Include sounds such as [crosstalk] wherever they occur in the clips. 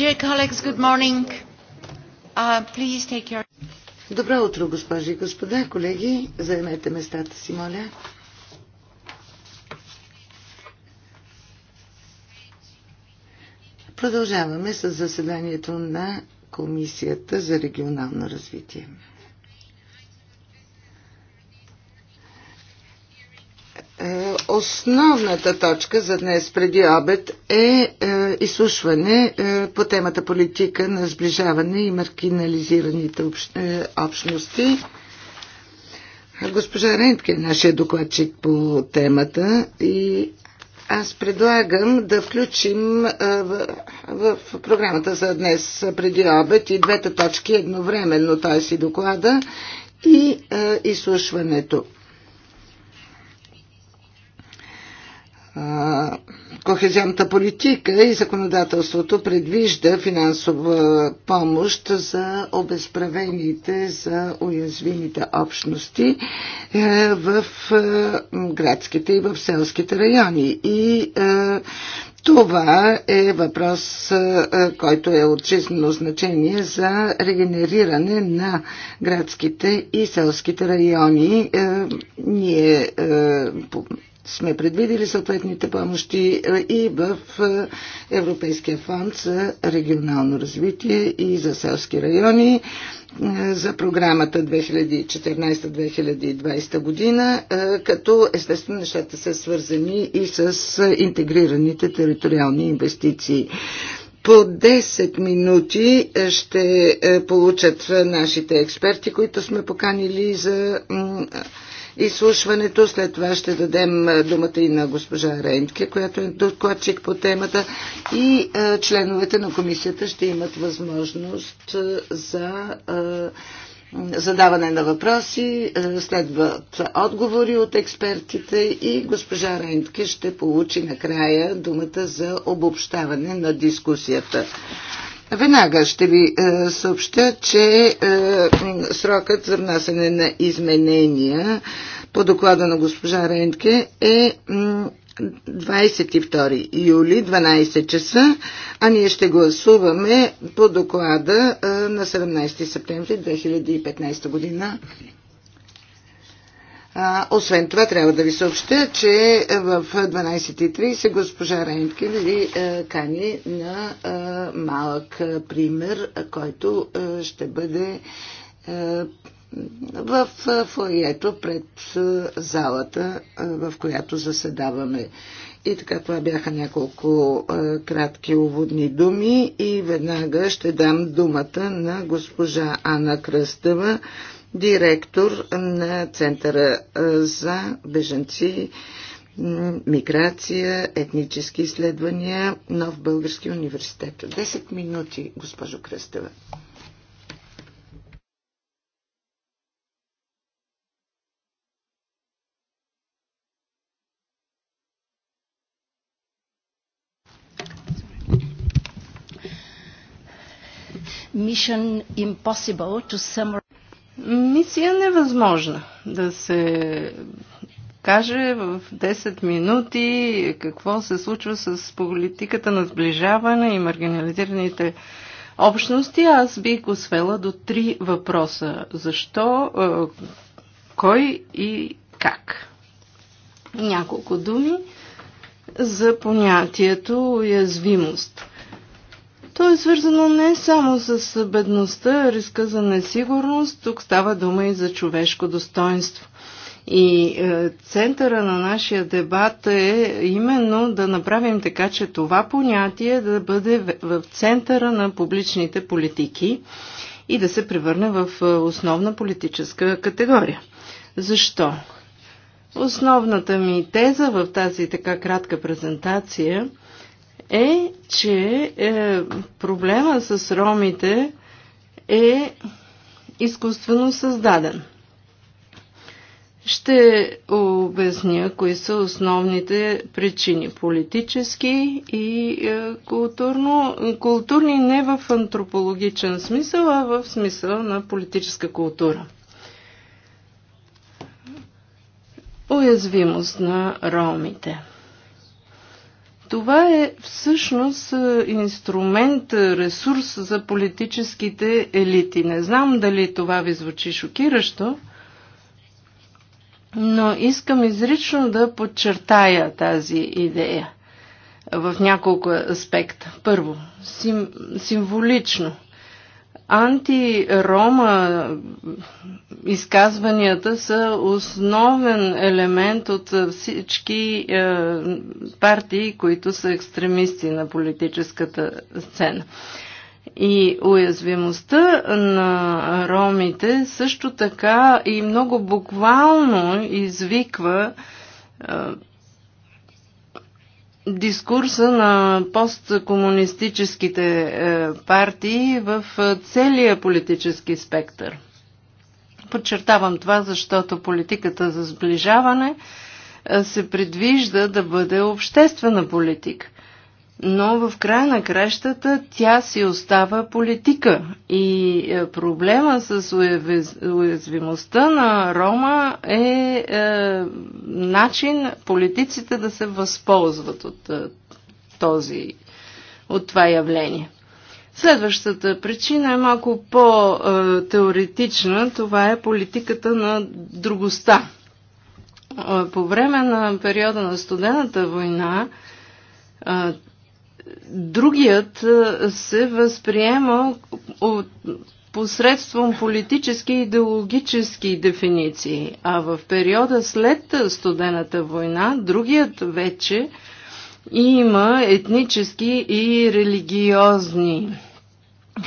Dear colleagues, good morning. Uh, please take your... Добро утро, госпожи и господа, колеги. Заемете местата си, моля. Продължаваме с заседанието на Комисията за регионално развитие. Основната точка за днес преди обед е, е изслушване е, по темата политика на сближаване и маркинализираните е, общности. Госпожа Рентке е нашия докладчик по темата и аз предлагам да включим в, в програмата за днес преди обед и двете точки едновременно, т.е. и доклада и изслушването. Кохезионната политика и законодателството предвижда финансова помощ за обезправените, за уязвимите общности е, в е, градските и в селските райони. И е, това е въпрос, който е от жизнено значение за регенериране на градските и селските райони. Ние сме предвидили съответните помощи и в Европейския фонд за регионално развитие и за селски райони за програмата 2014-2020 година, като естествено нещата са свързани и с интегрираните териториални инвестиции. По 10 минути ще получат нашите експерти, които сме поканили за изслушването. След това ще дадем думата и на госпожа Рейнтке, която е докладчик по темата. И членовете на комисията ще имат възможност за задаване на въпроси, следват отговори от експертите и госпожа Рейнтке ще получи накрая думата за обобщаване на дискусията. Веднага ще ви е, съобща, че е, срокът за внасяне на изменения по доклада на госпожа Рентке е 22 юли, 12 часа, а ние ще гласуваме по доклада е, на 17 септември 2015 година. А, освен това, трябва да ви съобщя, че е, в 12.30 госпожа Рейнки ви е, кани на а, е, малък пример, който а, ще бъде в фойето пред залата, в която заседаваме. И така, това бяха няколко кратки уводни думи и веднага ще дам думата на госпожа Анна Кръстева, директор на Центъра за беженци, миграция, етнически изследвания, Нов Български университет. 10 минути, госпожо Кръстева. Mission Impossible to summarize мисия невъзможна. Да се каже в 10 минути какво се случва с политиката на сближаване и маргинализираните общности, аз бих го свела до три въпроса. Защо, е, кой и как? Няколко думи за понятието уязвимост. То е свързано не само с бедността, риска за несигурност, тук става дума и за човешко достоинство. И е, центъра на нашия дебат е именно да направим така, че това понятие да бъде в, в центъра на публичните политики и да се превърне в е, основна политическа категория. Защо? Основната ми теза в тази така кратка презентация е, че е, проблема с ромите е изкуствено създаден. Ще обясня кои са основните причини политически и е, културно. Културни не в антропологичен смисъл, а в смисъл на политическа култура. Уязвимост на ромите – това е всъщност е, инструмент, е, ресурс за политическите елити. Не знам дали това ви звучи шокиращо, но искам изрично да подчертая тази идея в няколко аспекта. Първо, сим, символично – Антирома изказванията са основен елемент от всички е, партии, които са екстремисти на политическата сцена. И уязвимостта на ромите също така и много буквално извиква е, дискурса на посткомунистическите е, партии в е, целия политически спектър. Подчертавам това, защото политиката за сближаване е, се предвижда да бъде обществена политика но в края на кращата тя си остава политика. И е, проблема с уязвимостта на Рома е, е начин политиците да се възползват от е, този, от това явление. Следващата причина е малко по-теоретична. Това е политиката на другоста. Е, по време на периода на студената война другият се възприема от посредством политически и идеологически дефиниции, а в периода след студената война другият вече има етнически и религиозни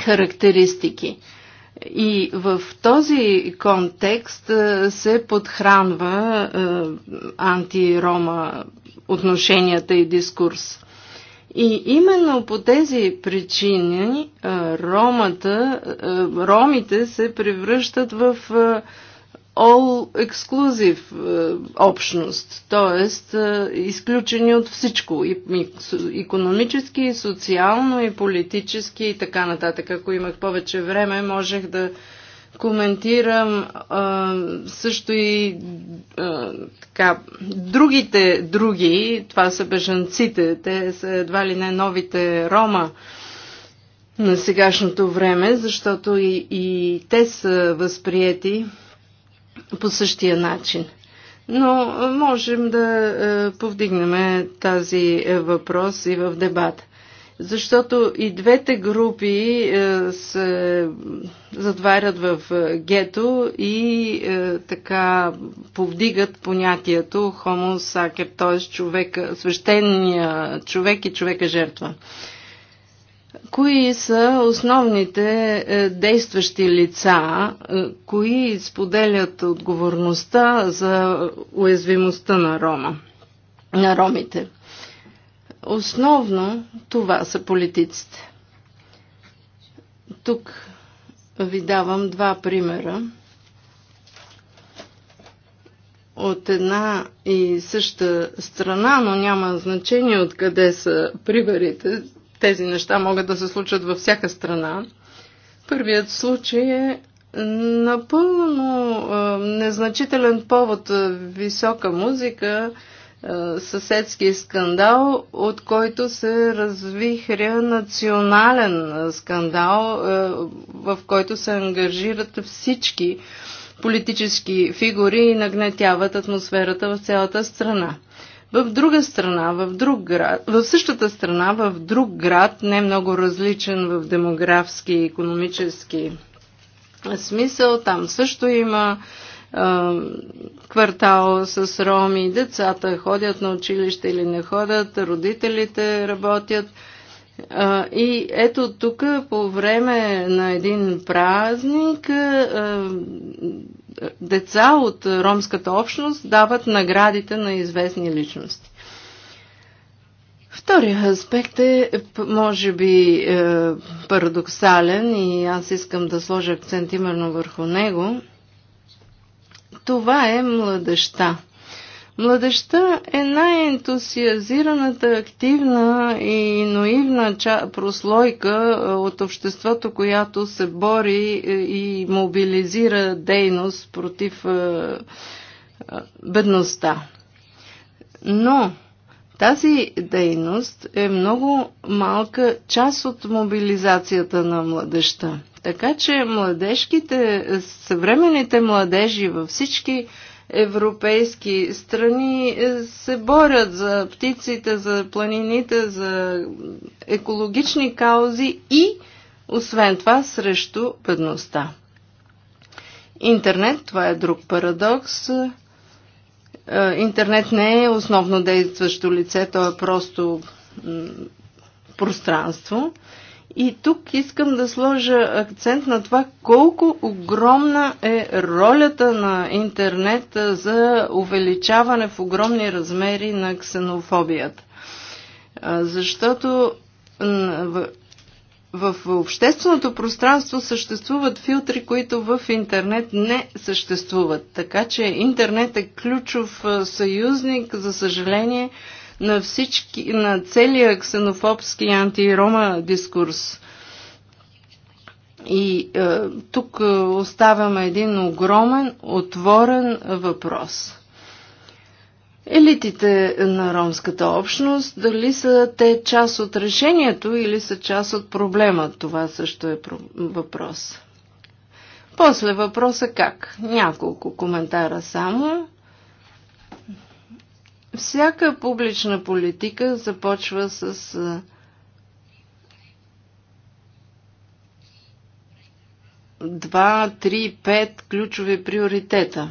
характеристики. И в този контекст се подхранва антирома отношенията и дискурс. И именно по тези причини ромата, ромите се превръщат в all exclusive общност, т.е. изключени от всичко, и, и, економически, и социално, и политически и така нататък. Ако имах повече време, можех да коментирам а, също и а, така, другите други, това са бежанците, те са едва ли не новите рома на сегашното време, защото и, и те са възприяти по същия начин. Но можем да повдигнем тази въпрос и в дебата защото и двете групи е, се затварят в е, гето и е, така повдигат понятието хомо сакер, т.е. човека, свещения човек и човека жертва. Кои са основните действащи лица, кои споделят отговорността за уязвимостта на Рома, на ромите? Основно това са политиците. Тук ви давам два примера от една и съща страна, но няма значение откъде са примерите. Тези неща могат да се случат във всяка страна. Първият случай е напълно незначителен повод висока музика – е, съседски скандал, от който се развихря национален е, скандал, е, в който се ангажират всички политически фигури и нагнетяват атмосферата в цялата страна. В друга страна, в друг град, в същата страна, в друг град, не много различен в демографски и економически смисъл, там също има квартал с роми, децата ходят на училище или не ходят, родителите работят. И ето тук по време на един празник деца от ромската общност дават наградите на известни личности. Втория аспект е, може би, е, парадоксален и аз искам да сложа акцент именно върху него – това е младеща. Младеща е най-ентусиазираната, активна и наивна прослойка е, от обществото, която се бори е, и мобилизира дейност против е, бедността. Но тази дейност е много малка част от мобилизацията на младеща. Така че младежките, съвременните младежи във всички европейски страни е, се борят за птиците, за планините, за екологични каузи и освен това срещу бедността. Интернет, това е друг парадокс. Е, интернет не е основно действащо лице, то е просто пространство. И тук искам да сложа акцент на това колко огромна е ролята на интернет за увеличаване в огромни размери на ксенофобията. Защото в общественото пространство съществуват филтри, които в интернет не съществуват. Така че интернет е ключов съюзник, за съжаление, на, всички, на целия ксенофобски антирома дискурс. И е, тук е, оставяме един огромен, отворен въпрос. Елитите на ромската общност, дали са те част от решението или са част от проблема? Това също е въпрос. После въпроса как? Няколко коментара само. Всяка публична политика започва с два, три, пет ключови приоритета.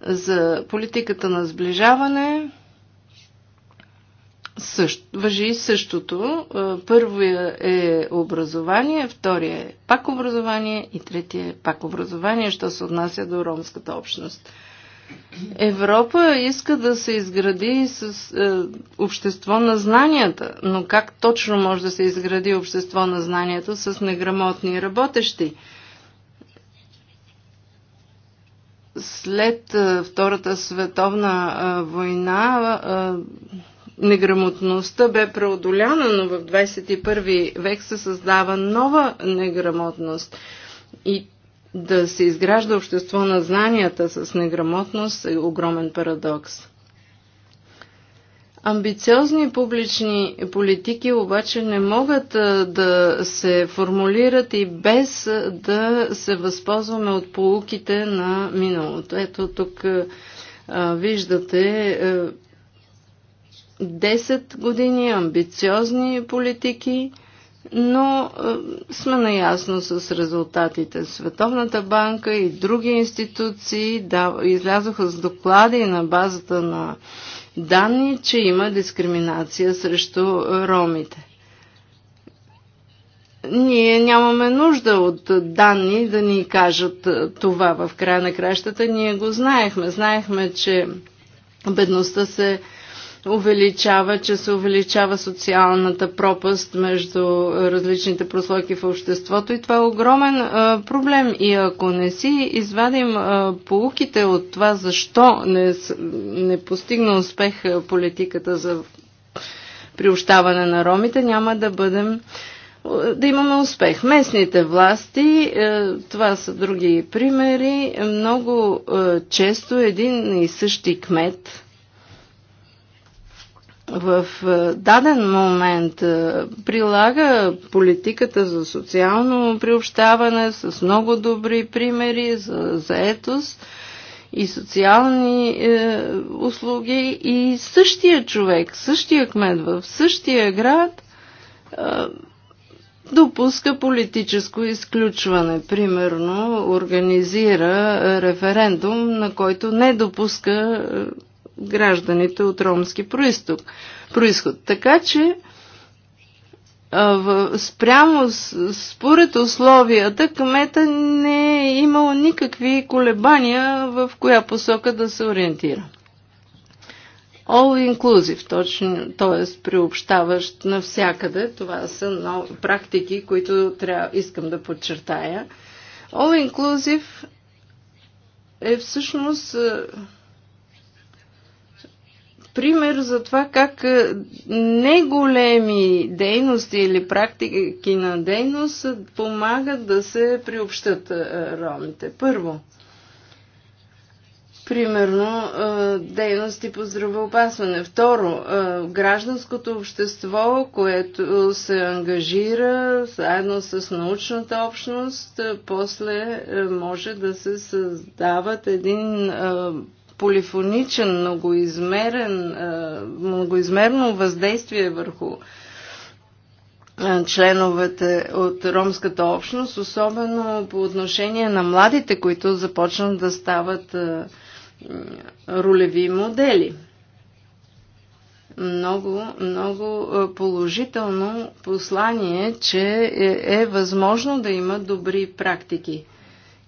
За политиката на сближаване също, въжи същото. Първия е образование, втория е пак образование и третия е пак образование, що се отнася до ромската общност. Европа иска да се изгради с е, общество на знанията, но как точно може да се изгради общество на знанието с неграмотни работещи? След е, Втората световна е, война е, неграмотността бе преодоляна, но в 21 век се създава нова неграмотност. И да се изгражда общество на знанията с неграмотност е огромен парадокс. Амбициозни публични политики обаче не могат да се формулират и без да се възползваме от полуките на миналото. Ето тук виждате 10 години амбициозни политики, но е, сме наясно с резултатите. Световната банка и други институции да, излязоха с доклади на базата на данни, че има дискриминация срещу е, ромите. Ние нямаме нужда от данни да ни кажат е, това в края на кращата. Ние го знаехме. Знаехме, че бедността се увеличава, че се увеличава социалната пропаст между различните прослойки в обществото и това е огромен а, проблем. И ако не си извадим а, полуките от това, защо не, не постигна успех политиката за приобщаване на ромите, няма да бъдем да имаме успех. Местните власти, е, това са други примери, много е, често един и същи кмет в е, даден момент е, прилага политиката за социално приобщаване с много добри примери за заетост и социални е, услуги и същия човек, същия кмет в същия град е, допуска политическо изключване. Примерно организира референдум, на който не допуска е, гражданите от ромски происход. Така че спрямо според условията, кмета не е имал никакви колебания в коя посока да се ориентира. All inclusive, точно, т.е. приобщаващ навсякъде. Това са нови практики, които трябва, искам да подчертая. All inclusive е всъщност пример за това как е, неголеми дейности или практики на дейност помагат да се приобщат е, ромите. Първо, примерно е, дейности по здравеопасване. Второ, гражданското общество, което се ангажира заедно с научната общност, после може да се създават един полифоничен, многоизмерен, многоизмерно въздействие върху членовете от ромската общност, особено по отношение на младите, които започнат да стават ролеви модели. Много, много положително послание, че е, е, възможно да има добри практики.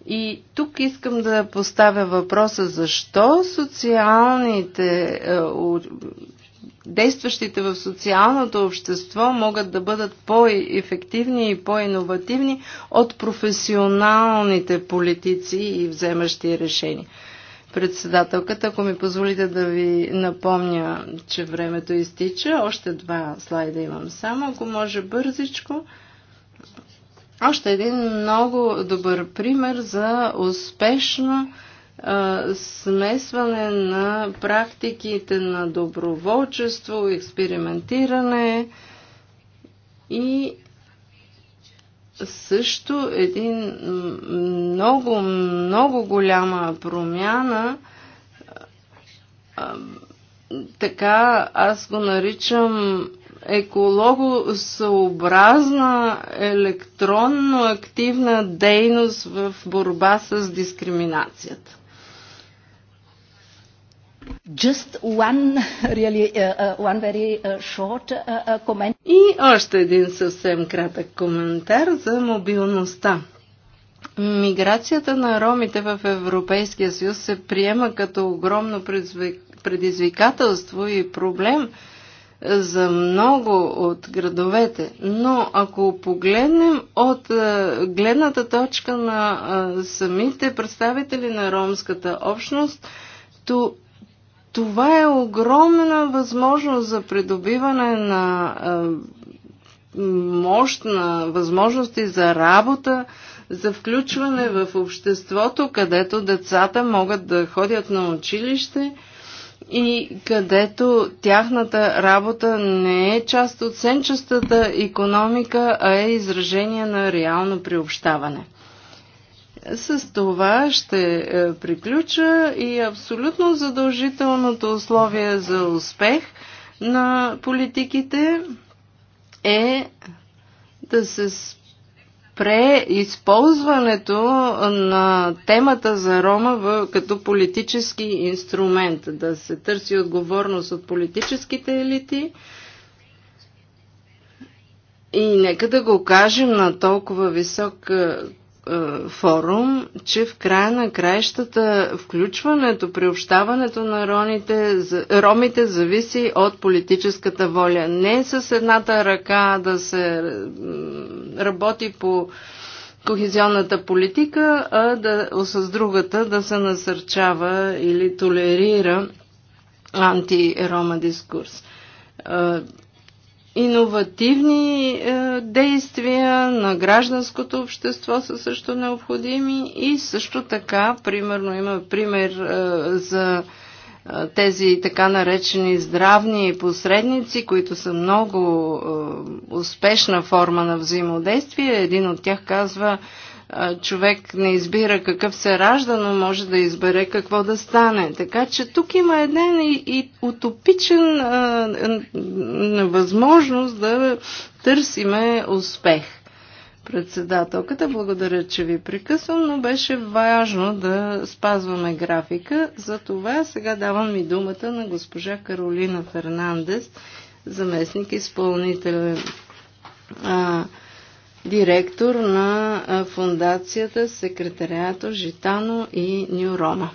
И тук искам да поставя въпроса защо социалните, е, действащите в социалното общество могат да бъдат по-ефективни и по-инновативни от професионалните политици и вземащи решения. Председателката, ако ми позволите да ви напомня, че времето изтича, още два слайда имам само, ако може бързичко. Още един много добър пример за успешно смесване на практиките на доброволчество, експериментиране и също един много, много голяма промяна. Така аз го наричам екологосъобразна електронно активна дейност в борба с дискриминацията. Just one, really, uh, uh one very uh, short uh, uh И още един съвсем кратък коментар за мобилността. Миграцията на ромите в Европейския съюз се приема като огромно предизвикателство и проблем – за много от градовете, но ако погледнем от е, гледната точка на е, самите представители на ромската общност, то това е огромна възможност за придобиване на е, мощ, на възможности за работа, за включване в обществото, където децата могат да ходят на училище – и където тяхната работа не е част от сенчестата економика, а е изражение на реално приобщаване. С това ще е, приключа и абсолютно задължителното условие за успех на политиките е да се спи преизползването на темата за Рома в, като политически инструмент, да се търси отговорност от политическите елити. И нека да го кажем на толкова висок е, форум, че в края на краищата включването, приобщаването на роните, ромите зависи от политическата воля. Не с едната ръка да се работи по кохезионната политика, а да, с другата да се насърчава или толерира антирома дискурс е, иновативни е, действия на гражданското общество са също необходими и също така, примерно има пример е, за е, тези така наречени здравни посредници, които са много успешна форма на взаимодействие. Един от тях казва човек не избира какъв се ражда, но може да избере какво да стане. Така че тук има една и, и утопичен а, възможност да търсиме успех. Председателката, благодаря, че ви прекъсвам, но беше важно да спазваме графика. За това сега давам и думата на госпожа Каролина Фернандес, заместник изпълнителен. А, директор на фундацията Секретариато Житано и Нюрома.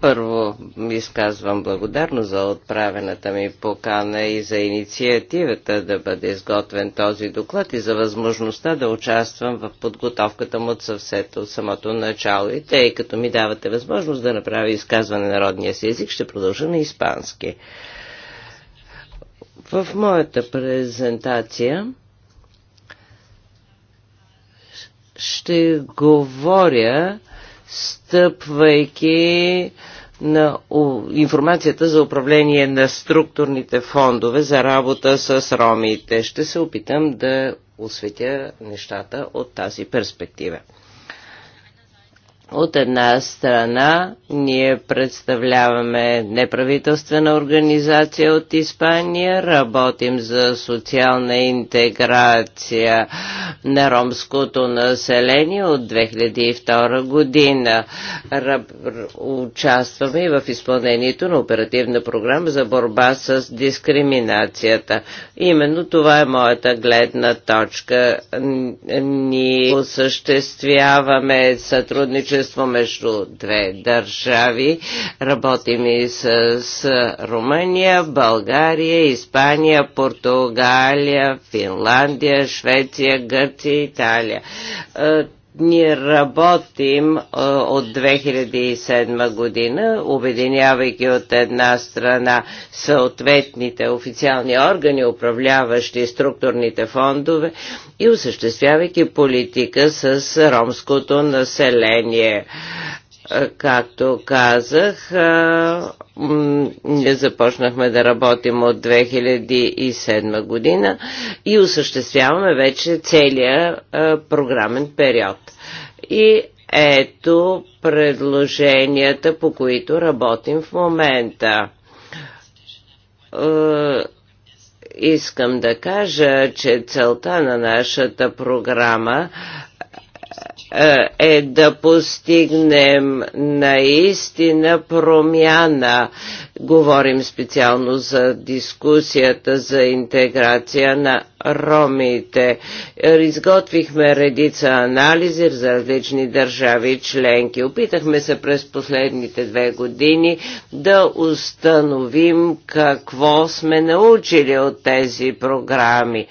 Първо изказвам благодарно за отправената ми покана и за инициативата да бъде изготвен този доклад и за възможността да участвам в подготовката му от съвсето от самото начало. И тъй като ми давате възможност да направя изказване на родния си език, ще продължа на испански. В моята презентация ще говоря, стъпвайки на информацията за управление на структурните фондове за работа с ромите. Ще се опитам да осветя нещата от тази перспектива. От една страна ние представляваме неправителствена организация от Испания, работим за социална интеграция на ромското население от 2002 година. Раб... участваме и в изпълнението на оперативна програма за борба с дискриминацията. Именно това е моята гледна точка. Ние осъществяваме сътрудничество сътрудничество между две държави. Работим и с, с Румъния, България, Испания, Португалия, Финландия, Швеция, Гърция, Италия. Е, ние работим от 2007 година, обединявайки от една страна съответните официални органи, управляващи структурните фондове и осъществявайки политика с ромското население както казах, ние започнахме да работим от 2007 година и осъществяваме вече целият програмен период. И ето предложенията, по които работим в момента. Е, искам да кажа, че целта на нашата програма е, е да постигнем наистина промяна Говорим специално за дискусията за интеграция на ромите. Изготвихме редица анализи за различни държави и членки. Опитахме се през последните две години да установим какво сме научили от тези програми,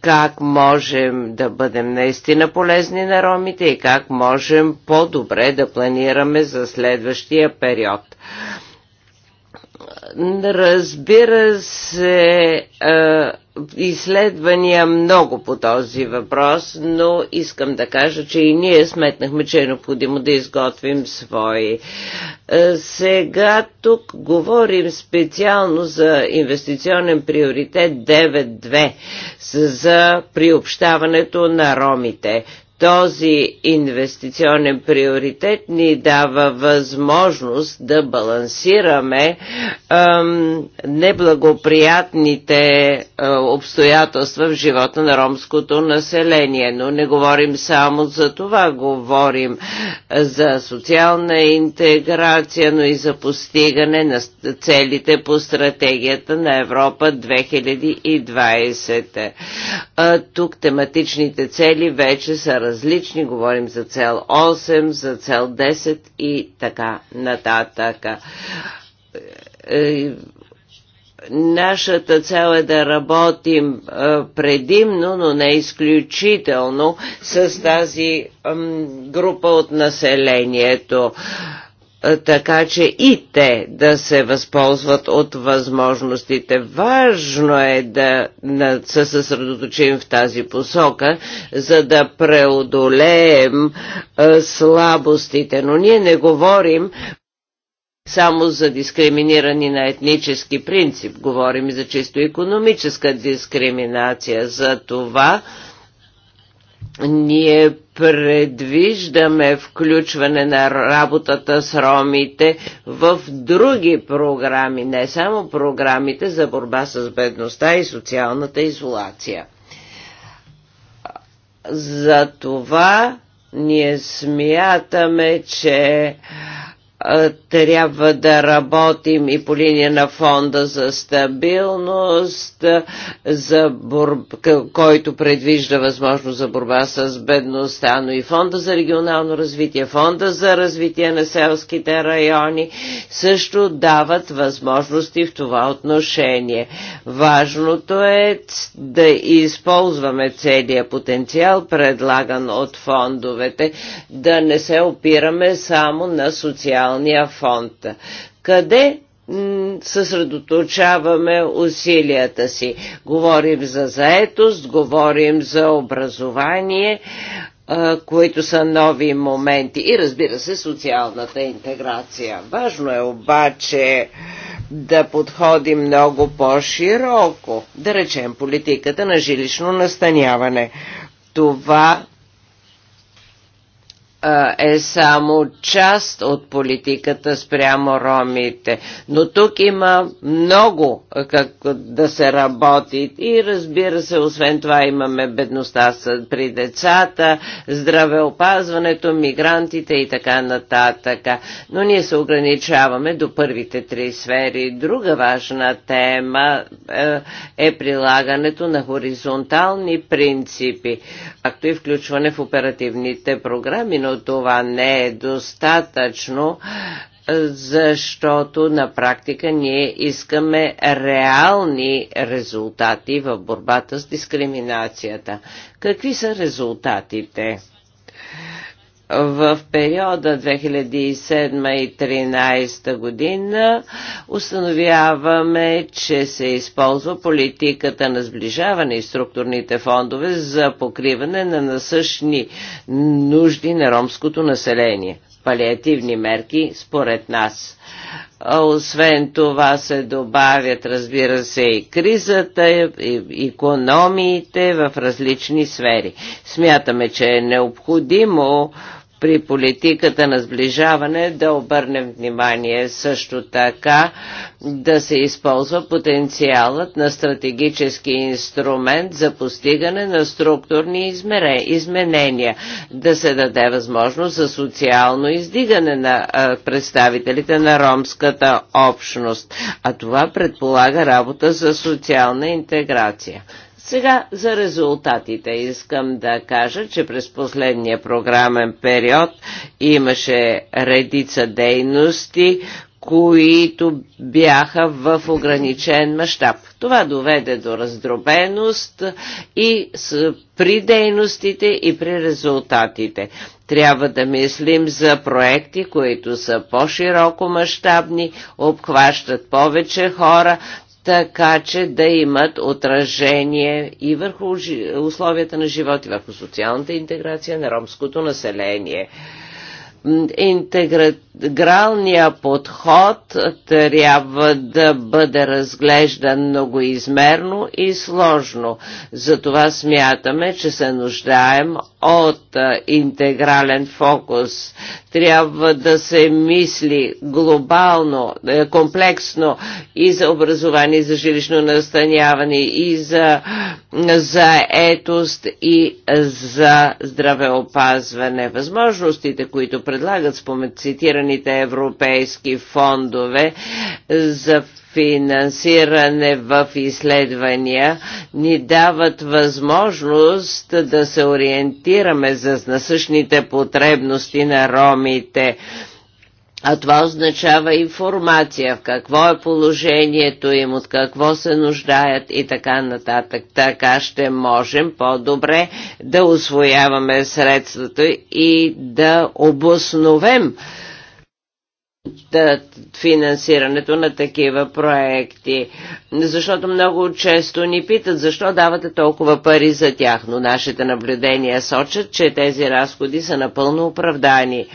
как можем да бъдем наистина полезни на ромите и как можем по-добре да планираме за следващия период. Разбира се, изследвания много по този въпрос, но искам да кажа, че и ние сметнахме, че е необходимо да изготвим свои. Сега тук говорим специално за инвестиционен приоритет 9.2 за приобщаването на ромите. Този инвестиционен приоритет ни дава възможност да балансираме ем, неблагоприятните е, обстоятелства в живота на ромското население. Но не говорим само за това, говорим за социална интеграция, но и за постигане на целите по стратегията на Европа 2020. Е, тук тематичните цели вече са различни, говорим за цел 8, за цел 10 и така нататък. Е, нашата цел е да работим е, предимно, но не изключително с тази група от населението така че и те да се възползват от възможностите. Важно е да се съсредоточим в тази посока, за да преодолеем слабостите. Но ние не говорим само за дискриминирани на етнически принцип. Говорим и за чисто економическа дискриминация. За това ние предвиждаме включване на работата с ромите в други програми, не само програмите за борба с бедността и социалната изолация. Затова ние смятаме, че трябва да работим и по линия на фонда за стабилност, за борб... който предвижда възможност за борба с бедността, но и фонда за регионално развитие, фонда за развитие на селските райони също дават възможности в това отношение. Важното е да използваме целия потенциал, предлаган от фондовете, да не се опираме само на социална Националния фонд. Къде съсредоточаваме усилията си. Говорим за заетост, говорим за образование, които са нови моменти и разбира се социалната интеграция. Важно е обаче да подходим много по-широко, да речем политиката на жилищно настаняване. Това е само част от политиката спрямо ромите. Но тук има много как да се работи и разбира се, освен това имаме бедността при децата, здравеопазването, мигрантите и така нататък. Но ние се ограничаваме до първите три сфери. Друга важна тема е прилагането на хоризонтални принципи, както и включване в оперативните програми, но това не е достатъчно, защото на практика ние искаме реални резултати в борбата с дискриминацията. Какви са резултатите? в периода 2007 и 2013 година установяваме, че се използва политиката на сближаване и структурните фондове за покриване на насъщни нужди на ромското население. Палиативни мерки според нас. Освен това се добавят, разбира се, и кризата, и економиите в различни сфери. Смятаме, че е необходимо при политиката на сближаване да обърнем внимание също така да се използва потенциалът на стратегически инструмент за постигане на структурни изменения, да се даде възможност за социално издигане на представителите на ромската общност, а това предполага работа за социална интеграция. Сега за резултатите искам да кажа, че през последния програмен период имаше редица дейности, които бяха в ограничен мащаб. Това доведе до раздробеност и с, при дейностите и при резултатите. Трябва да мислим за проекти, които са по-широко мащабни, обхващат повече хора, така че да имат отражение и върху условията на живот, и върху социалната интеграция на ромското население. Интегралният подход трябва да бъде разглеждан многоизмерно и сложно. Затова смятаме, че се нуждаем от интегрален фокус. Трябва да се мисли глобално, е, комплексно и за образование, и за жилищно настаняване, и за заетост, и за здравеопазване. Възможностите, които предлагат спомет цитираните европейски фондове за финансиране в изследвания ни дават възможност да се ориентираме за насъщните потребности на ромите. А това означава информация, в какво е положението им, от какво се нуждаят и така нататък. Така ще можем по-добре да освояваме средствата и да обосновем финансирането на такива проекти. Защото много често ни питат защо давате толкова пари за тях, но нашите наблюдения сочат, че тези разходи са напълно оправдани.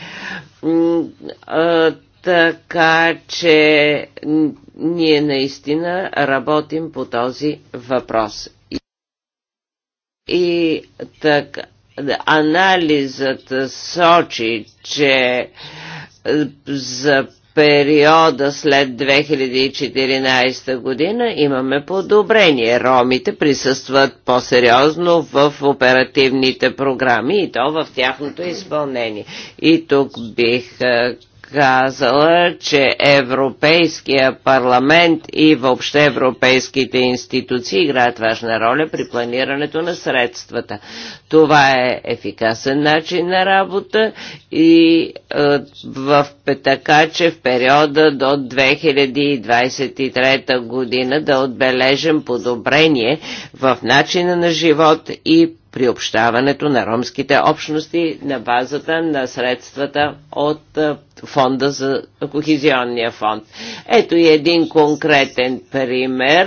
Така че ние наистина работим по този въпрос. И така, анализът сочи, че за периода след 2014 година имаме подобрение. Ромите присъстват по-сериозно в оперативните програми и то в тяхното изпълнение. И тук бих е, казала, че Европейския парламент и въобще европейските институции играят важна роля при планирането на средствата. Това е ефикасен начин на работа и е, в така, че в периода до 2023 година да отбележим подобрение в начина на живот и приобщаването на ромските общности на базата на средствата от е, фонда за Кохизионния фонд. Ето и един конкретен пример,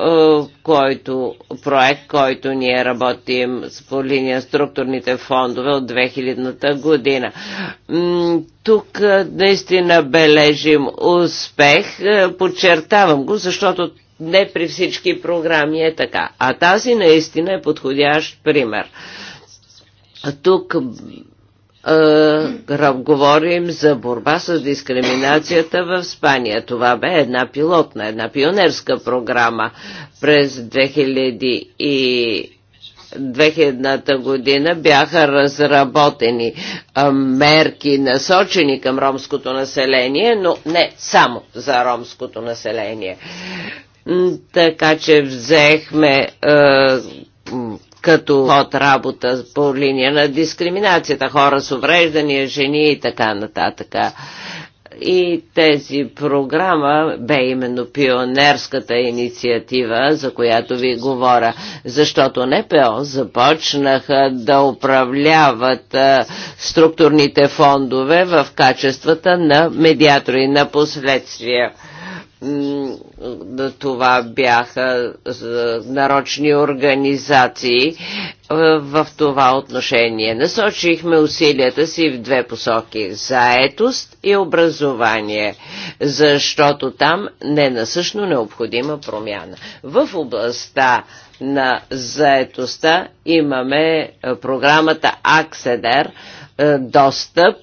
е, който, проект, който ние работим по линия структурните фондове от 2000-та година. Тук е, наистина бележим успех, подчертавам го, защото не при всички програми е така. А тази наистина е подходящ пример. Тук е, говорим за борба с дискриминацията в Спания. Това бе една пилотна, една пионерска програма през 2000 и 2000-та година бяха разработени мерки насочени към ромското население, но не само за ромското население. Така че взехме е, като ход работа по линия на дискриминацията, хора с увреждания, жени и така нататък. И тези програма бе именно пионерската инициатива, за която ви говоря, защото НПО започнаха да управляват е, структурните фондове в качествата на медиатори на последствия това бяха е, нарочни организации е, в това отношение. Насочихме усилията си в две посоки – заетост и образование, защото там не е насъщно необходима промяна. В областта на заетостта имаме е, програмата АКСЕДЕР – е, достъп,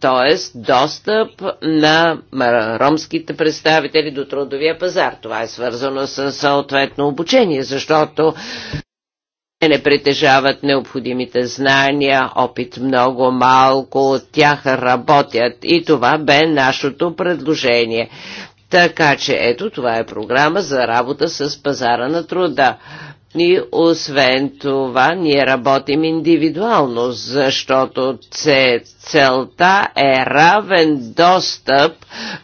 т.е. достъп на е, ромските представители до трудовия пазар. Това е свързано с съответно обучение, защото не притежават необходимите знания, опит много малко, от тях работят и това бе нашето предложение. Така че ето това е програма за работа с пазара на труда. И освен това, ние работим индивидуално, защото целта е равен достъп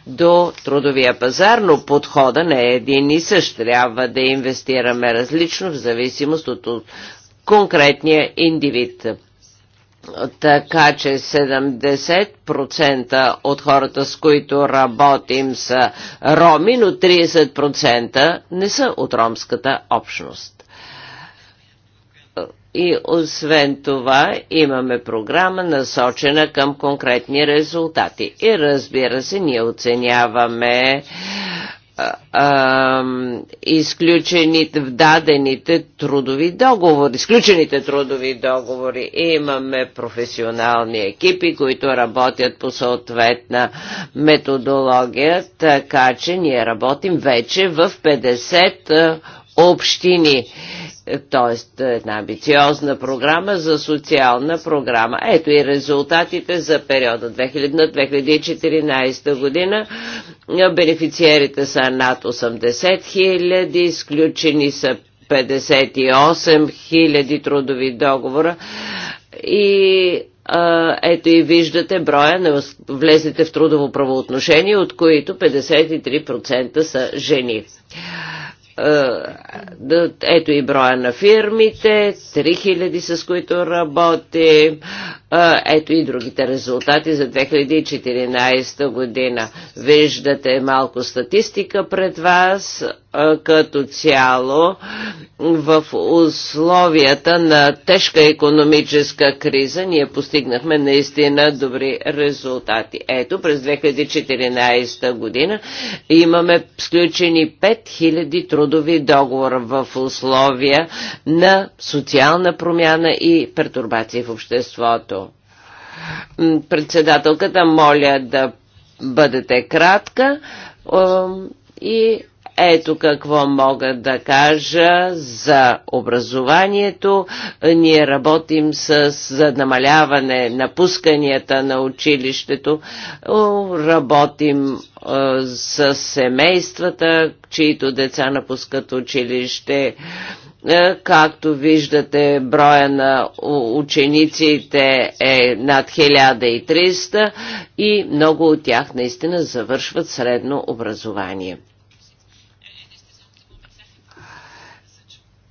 до трудовия пазар, но подхода не е един и същ. Трябва да инвестираме различно в зависимост от конкретния индивид. Така че 70% от хората, с които работим, са роми, но 30% не са от ромската общност. И освен това имаме програма насочена към конкретни резултати. И разбира се, ние оценяваме изключените, в дадените трудови договори, изключените трудови договори. И имаме професионални екипи, които работят по съответна методология, така че ние работим вече в 50 общини. Тоест една амбициозна програма за социална програма. Ето и резултатите за периода 2000-2014 година. Бенефициерите са над 80 хиляди, изключени са 58 хиляди трудови договора и ето и виждате броя на влезните в трудово правоотношение, от които 53% са жени. Е, ето и броя на фирмите, 3000 с които работи. Ето и другите резултати за 2014 година. Виждате малко статистика пред вас като цяло в условията на тежка економическа криза ние постигнахме наистина добри резултати. Ето през 2014 година имаме сключени 5000 трудови договора в условия на социална промяна и пертурбации в обществото. Председателката моля да бъдете кратка и ето какво мога да кажа за образованието. Ние работим с, за намаляване на пусканията на училището. Работим с семействата, чието деца напускат училище. Както виждате, броя на учениците е над 1300 и много от тях наистина завършват средно образование.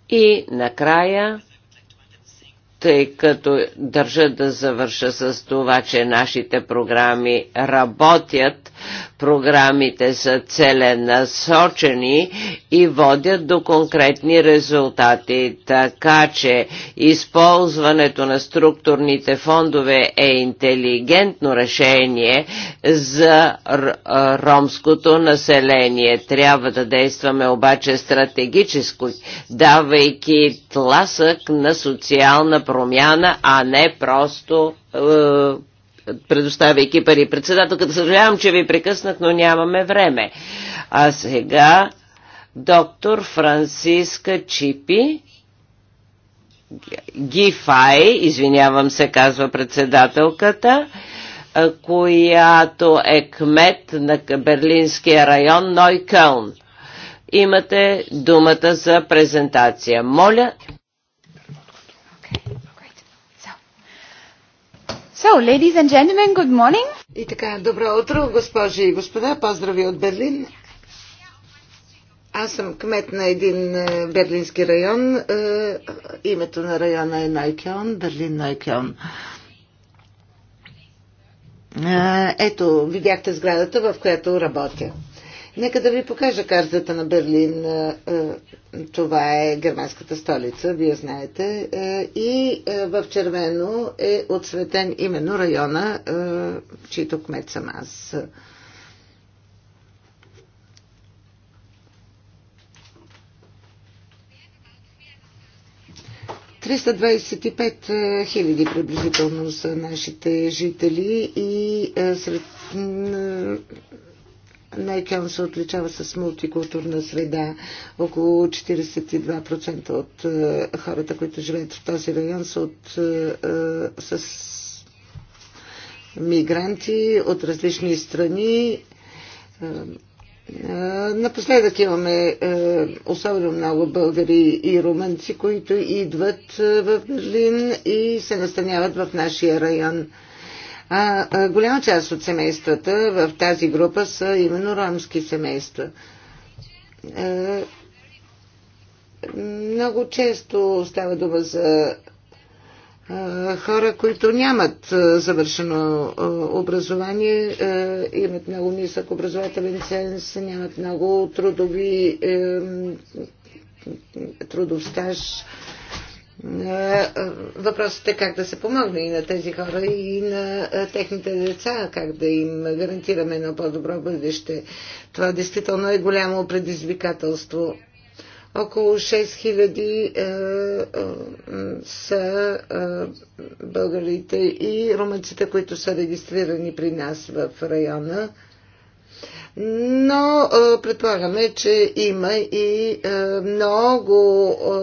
И накрая, тъй като държа да завърша с това, че нашите програми работят Програмите са целенасочени и водят до конкретни резултати, така че използването на структурните фондове е интелигентно решение за ромското население. Трябва да действаме обаче стратегически, давайки тласък на социална промяна, а не просто е, предоставяйки пари. Председателката, съжалявам, че ви прекъснах, но нямаме време. А сега доктор Франциска Чипи. Гифай, извинявам се, казва председателката, която е кмет на берлинския район Нойкълн. Имате думата за презентация. Моля. So, ladies and gentlemen, good morning. И така, добро утро, госпожи и господа. Поздрави от Берлин. Аз съм кмет на един е, берлински район. Е, името на района е Найкеон, Берлин Найкеон. Ето, видяхте сградата, в която работя. Нека да ви покажа картата на Берлин. Е, е, това е германската столица, вие знаете. Е, и в червено е отсветен именно района, чието кмет съм аз. ...325 хиляди приблизително са нашите жители и сред Найкел се отличава с мултикултурна среда. Около 42% от uh, хората, които живеят в този район, са от, uh, с мигранти от различни страни. Напоследък имаме особено много българи и румънци, които идват в Берлин и се настаняват в нашия район. А, а голяма част от семействата в тази група са именно ромски семейства. А, много често става дума за хора, които нямат завършено образование, имат много нисък образователен ценз, нямат много трудови трудов стаж Въпросът е как да се помогне и на тези хора, и на техните деца, как да им гарантираме едно по-добро бъдеще. Това действително е голямо предизвикателство. Около 6000 е, е, са е, българите и румънците, които са регистрирани при нас в района но предполагаме, че има и много,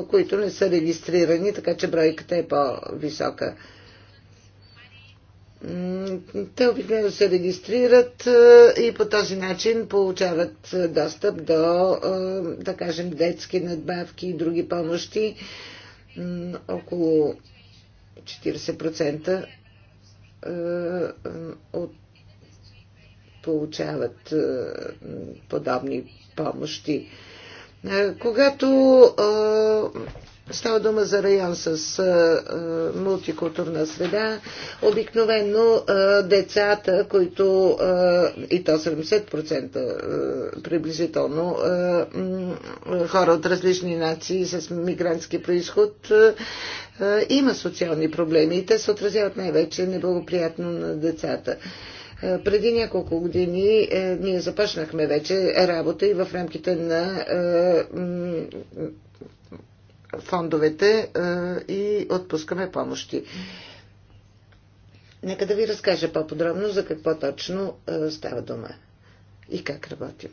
които не са регистрирани, така че бройката е по-висока. Те обикновено се регистрират и по този начин получават достъп до, да кажем, детски надбавки и други помощи. Около 40% от получават е, подобни помощи. Е, когато е, Става дума за район с а, мултикултурна среда. Обикновено а, децата, които а, и то 70% а, приблизително а, хора от различни нации с мигрантски происход, а, има социални проблеми и те се отразяват най-вече неблагоприятно на децата. А, е, преди няколко години е, ние започнахме вече работа и в рамките на е, фондовете и отпускаме помощи. Нека да ви разкажа по-подробно за какво точно става дума и как работим.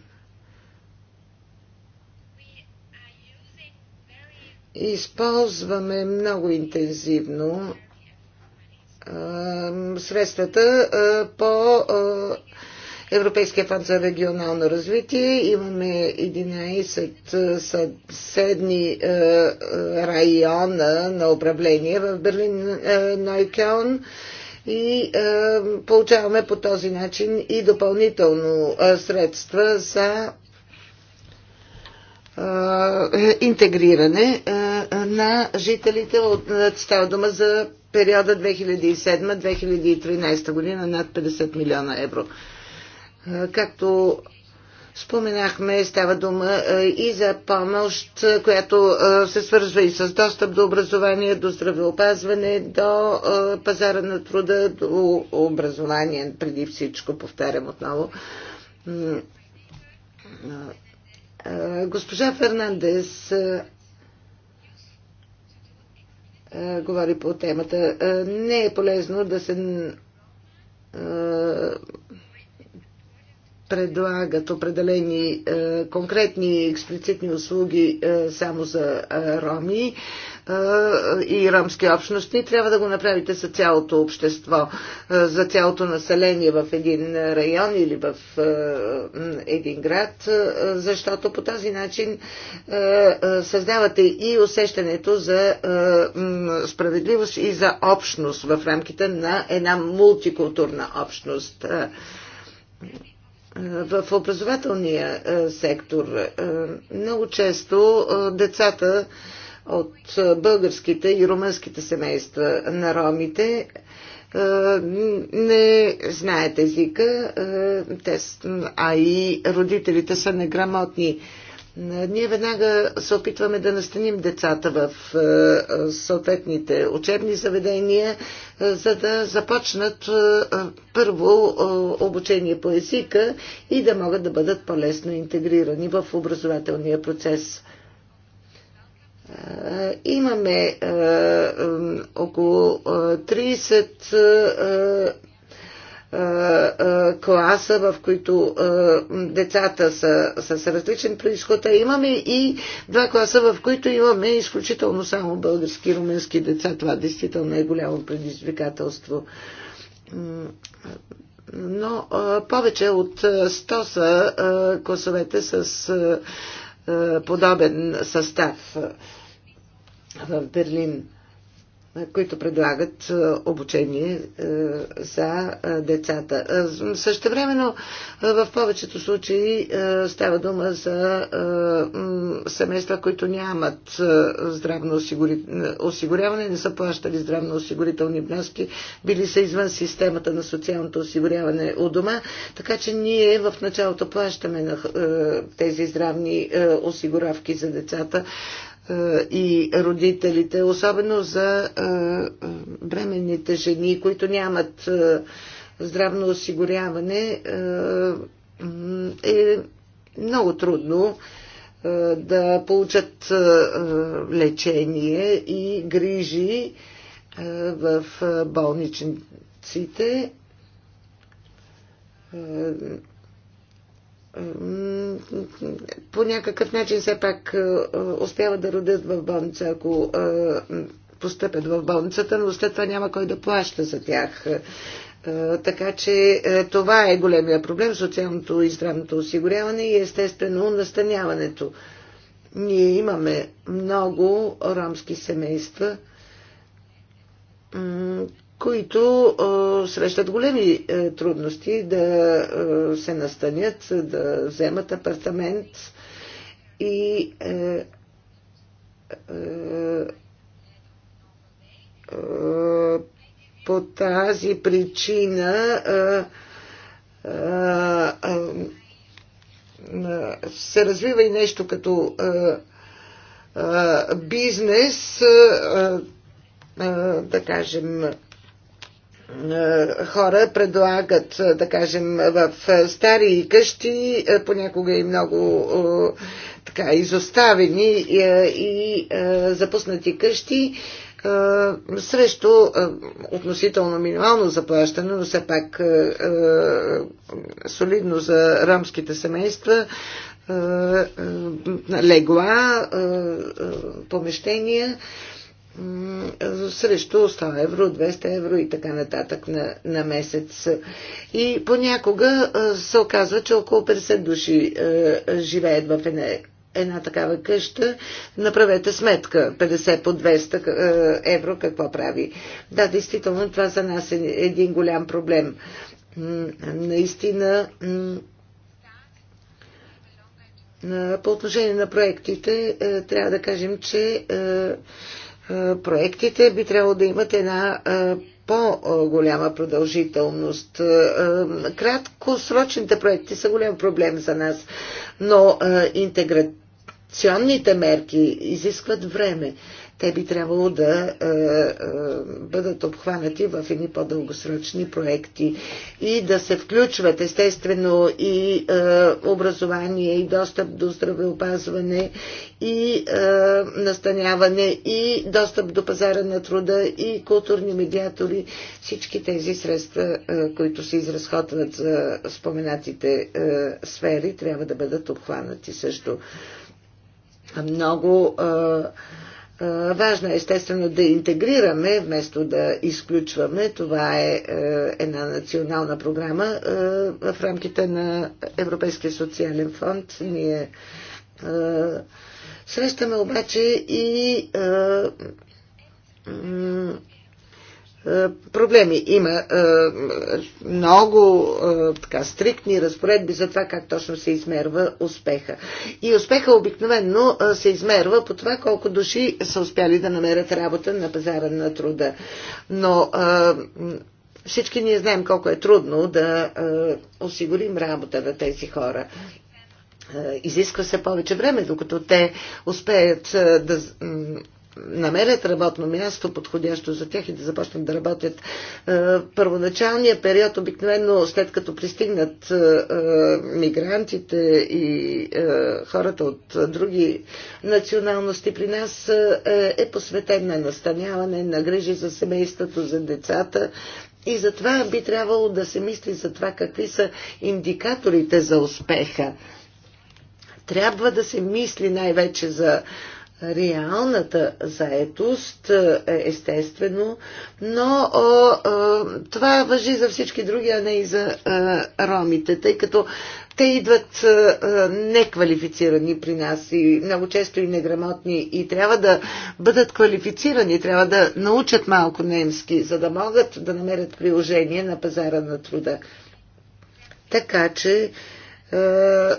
Използваме много интензивно средствата по Европейския фонд за регионално развитие. Имаме 11 съседни района на управление в Берлин Нойкеон и получаваме по този начин и допълнително средства за интегриране на жителите от става дума за периода 2007-2013 година над 50 милиона евро. Както споменахме, става дума и за помощ, която се свързва и с достъп до образование, до здравеопазване, до пазара на труда, до образование, преди всичко, повтарям отново. Госпожа Фернандес е, говори по темата. Е, не е полезно да се е, предлагат определени конкретни експлицитни услуги само за роми и ромски общности, трябва да го направите за цялото общество, за цялото население в един район или в един град, защото по този начин създавате и усещането за справедливост и за общност в рамките на една мултикултурна общност в образователния сектор много често децата от българските и румънските семейства на ромите не знаят езика, а и родителите са неграмотни. Ние веднага се опитваме да настаним децата в съответните учебни заведения, за да започнат първо обучение по езика и да могат да бъдат по-лесно интегрирани в образователния процес. Е, имаме е, е, около 30 класа, в които децата са с различен происход, а имаме и два класа, в които имаме изключително само български и румънски деца. Това действително е голямо предизвикателство. Но повече от 100 са класовете с подобен състав в Берлин, които предлагат обучение за децата. времено в повечето случаи става дума за семейства, които нямат здравно осигуряване, не са плащали здравно осигурителни вноски, били са извън системата на социалното осигуряване у дома, така че ние в началото плащаме на тези здравни осигуравки за децата е, и родителите, особено за е, е, бременните жени, които нямат здравно осигуряване, е много трудно да получат лечение и грижи в болничниците по някакъв начин все пак е, успяват да родят в болница, ако е, постъпят в болницата, но след това няма кой да плаща за тях. Е, така че това е големия проблем, социалното и здравното осигуряване и естествено настаняването. Ние имаме много ромски семейства, които а, срещат големи а, е, трудности да а, се настанят, да вземат апартамент и а, а, а, по тази причина а, а, а, се развива и нещо като а, а, бизнес, а, а, да кажем, е, хора предлагат, е, да кажем, в е, стари къщи, понякога и много така, изоставени и, запуснати къщи, срещу относително минимално заплащане, но все пак солидно за ромските семейства, легла, помещения срещу 100 евро, 200 евро и така нататък на, на месец. И понякога се оказва, че около 50 души живеят в една, една такава къща. Направете сметка, 50 по 200 евро какво прави. Да, действително това за нас е един голям проблем. Наистина по отношение на проектите трябва да кажем, че е, проектите би трябвало да имат една е, по-голяма продължителност. Е, краткосрочните проекти са голям проблем за нас, но интеграционните мерки изискват време. Те би трябвало да е, е, бъдат обхванати в едни по-дългосрочни проекти и да се включват естествено и е, образование, и достъп до здравеопазване, и е, настаняване, и достъп до пазара на труда, и културни медиатори. Всички тези средства, е, които се изразходват за споменатите е, сфери, трябва да бъдат обхванати също. Много е, Важно е естествено да интегрираме, вместо да изключваме. Това е, е една национална програма е, в рамките на Европейския социален фонд. Ние е, срещаме обаче и е, проблеми. Има е, много е, така стриктни разпоредби за това как точно се измерва успеха. И успеха обикновено се измерва по това колко души са успяли да намерят работа на пазара на труда. Но всички ние знаем колко е трудно да осигурим работа на тези хора изисква се повече време, докато те успеят да намерят работно място, подходящо за тях и да започнат да работят. Е, Първоначалният период, обикновено след като пристигнат е, е, мигрантите и хората от други националности при нас, е посветен на настаняване, на грижи за семейството, за децата, и затова би трябвало да се мисли за това какви са индикаторите за успеха. Трябва да се мисли най-вече за реалната заетост, е, естествено, но о, о, това въжи за всички други, а не и за о, ромите, тъй като те идват о, неквалифицирани при нас и много често и неграмотни и трябва да бъдат квалифицирани, трябва да научат малко немски, за да могат да намерят приложение на пазара на труда. Така че, е,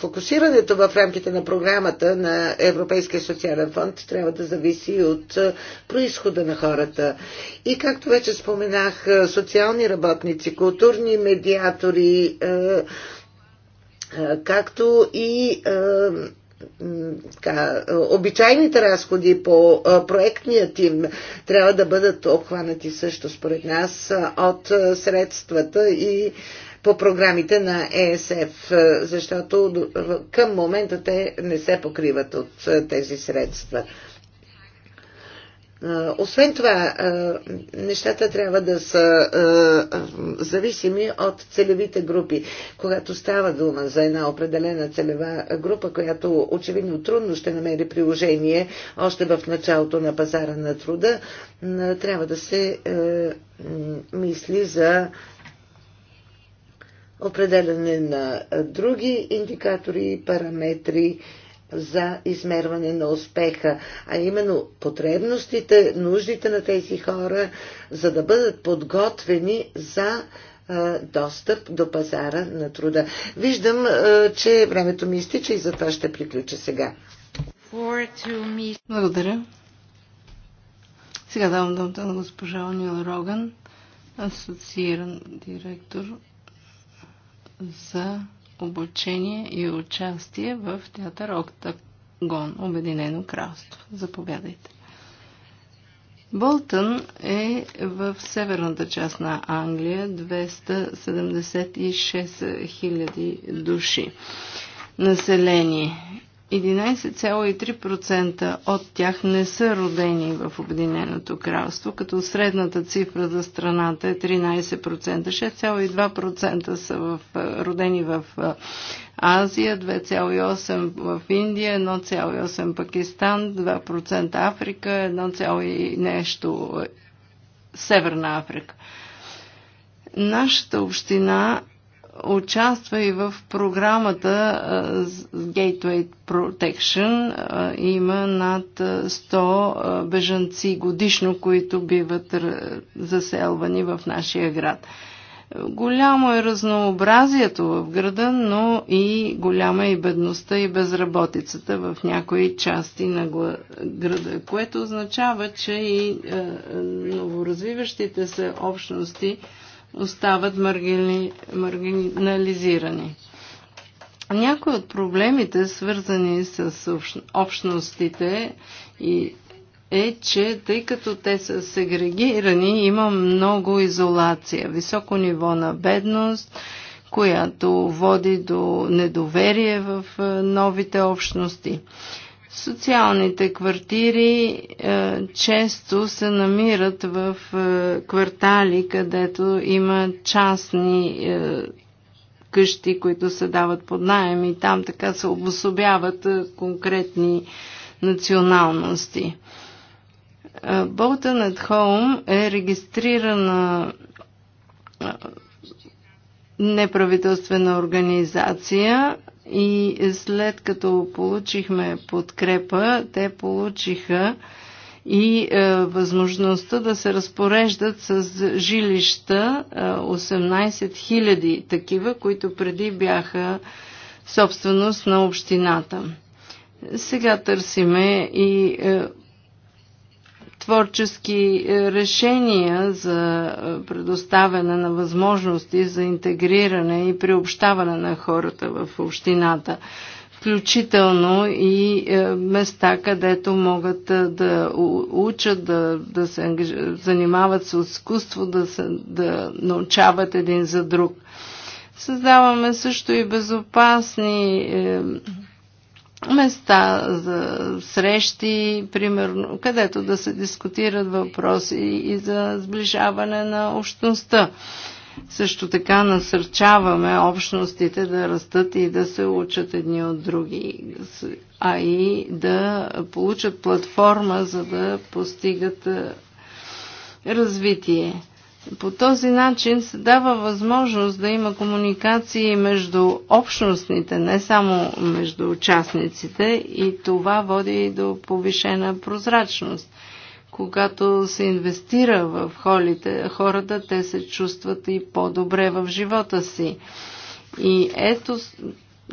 фокусирането в рамките на програмата на Европейския социален фонд трябва да зависи от е, происхода на хората. И както вече споменах, е, социални работници, културни медиатори, както и така, обичайните разходи по проектния тим трябва да бъдат обхванати също според нас от средствата и по програмите на ЕСФ, е, защото към момента те не се покриват от е, тези средства. Е, освен това, нещата трябва да са зависими от целевите групи. Когато става дума за една определена целева група, която очевидно трудно ще намери приложение още в началото на пазара на труда, трябва да се мисли за определяне на други индикатори и параметри за измерване на успеха, а именно потребностите, нуждите на тези хора, за да бъдат подготвени за достъп до пазара на труда. Виждам, че времето ми изтича и затова ще приключа сега. Благодаря. Сега давам думата на госпожа Нила Роган, асоцииран директор за обучение и участие в театър Октагон, Обединено кралство. Заповядайте. Болтън е в северната част на Англия, 276 000 души население. 11,3% от тях не са родени в Обединеното кралство, като средната цифра за страната е 13%. 6,2% са в, е, родени в е, Азия, 2,8% в Индия, 1,8% Пакистан, 2% Африка, 1, нещо е, Северна Африка. Нашата община участва и в програмата Gateway Protection. Има над 100 бежанци годишно, които биват заселвани в нашия град. Голямо е разнообразието в града, но и голяма е и бедността и безработицата в някои части на града, което означава, че и новоразвиващите се общности – остават маргини, маргинализирани. Някои от проблемите, свързани с общностите и е, че тъй като те са сегрегирани, има много изолация, високо ниво на бедност, която води до недоверие в новите общности. Социалните квартири е, често се намират в е, квартали, където има частни е, къщи, които се дават под найем и там така се обособяват е, конкретни националности. Е, Bolton at Home е регистрирана е, неправителствена организация, и след като получихме подкрепа, те получиха и е, възможността да се разпореждат с жилища, е, 18 000 такива, които преди бяха собственост на общината. Сега търсиме и е, творчески е, решения за е, предоставяне на възможности за интегриране и приобщаване на хората в общината, включително и е, места, където могат да учат, да, да се занимават с изкуство, да, се, да научават един за друг. Създаваме също и безопасни места за срещи, примерно, където да се дискутират въпроси и за сближаване на общността. Също така насърчаваме общностите да растат и да се учат едни от други, а и да получат платформа, за да постигат развитие. По този начин се дава възможност да има комуникации между общностните, не само между участниците и това води до повишена прозрачност. Когато се инвестира в холите, хората, те се чувстват и по-добре в живота си. И ето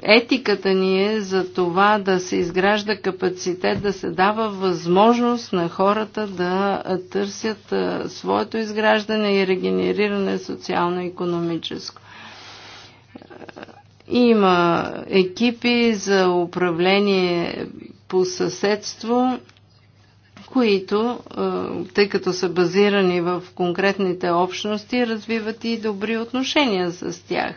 етиката ни е за това да се изгражда капацитет, да се дава възможност на хората да търсят своето изграждане и регенериране социално-економическо. Има екипи за управление по съседство, които, тъй като са базирани в конкретните общности, развиват и добри отношения с тях.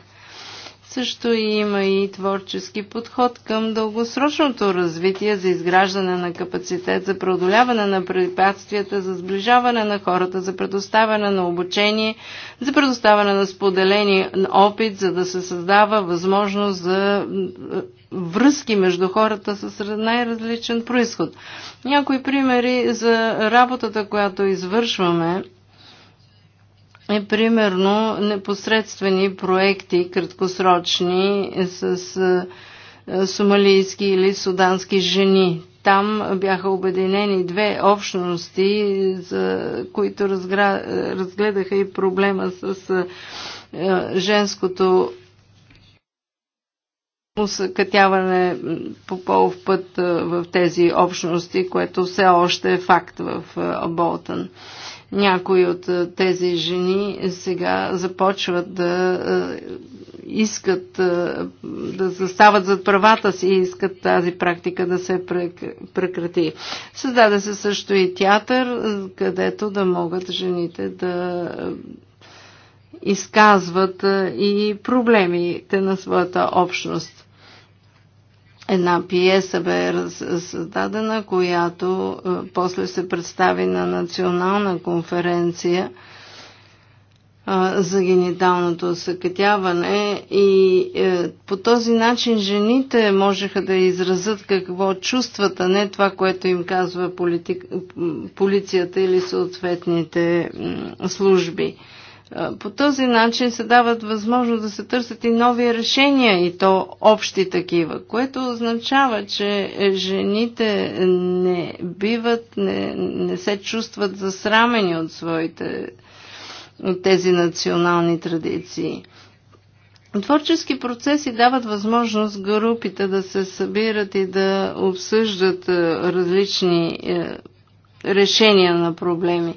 Също и има и творчески подход към дългосрочното развитие за изграждане на капацитет за преодоляване на препятствията, за сближаване на хората, за предоставяне на обучение, за предоставяне на споделени опит, за да се създава възможност за връзки между хората с най-различен происход. Някои примери за работата, която извършваме е примерно непосредствени проекти, краткосрочни, с сомалийски или судански жени. Там бяха обединени две общности, за които разгра... разгледаха и проблема с женското усъкътяване по полов път в тези общности, което все още е факт в Болтън. Някои от е, тези жени сега започват да е, искат е, да застават зад правата си и искат тази практика да се прекрати. Създаде се също и театър, където да могат жените да изказват и проблемите на своята общност. Една пиеса бе създадена, която е, после се представи на национална конференция е, за гениталното съкътяване и е, по този начин жените можеха да изразят какво чувстват, а не това, което им казва полицията или съответните служби. По този начин се дават възможност да се търсят и нови решения, и то общи такива, което означава, че жените не биват, не, не се чувстват засрамени от своите от тези национални традиции. Творчески процеси дават възможност групите да се събират и да обсъждат различни е, решения на проблеми.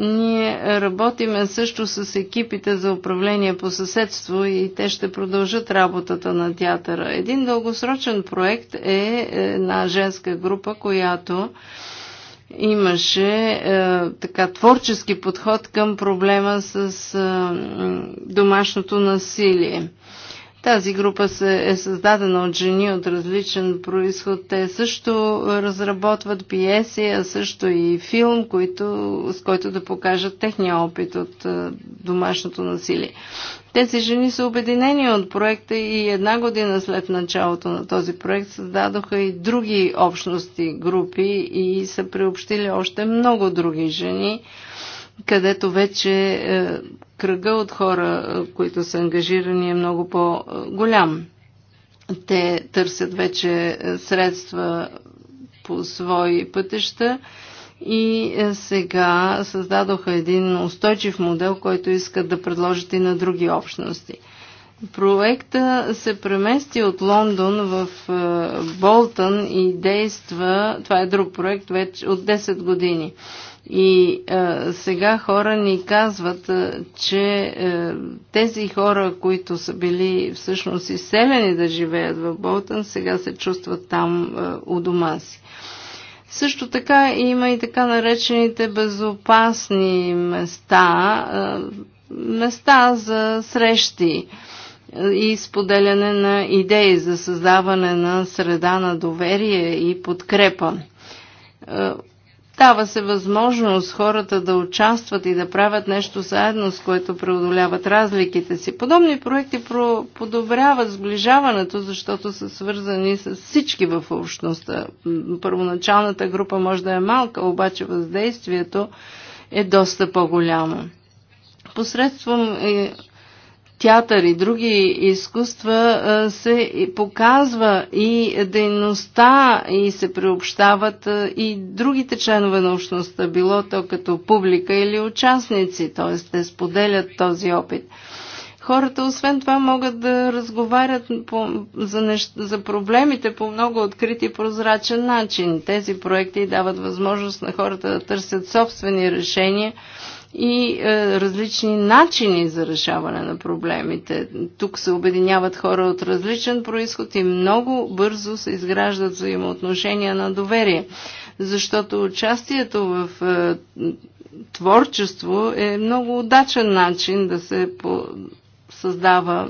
Ние работиме също с екипите за управление по съседство и те ще продължат работата на театъра. Един дългосрочен проект е на женска група, която имаше е, така творчески подход към проблема с е, домашното насилие. Тази група се, е създадена от жени от различен происход. Те също разработват пиеси, а също и филм, който, с който да покажат техния опит от домашното насилие. Тези жени са обединени от проекта и една година след началото на този проект създадоха и други общности, групи и са приобщили още много други жени където вече е, кръга от хора, е, които са ангажирани, е много по-голям. Те търсят вече е, средства по свои пътища и сега създадоха един устойчив модел, който искат да предложат и на други общности. Проекта се премести от Лондон в Болтън и действа, това е друг проект, вече от 10 години. И а, е, сега хора ни казват, а, е, че а, е, тези хора, които са били всъщност изселени да живеят в Болтън, сега се чувстват там а, у дома си. Също така има и така наречените безопасни места, а, места за срещи и споделяне на идеи за създаване на среда на доверие и подкрепа Дава се възможност хората да участват и да правят нещо заедно, с което преодоляват разликите си. Подобни проекти подобряват сближаването, защото са свързани с всички в общността. Първоначалната група може да е малка, обаче въздействието е доста по-голямо. Посредством е, театър и други изкуства се показва и дейността и се приобщават и другите членове на общността, било то като публика или участници, т.е. те споделят този опит. Хората, освен това, могат да разговарят по, за, нещ, за проблемите по много открит и прозрачен начин. Тези проекти дават възможност на хората да търсят собствени решения и е, различни начини за решаване на проблемите. Тук се обединяват хора от различен происход и много бързо се изграждат взаимоотношения на доверие, защото участието в е, творчество е много удачен начин да се по- създава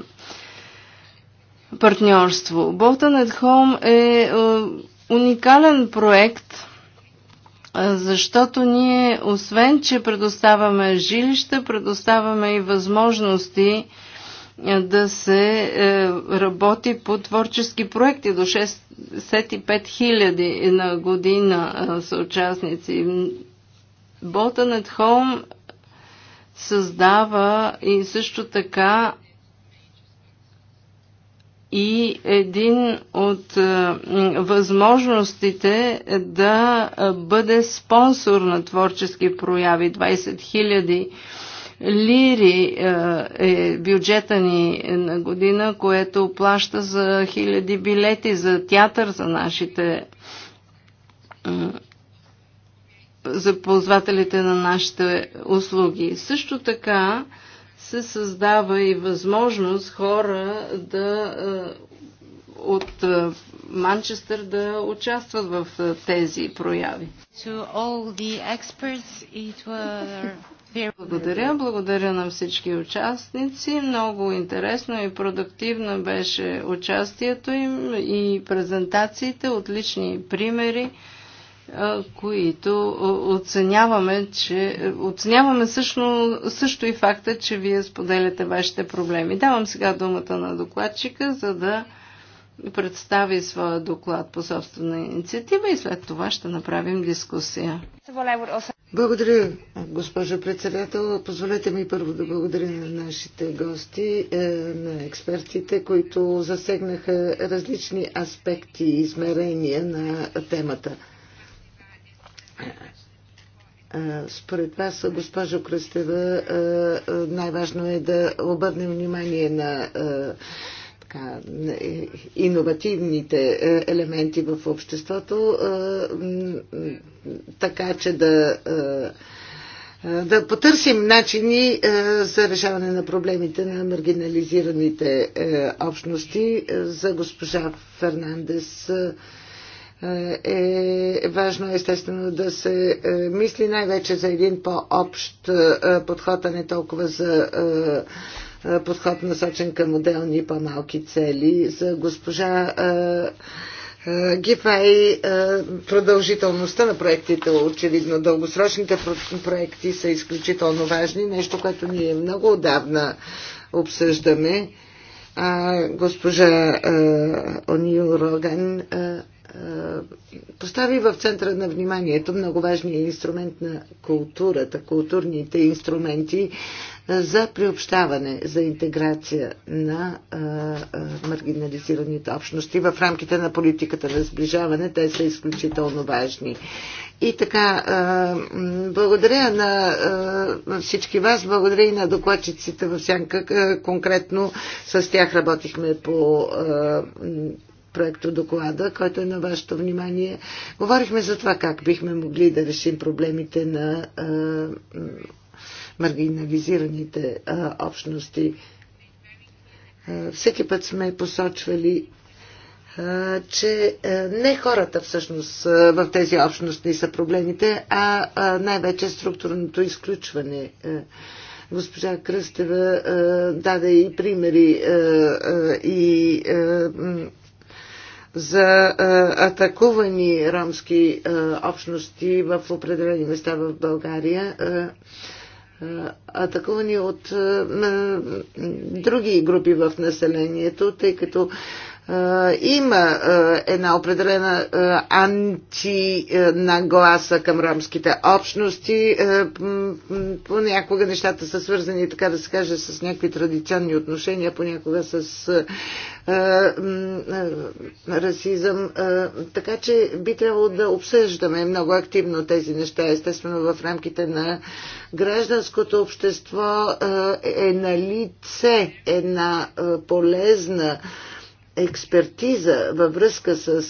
партньорство. Bolton at Home е, е уникален проект – защото ние, освен че предоставяме жилища, предоставяме и възможности да се е, работи по творчески проекти до 65 хиляди на година са участници. Bolton at Home създава и също така и един от е, възможностите да е, бъде спонсор на творчески прояви. 20 000 лири е, е бюджета ни на година, което плаща за хиляди билети за театър за нашите за ползвателите на нашите услуги. Също така се създава и възможност хора да е, от е, Манчестър да участват в е, тези прояви. Experts, very... Благодаря, благодаря на всички участници. Много интересно и продуктивно беше участието им и презентациите, отлични примери които оценяваме, че оценяваме също, също и факта, че вие споделяте вашите проблеми. Давам сега думата на докладчика, за да представи своя доклад по собствена инициатива и след това ще направим дискусия. Благодаря, госпожо председател. Позволете ми първо да благодаря на нашите гости, е, на експертите, които засегнаха различни аспекти и измерения на темата. Според вас, госпожо Кръстева, най-важно е да обърнем внимание на така, иновативните елементи в обществото, така че да, да потърсим начини за решаване на проблемите на маргинализираните общности. За госпожа Фернандес е важно е, естествено да се е, мисли най-вече за един по-общ е, подход, а не толкова за подход насочен към отделни по-малки цели. За госпожа Гифай продължителността на проектите, очевидно дългосрочните проекти са изключително важни, нещо, което ние много отдавна обсъждаме. А госпожа Онил Роган е, постави в центъра на вниманието много важния инструмент на културата, културните инструменти е, за приобщаване, за интеграция на е, маргинализираните общности в рамките на политиката на сближаване. Те са изключително важни. И така, благодаря на всички вас, благодаря и на докладчиците в Сянка. Конкретно с тях работихме по проекто доклада, който е на вашето внимание. Говорихме за това как бихме могли да решим проблемите на а, маргинализираните а, общности. А, всеки път сме посочвали че не хората всъщност в тези общности са проблемите, а най-вече структурното изключване. Госпожа Кръстева даде и примери и за атакувани ромски общности в определени места в България, атакувани от други групи в населението, тъй като е, има е, една определена е, антинагласа към ромските общности. Понякога нещата са свързани, така да се каже, с някакви традиционни отношения, понякога с расизъм. Така че би трябвало да обсъждаме много активно тези неща. Естествено, в рамките на гражданското общество е на лице една полезна експертиза във връзка с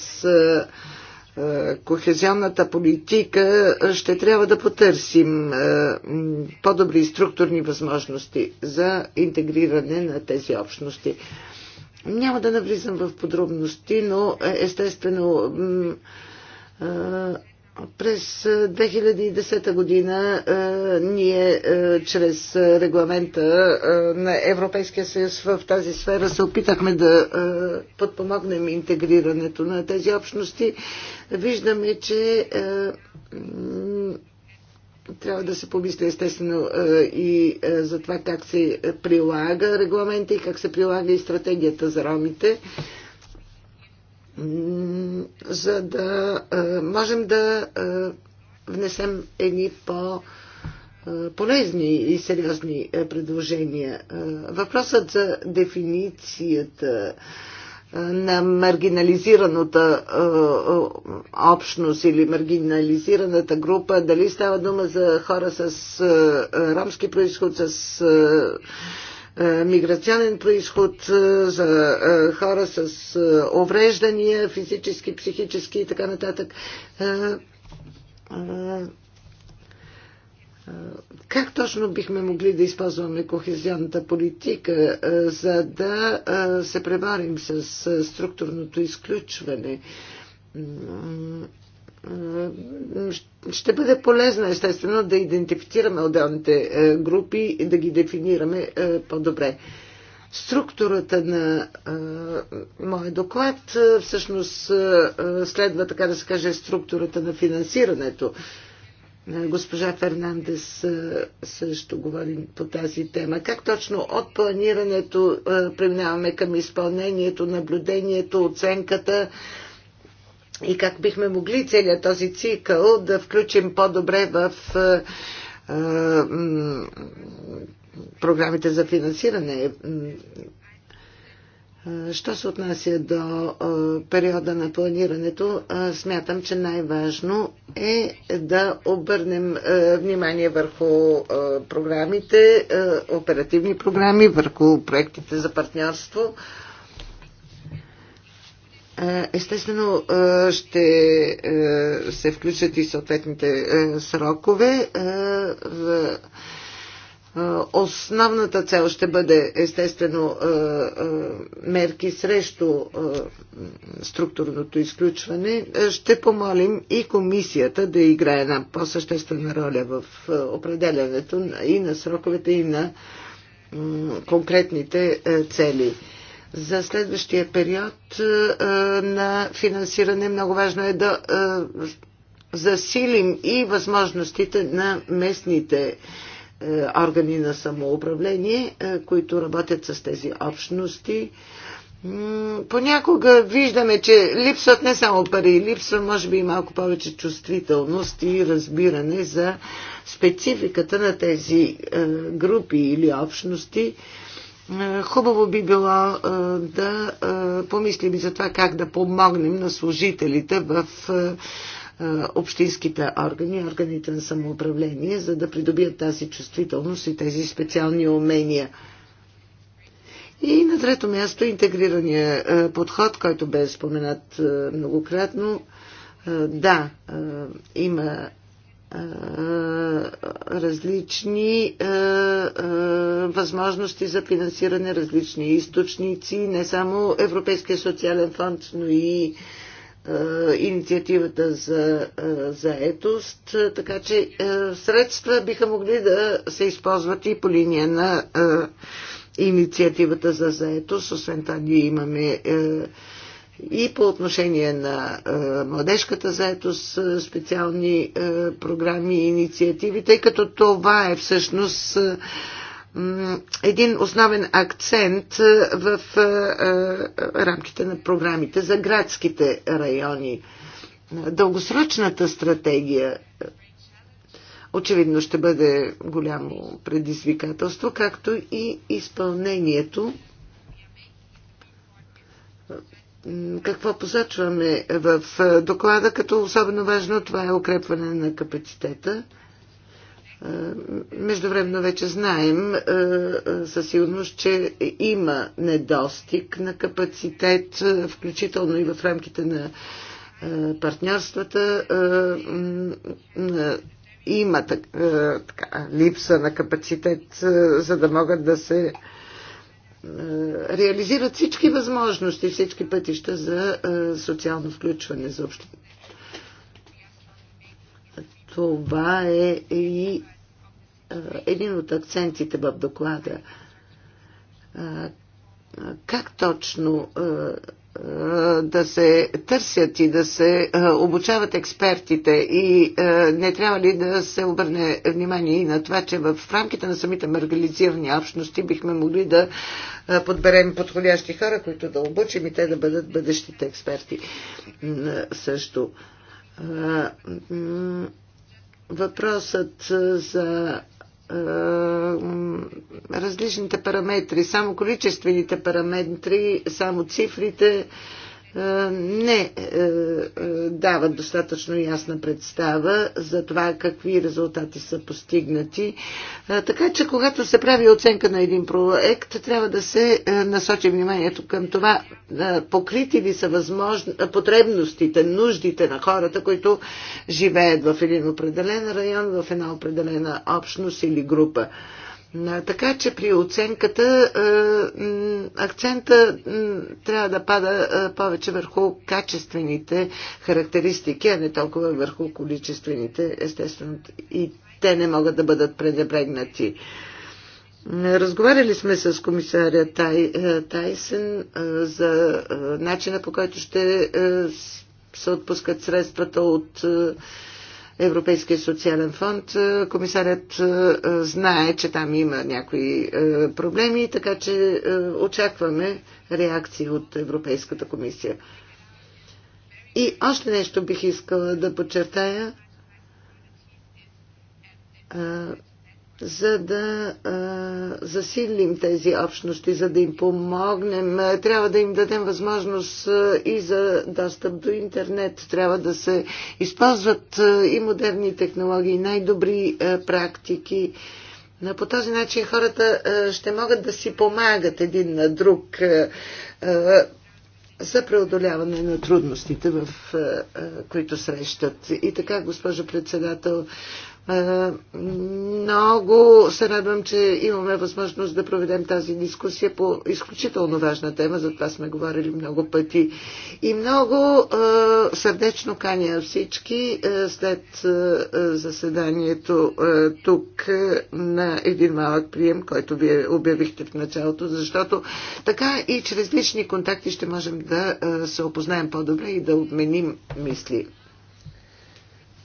кохезионната политика ще трябва да потърсим по-добри структурни възможности за интегриране на тези общности. Няма да навлизам в подробности, но е, естествено през 2010 година ние чрез регламента на Европейския съюз в тази сфера се опитахме да подпомогнем интегрирането на тези общности. Виждаме, че трябва да се помисли естествено и за това как се прилага регламента и как се прилага и стратегията за ромите за да е, можем да е, внесем едни по- е, полезни и сериозни предложения. Въпросът за дефиницията на маргинализираната общност или маргинализираната група, дали става дума за хора с ромски происход, с е, миграционен происход, е, за е, хора с увреждания, физически, психически и така нататък. Как точно бихме могли да използваме кохезионната политика, за да се преварим с структурното изключване? Е, е, ще бъде полезно, естествено, да идентифицираме отделните е, групи и да ги дефинираме по-добре. Структурата на моят доклад всъщност следва, така да се каже, структурата на финансирането. Госпожа Фернандес също говори по тази тема. Как точно от планирането преминаваме към изпълнението, наблюдението, оценката, и как бихме могли целият този цикъл да включим по-добре в е, е, програмите за финансиране. Е, що се отнася до периода на планирането, смятам, че най-важно е да обърнем внимание върху програмите, оперативни програми, върху проектите за партньорство, Естествено ще се включат и съответните срокове. Основната цел ще бъде естествено мерки срещу структурното изключване. Ще помолим и комисията да играе една по-съществена роля в определянето и на сроковете, и на конкретните цели за следващия период е, на финансиране много важно е да е, засилим и възможностите на местните е, органи на самоуправление, които работят с тези общности. Понякога виждаме, че липсват не само пари, липсва може би и малко повече чувствителност и разбиране за спецификата на тези групи или общности. Хубаво би било е, да е, помислим и за това как да помогнем на служителите в е, общинските органи, органите на самоуправление, за да придобият тази чувствителност и тези специални умения. И на трето място интегрирания подход, който бе споменат многократно. Да, има различни възможности за финансиране, различни източници, не само Европейския социален фонд, но и инициативата за заетост, така че средства биха могли да се използват и по линия на инициативата за заетост. Освен това ние имаме и по отношение на е, младежката заетост, е, специални е, програми и инициативи, тъй като това е всъщност един основен акцент в рамките на програмите за градските райони. Дългосрочната стратегия очевидно ще бъде голямо предизвикателство, както и изпълнението какво посочваме в доклада, като особено важно това е укрепване на капацитета. Междувременно вече знаем със сигурност, че има недостиг на капацитет, включително и в рамките на партньорствата. Има така, липса на капацитет, за да могат да се е, реализират всички възможности, всички пътища за е, социално включване за общ... Това е и е, един от акцентите в доклада. Как точно е, да се търсят и да се е, обучават експертите и е, не трябва ли да се обърне внимание и на това, че в рамките на самите маргализирани общности бихме могли да подберем подходящи хора, които да обучим и те да бъдат бъдещите експерти също. Въпросът за различните параметри, само количествените параметри, само цифрите е, не е, е, дават достатъчно ясна представа за това какви резултати са постигнати. Така че, когато се прави оценка на един проект, трябва да се насочи вниманието към това, покрити ли са възможно, потребностите, нуждите на хората, които живеят в един определен район, в една определена общност или група. Така че при оценката акцента трябва да пада повече върху качествените характеристики, а не толкова върху количествените, естествено. И те не могат да бъдат пренебрегнати. Разговаряли сме с комисаря Тай, Тайсен за начина по който ще се отпускат средствата от Европейския социален фонд. Е, комисарят е, знае, че там има някои е, проблеми, така че очакваме реакции от Европейската комисия. И още нещо бих искала да подчертая за да а, засилим тези общности, за да им помогнем. Трябва да им дадем възможност и за достъп до интернет. Трябва да се използват и модерни технологии, най-добри практики. Но по този начин хората ще могат да си помагат един на друг за преодоляване на трудностите, в които срещат. И така, госпожо председател, много се радвам, че имаме възможност да проведем тази дискусия по изключително важна тема, за това сме говорили много пъти. И много сърдечно каня всички след заседанието тук на един малък прием, който вие обявихте в началото, защото така и чрез лични контакти ще можем да се опознаем по-добре и да обменим мисли.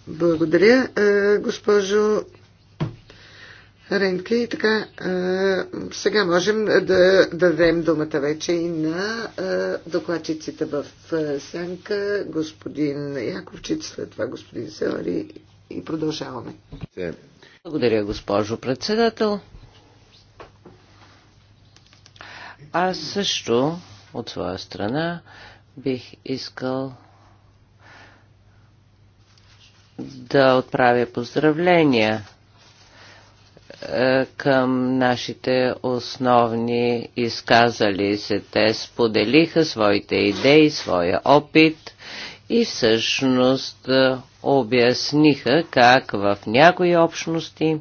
Благодаря, е, госпожо Ренка. И така, е, сега можем да дадем думата вече и на е, докладчиците в Сянка, господин Яковчиц, след това господин Селари и продължаваме. Благодаря, госпожо председател. Аз също, от своя страна, бих искал да отправя поздравления е, към нашите основни изказали се. Те споделиха своите идеи, своя опит и всъщност е, обясниха как в някои общности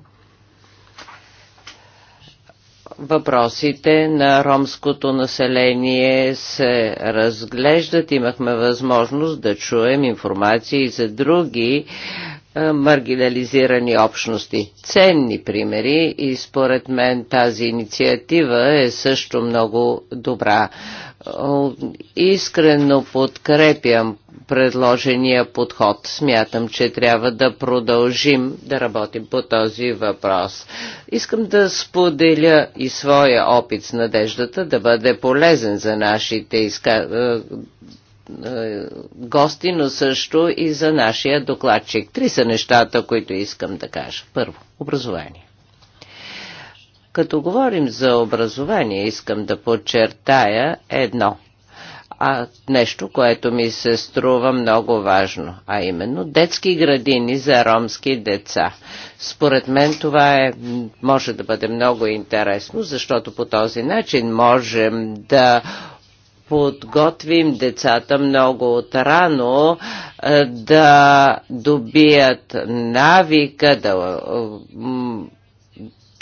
Въпросите на ромското население се разглеждат. Имахме възможност да чуем информации за други е, маргинализирани общности. Ценни примери и според мен тази инициатива е също много добра. Искрено подкрепям предложения подход. Смятам, че трябва да продължим да работим по този въпрос. Искам да споделя и своя опит с надеждата да бъде полезен за нашите изка... Е, е, гости, но също и за нашия докладчик. Три са нещата, които искам да кажа. Първо, образование. Като говорим за образование, искам да подчертая едно – а нещо, което ми се струва много важно, а именно детски градини за ромски деца. Според мен това е, може да бъде много интересно, защото по този начин можем да подготвим децата много от рано е, да добият навика, да е,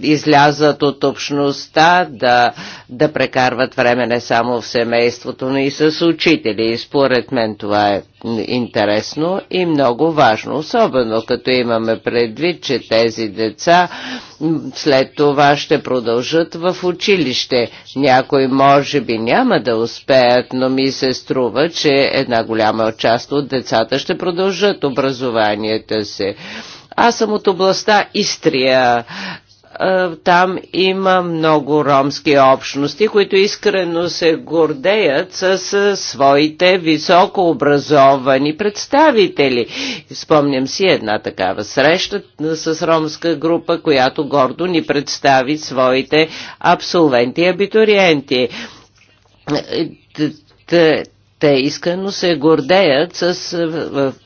излязат от общността, да, да прекарват време не само в семейството, но и с учители. И според мен това е интересно и много важно, особено като имаме предвид, че тези деца след това ще продължат в училище. Някои може би няма да успеят, но ми се струва, че една голяма част от децата ще продължат образованията си. Аз съм от областта Истрия е, там има много ромски общности, които искрено се гордеят с своите високообразовани представители. Спомням си една такава среща с ромска група, която гордо ни представи своите абсолвенти и абитуриенти е, те, искрено се гордеят с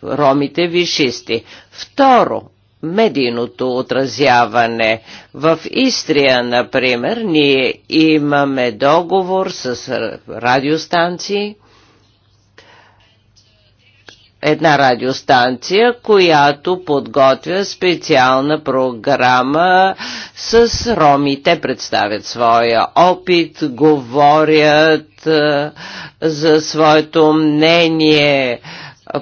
ромите вишисти. Второ, медийното отразяване. В Истрия, например, ние имаме договор с радиостанции, една радиостанция, която подготвя специална програма с роми. Те представят своя опит, говорят за своето мнение,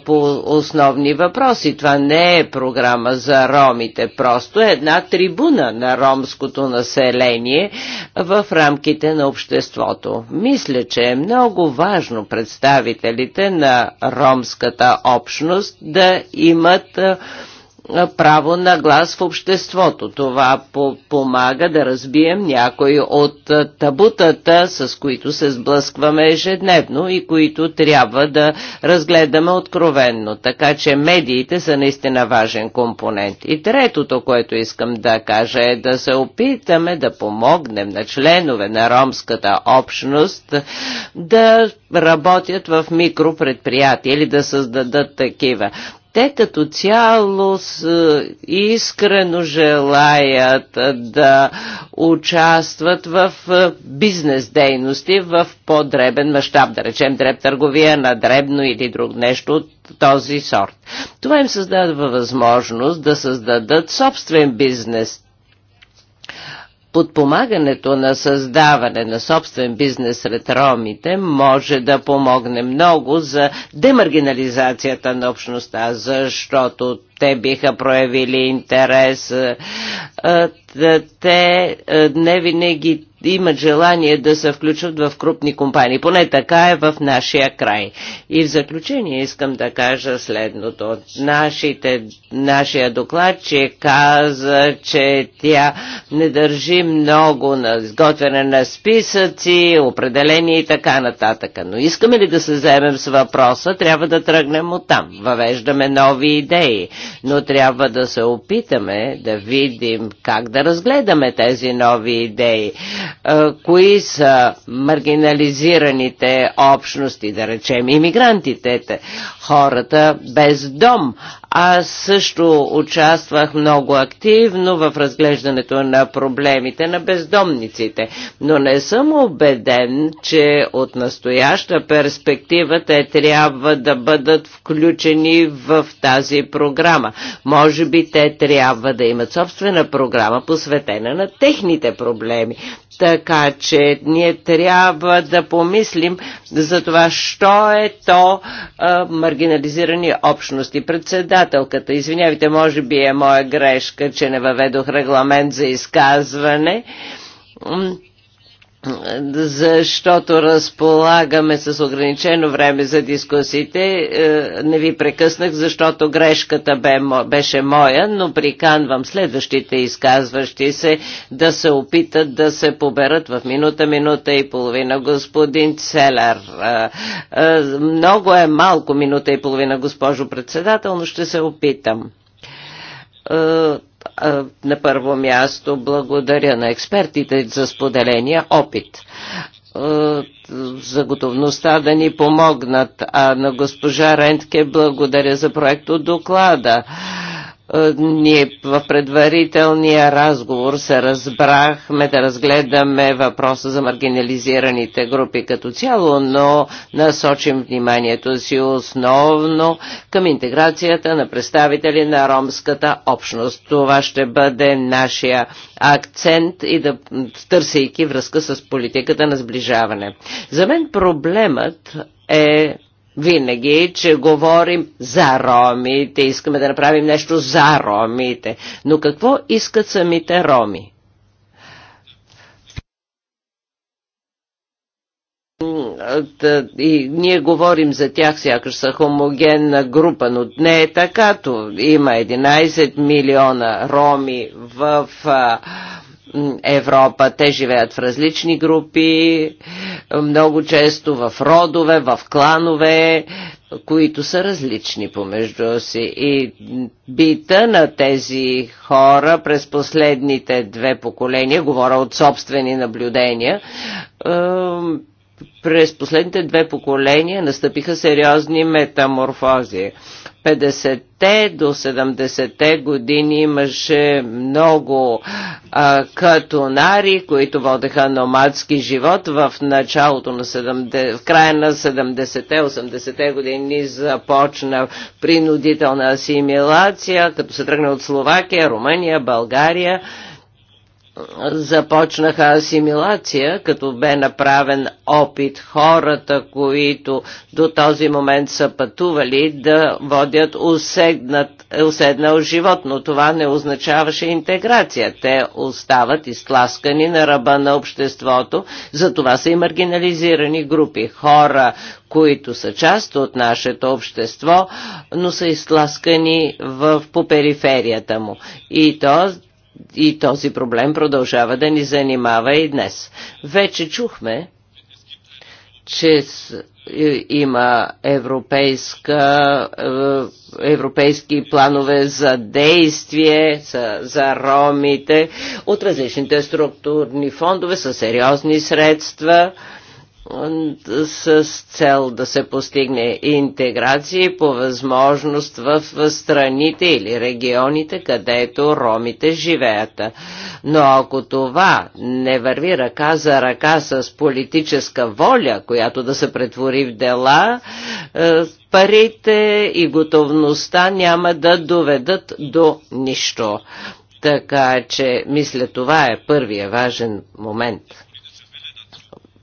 по основни въпроси. Това не е програма за ромите, просто е една трибуна на ромското население в рамките на обществото. Мисля, че е много важно представителите на ромската общност да имат право на глас в обществото. Това по помага да разбием някои от табутата, с които се сблъскваме ежедневно и които трябва да разгледаме откровенно. Така че медиите са наистина важен компонент. И третото, което искам да кажа е да се опитаме да помогнем на членове на ромската общност да работят в микропредприятия или да създадат такива те като цяло с, е, искрено желаят е, да участват в е, бизнес дейности в по-дребен мащаб, да речем дреб търговия на дребно или друг нещо от този сорт. Това им създава възможност да създадат собствен бизнес подпомагането на създаване на собствен бизнес сред ромите може да помогне много за демаргинализацията на общността, защото те биха проявили интерес. Е, е, те е, не винаги да имат желание да се включат в крупни компании. Поне така е в нашия край. И в заключение искам да кажа следното. Нашите, нашия доклад, че каза, че тя не държи много на изготвяне на списъци, определения и така нататък. Но искаме ли да се заемем с въпроса, трябва да тръгнем от там. Въвеждаме нови идеи, но трябва да се опитаме да видим как да разгледаме тези нови идеи кои са маргинализираните общности, да речем, иммигрантите, хората без дом, аз също участвах много активно в разглеждането на проблемите на бездомниците, но не съм убеден, че от настояща перспектива те трябва да бъдат включени в тази програма. Може би те трябва да имат собствена програма, посветена на техните проблеми. Така че ние трябва да помислим за това, що е то а, маргинализирани общности. Председател председателката. Извинявайте, може би е моя грешка, че не въведох регламент за изказване защото разполагаме с ограничено време за дискусиите. Е, не ви прекъснах, защото грешката бе, беше моя, но приканвам следващите изказващи се да се опитат да се поберат в минута, минута и половина. Господин Целер, е, е, много е малко минута и половина, госпожо председател, но ще се опитам на първо място благодаря на експертите за споделения опит за готовността да ни помогнат. А на госпожа Рентке благодаря за проекто доклада. Е, ние в предварителния разговор се разбрахме да разгледаме въпроса за маргинализираните групи като цяло, но насочим вниманието си основно към интеграцията на представители на ромската общност. Това ще бъде нашия акцент и да търсейки връзка с политиката на сближаване. За мен проблемът е винаги, че говорим за ромите, искаме да направим нещо за ромите. Но какво искат самите роми? и ние говорим за тях сякаш са хомогенна група, но не е така. Има 11 милиона роми в а, Европа. Те живеят в различни групи, много често в родове, в кланове, които са различни помежду си. И бита на тези хора през последните две поколения, говоря от собствени наблюдения, през последните две поколения настъпиха сериозни метаморфози. 50-те до 70-те години имаше много а, катунари, които водеха номадски живот. В началото на 70, в края на 70-те, 80-те години започна принудителна асимилация, като се тръгна от Словакия, Румъния, България започнаха асимилация, като бе направен опит хората, които до този момент са пътували да водят уседнат, уседнал живот, но това не означаваше интеграция. Те остават изтласкани на ръба на обществото, затова са и маргинализирани групи. Хора, които са част от нашето общество, но са изтласкани в, по периферията му. И то и този проблем продължава да ни занимава и днес. Вече чухме, че има европейска, е, европейски планове за действие за, за ромите от различните структурни фондове са сериозни средства с цел да се постигне интеграция по възможност в страните или регионите, където ромите живеят. Но ако това не върви ръка за ръка с политическа воля, която да се претвори в дела, е, парите и готовността няма да доведат до нищо. Така че, мисля, това е първия важен момент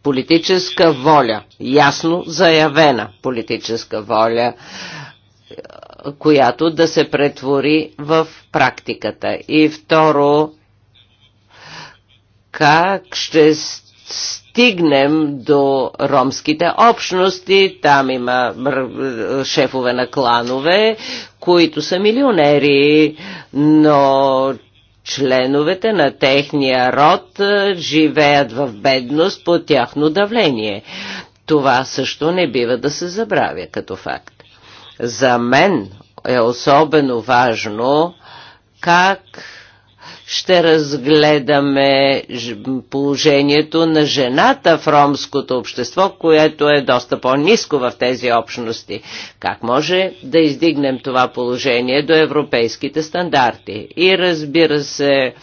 политическа воля, ясно заявена политическа воля, която да се претвори в практиката. И второ, как ще стигнем до ромските общности. Там има шефове на кланове, които са милионери, но членовете на техния род е, живеят в бедност по тяхно давление. Това също не бива да се забравя като факт. За мен е особено важно как ще разгледаме положението на жената в ромското общество, което е доста по-низко в тези общности. Как може да издигнем това положение до европейските стандарти? И разбира се,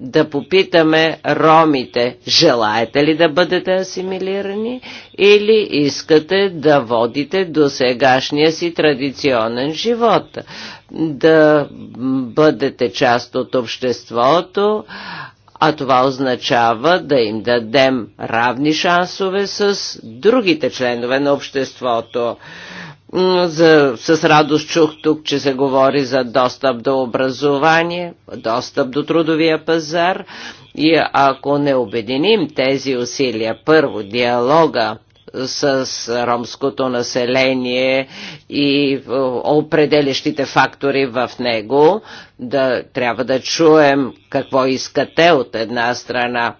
да попитаме ромите, желаете ли да бъдете асимилирани или искате да водите до сегашния си традиционен живот? да бъдете част от обществото, а това означава да им дадем равни шансове с другите членове на обществото. За, с радост чух тук, че се говори за достъп до образование, достъп до трудовия пазар и ако не обединим тези усилия, първо диалога с ромското население и определящите фактори в него. Да, трябва да чуем какво искате от една страна.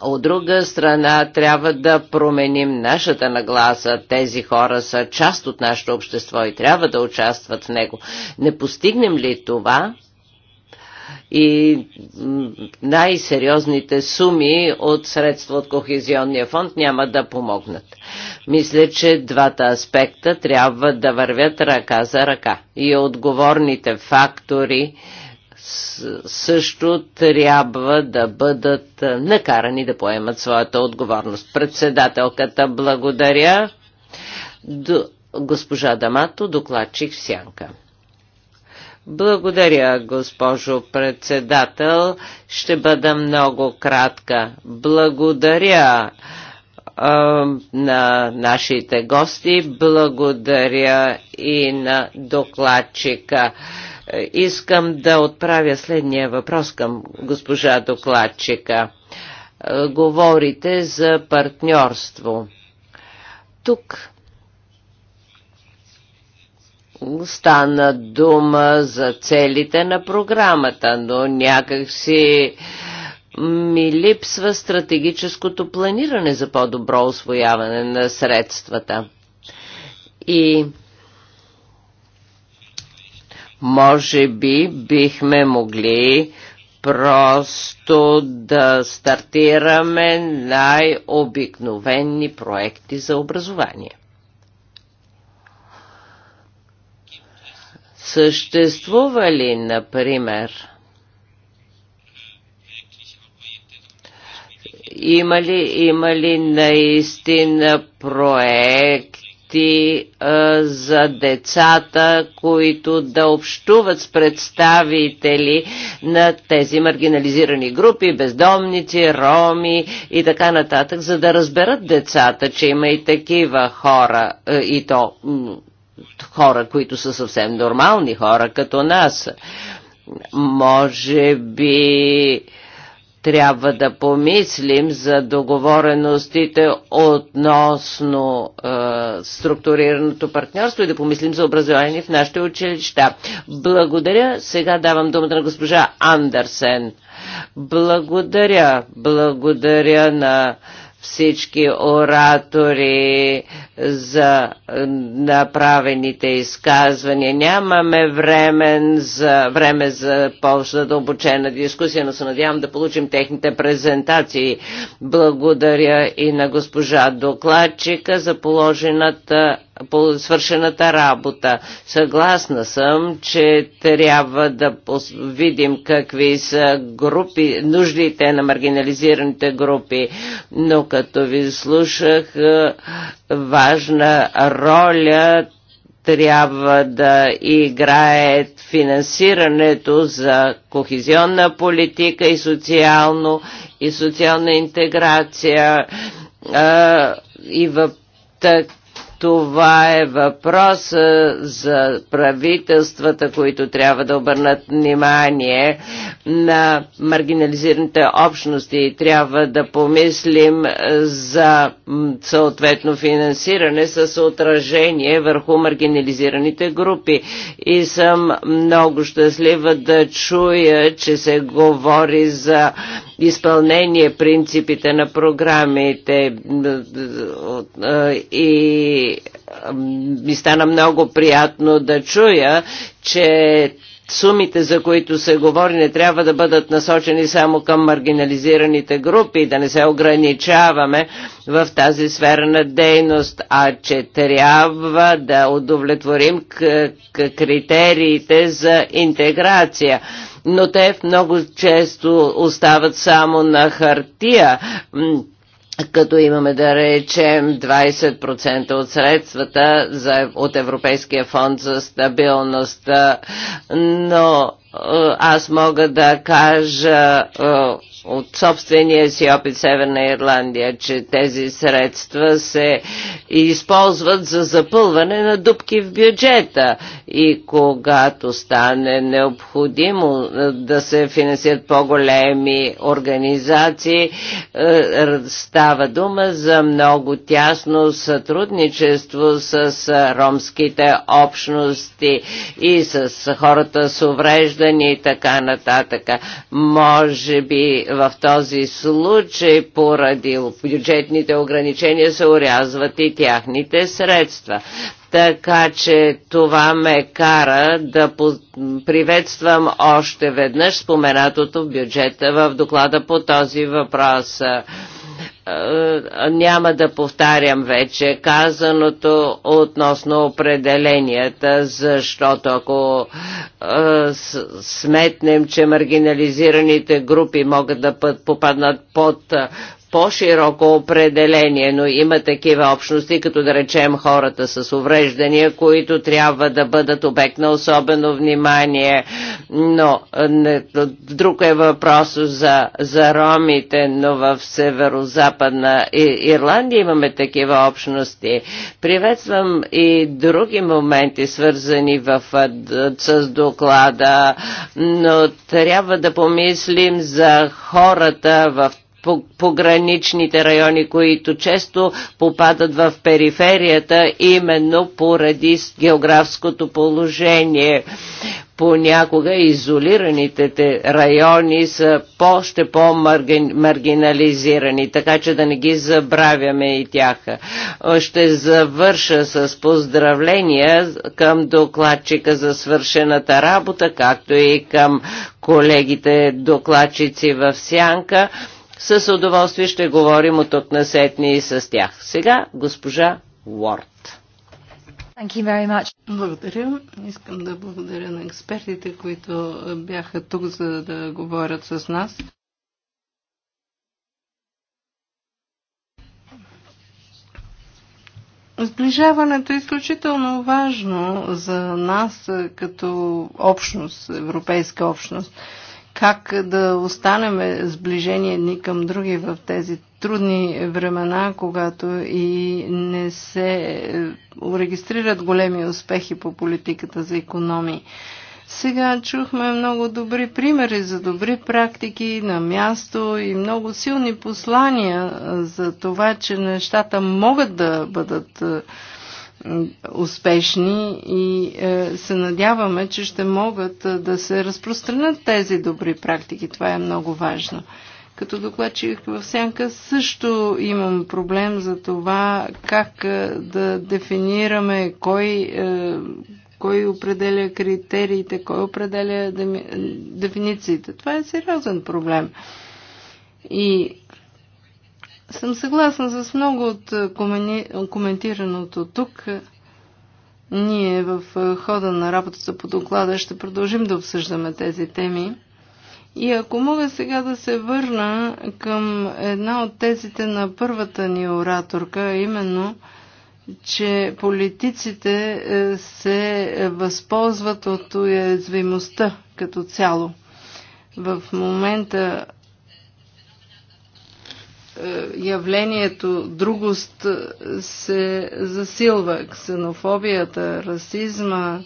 От друга страна, трябва да променим нашата нагласа. Тези хора са част от нашето общество и трябва да участват в него. Не постигнем ли това, и най-сериозните суми от средства от Кохезионния фонд няма да помогнат. Мисля, че двата аспекта трябва да вървят ръка за ръка и отговорните фактори също трябва да бъдат накарани да поемат своята отговорност. Председателката благодаря. Госпожа Дамато, докладчик в Сянка. Благодаря, госпожо председател. Ще бъда много кратка. Благодаря на нашите гости. Благодаря и на докладчика. Искам да отправя следния въпрос към госпожа докладчика. Говорите за партньорство. Тук стана дума за целите на програмата, но някакси ми липсва стратегическото планиране за по-добро освояване на средствата. И може би бихме могли просто да стартираме най-обикновени проекти за образование. Съществува ли, например, има ли, има ли наистина проекти а, за децата, които да общуват с представители на тези маргинализирани групи, бездомници, роми и така нататък, за да разберат децата, че има и такива хора а, и то хора, които са съвсем нормални хора, като нас. Може би трябва да помислим за договореностите относно е, структурираното партньорство и да помислим за образование в нашите училища. Благодаря. Сега давам думата на госпожа Андерсен. Благодаря. Благодаря на всички оратори за направените изказвания. Нямаме време за, време за по-задълбочена дискусия, но се надявам да получим техните презентации. Благодаря и на госпожа докладчика за положената по свършената работа. Съгласна съм, че трябва да видим какви са групи, нуждите на маргинализираните групи, но като ви слушах, е, важна роля трябва да играе финансирането за кохезионна политика и социално и социална интеграция а, е, и в так, това е въпрос за правителствата, които трябва да обърнат внимание на маргинализираните общности и трябва да помислим за съответно финансиране с отражение върху маргинализираните групи. И съм много щастлива да чуя, че се говори за изпълнение принципите на програмите и и ми стана много приятно да чуя, че сумите, за които се говори, не трябва да бъдат насочени само към маргинализираните групи, да не се ограничаваме в тази сфера на дейност, а че трябва да удовлетворим критериите за интеграция но те много често остават само на хартия като имаме да речем 20% от средствата за, от Европейския фонд за стабилност. Но е, аз мога да кажа е, от собствения си опит Северна Ирландия, че тези средства се използват за запълване на дупки в бюджета и когато стане необходимо е, да се финансират по-големи организации, става дума за много тясно сътрудничество с ромските общности и с хората с увреждане обсъждания и така нататък. Може би в този случай поради бюджетните ограничения се урязват и тяхните средства. Така че това ме кара да приветствам още веднъж споменатото в бюджета в доклада по този въпрос. Е, няма да повтарям вече казаното относно определенията, защото ако е, сметнем, че маргинализираните групи могат да попаднат под е, по-широко определение, но има такива общности, като да речем хората с увреждания, които трябва да бъдат обект на особено внимание. Но не, друг е въпрос за, за ромите, но в северо-западна Ирландия имаме такива общности. Приветствам и други моменти, свързани в, с доклада, но трябва да помислим за хората в пограничните райони, които често попадат в периферията именно поради географското положение. Понякога изолираните райони са по, ще по-маргинализирани, така че да не ги забравяме и тях. Ще завърша с поздравления към докладчика за свършената работа, както и към колегите докладчици в Сянка с удоволствие ще говорим от тук насетни и с тях. Сега госпожа Уорд. Благодаря. Искам да благодаря на експертите, които бяха тук, за да говорят с нас. Сближаването е изключително важно за нас като общност, европейска общност как да останем сближени едни към други в тези трудни времена, когато и не се е, регистрират големи успехи по политиката за економии. Сега чухме много добри примери за добри практики на място и много силни послания е, за това, че нещата могат да бъдат е, е, успешни и е, се надяваме, че ще могат е, да се разпространят тези добри практики. Това е много важно. Като докладчик в сянка също имам проблем за това как да дефинираме кой, кой определя критериите, кой определя дефинициите. Това е сериозен проблем. И съм съгласна с много от е, коментираното тук. Ние в е, хода на работата по доклада ще продължим да обсъждаме тези теми. И ако мога сега да се върна към една от тезите на първата ни ораторка, именно, че политиците е, се възползват от уязвимостта като цяло. В момента е, явлението другост се засилва. Ксенофобията, расизма,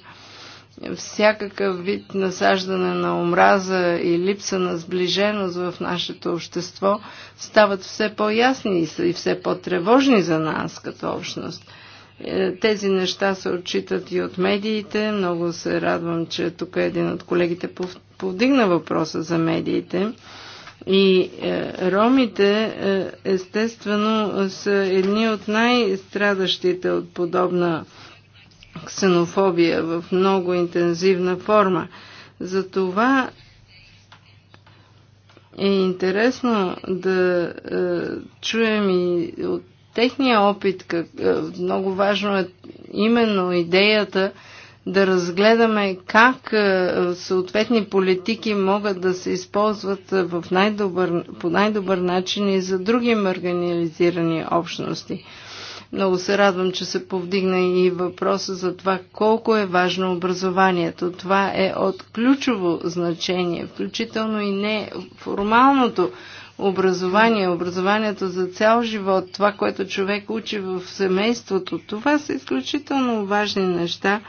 всякакъв вид насаждане на омраза и липса на сближеност в нашето общество стават все по-ясни и все по-тревожни за нас като общност. Е, тези неща се отчитат и от медиите. Много се радвам, че тук един от колегите повдигна въпроса за медиите. И е, ромите е, естествено са едни от най-страдащите от подобна ксенофобия в много интензивна форма. Затова е интересно да е, чуем и от техния опит, как, е, много важно е именно идеята, е, да разгледаме как е, съответни политики могат да се използват е, в най-добър, по най-добър начин и за други марганизирани общности. Много се радвам, че се повдигна и въпроса за това колко е важно образованието. Това е от ключово значение, включително и не формалното образование, образованието за цял живот, това, което човек учи в семейството. Това са изключително важни неща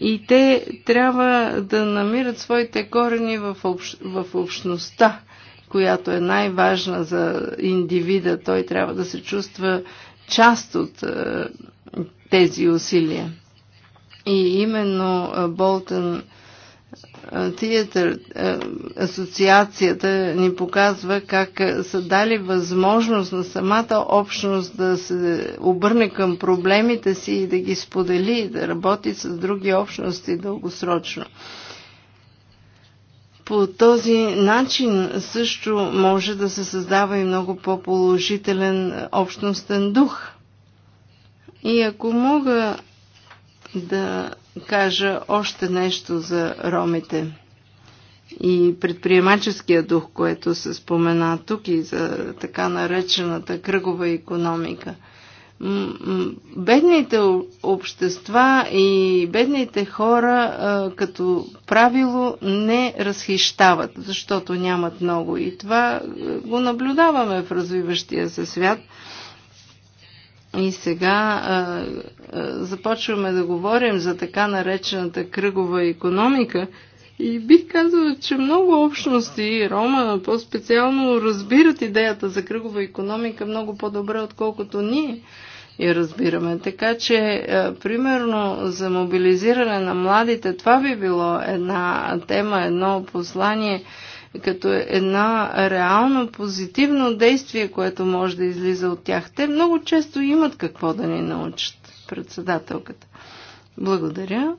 и те трябва да намират своите корени в, общ, в общността, която е най-важна за индивида. Той трябва да се чувства част от е, тези усилия. И именно е, Болтън Театър асоциацията ни показва как са дали възможност на самата общност да се обърне към проблемите си и да ги сподели, да работи с други общности дългосрочно. По този начин също може да се създава и много по-положителен общностен дух. И ако мога да кажа още нещо за ромите и предприемаческия дух, което се спомена тук и за така наречената кръгова економика. Бедните общества и бедните хора като правило не разхищават, защото нямат много. И това го наблюдаваме в развиващия се свят. И сега е, започваме да говорим за така наречената кръгова економика, и бих казала, че много общности, Рома по-специално, разбират идеята за кръгова економика много по-добре, отколкото ние я разбираме. Така че, е, примерно, за мобилизиране на младите, това би било една тема, едно послание, като една реално позитивно действие, което може да излиза от тях. Те много често имат какво да ни научат председателката. Благодаря.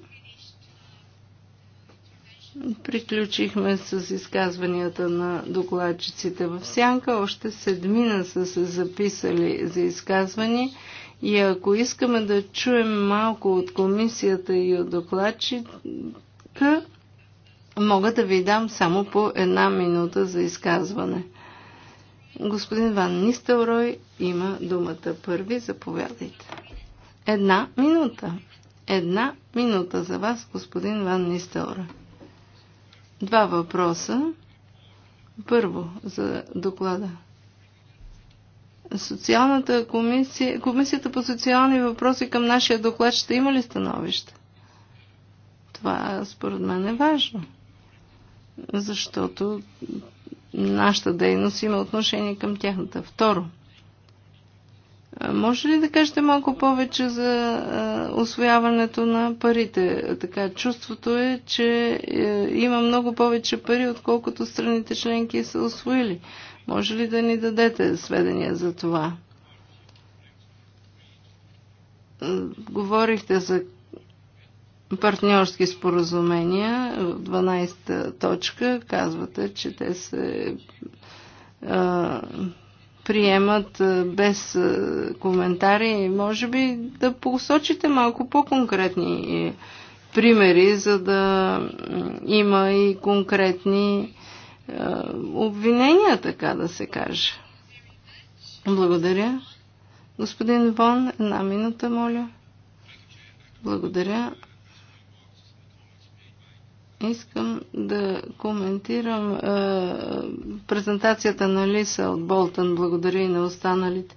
Приключихме с изказванията на докладчиците в Сянка. Още седмина са се записали за изказвания. И ако искаме да чуем малко от комисията и от докладчика, мога да ви дам само по една минута за изказване. Господин Ван Нистелрой има думата първи. Заповядайте. Една минута. Една минута за вас, господин Ван Нистелра. Два въпроса. Първо, за доклада. Социалната комисия, комисията по социални въпроси към нашия доклад ще има ли становище? Това според мен е важно. Защото нашата дейност има отношение към тяхната. Второ, може ли да кажете малко повече за освояването на парите? Така, чувството е, че е, има много повече пари, отколкото страните членки са освоили. Може ли да ни дадете сведения за това? Говорихте за партньорски споразумения в 12 точка. Казвате, че те се приемат без коментари. Може би да посочите малко по-конкретни е, примери, за да има и конкретни е, обвинения, така да се каже. Благодаря. Господин Вон, една минута, моля. Благодаря. Искам да коментирам е, презентацията на Лиса от Болтън. Благодаря и на останалите.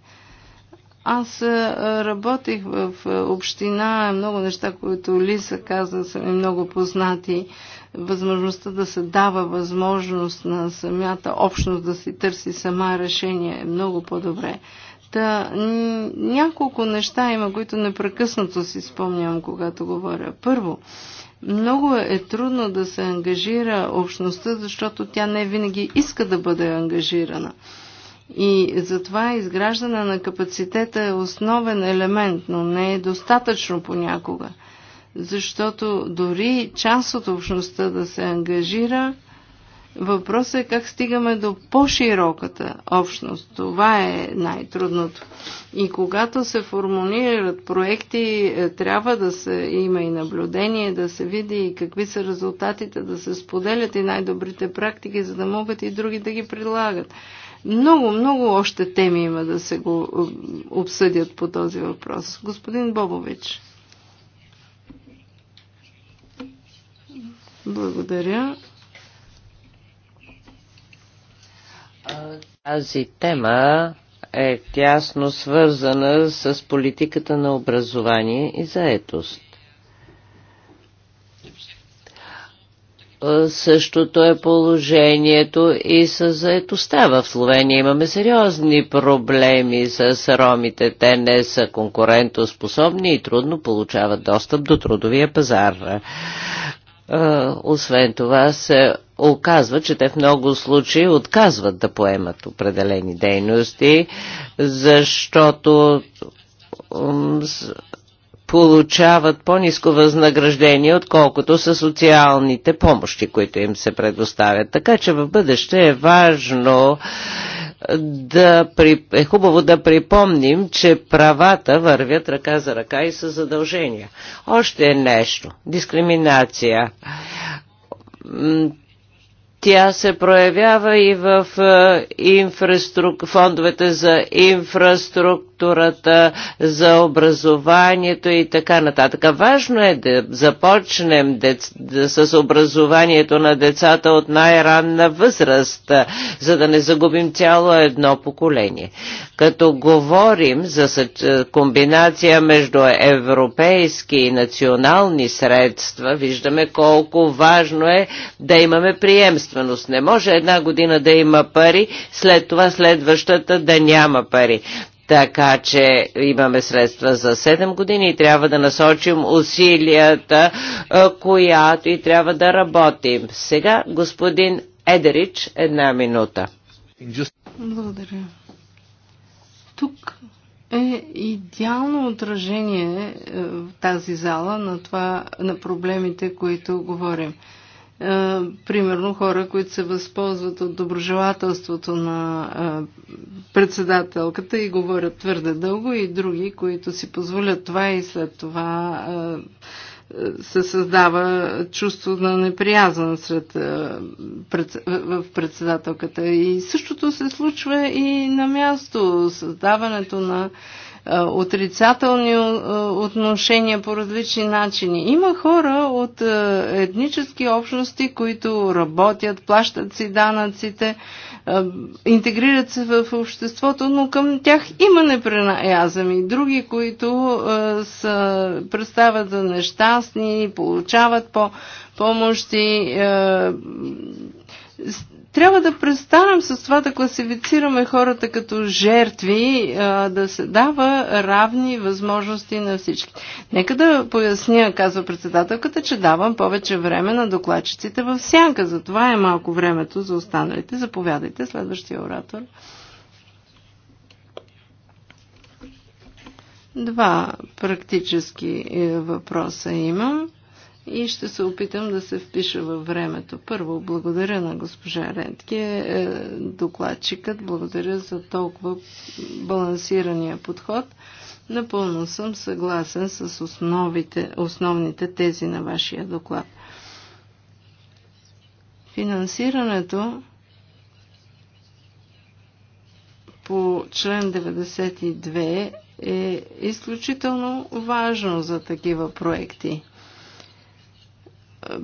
Аз е, работих в община, е, много неща, които Лиса каза, са ми много познати. Възможността да се дава възможност на самата общност да си търси сама решение е много по-добре. Та, няколко неща има, които непрекъснато си спомням, когато говоря. Първо, много е трудно да се ангажира общността, защото тя не винаги иска да бъде ангажирана. И затова изграждане на капацитета е основен елемент, но не е достатъчно понякога. Защото дори част от общността да се ангажира, Въпросът е как стигаме до по-широката общност. Това е най-трудното. И когато се формулират проекти, е, трябва да се има и наблюдение, да се види и какви са резултатите, да се споделят и най-добрите практики, за да могат и други да ги прилагат. Много, много още теми има да се го е, обсъдят по този въпрос. Господин Бобович. Благодаря. Тази тема е тясно свързана с политиката на образование и заетост. Същото е положението и с заетостта. В Словения имаме сериозни проблеми с ромите. Те не са конкурентоспособни и трудно получават достъп до трудовия пазар. Освен това се оказва, че те в много случаи отказват да поемат определени дейности, защото получават по-низко възнаграждение, отколкото са социалните помощи, които им се предоставят. Така че в бъдеще е важно да при... е хубаво да припомним, че правата вървят ръка за ръка и са задължения. Още нещо. Дискриминация тя се проявява и в е, инфраструк... фондовете за инфраструктура инфраструктурата, за образованието и така нататък. Важно е да започнем дец... с образованието на децата от най-ранна възраст, за да не загубим цяло едно поколение. Като говорим за комбинация между европейски и национални средства, виждаме колко важно е да имаме приемственост. Не може една година да има пари, след това следващата да няма пари. Така че имаме средства за 7 години и трябва да насочим усилията, която и трябва да работим. Сега господин Едерич, една минута. Благодаря. Тук е идеално отражение е, в тази зала на, това, на проблемите, които говорим. Е, примерно хора, които се възползват от доброжелателството на е, председателката и говорят твърде дълго и други, които си позволят това и след това е, се създава чувство на неприязан сред, в председателката. И същото се случва и на място. Създаването на отрицателни отношения по различни начини. Има хора от етнически общности, които работят, плащат си данъците, интегрират се в обществото, но към тях има непренаязъм и други, които са, представят за нещастни, получават по помощи, трябва да престанем с това да класифицираме хората като жертви, да се дава равни възможности на всички. Нека да поясня, казва председателката, че давам повече време на докладчиците в сянка. Затова е малко времето за останалите. Заповядайте, следващия оратор. Два практически е, въпроса имам и ще се опитам да се впиша във времето. Първо, благодаря на госпожа Рентке, е, докладчикът, благодаря за толкова балансирания подход. Напълно съм съгласен с основите, основните тези на вашия доклад. Финансирането по член 92 е изключително важно за такива проекти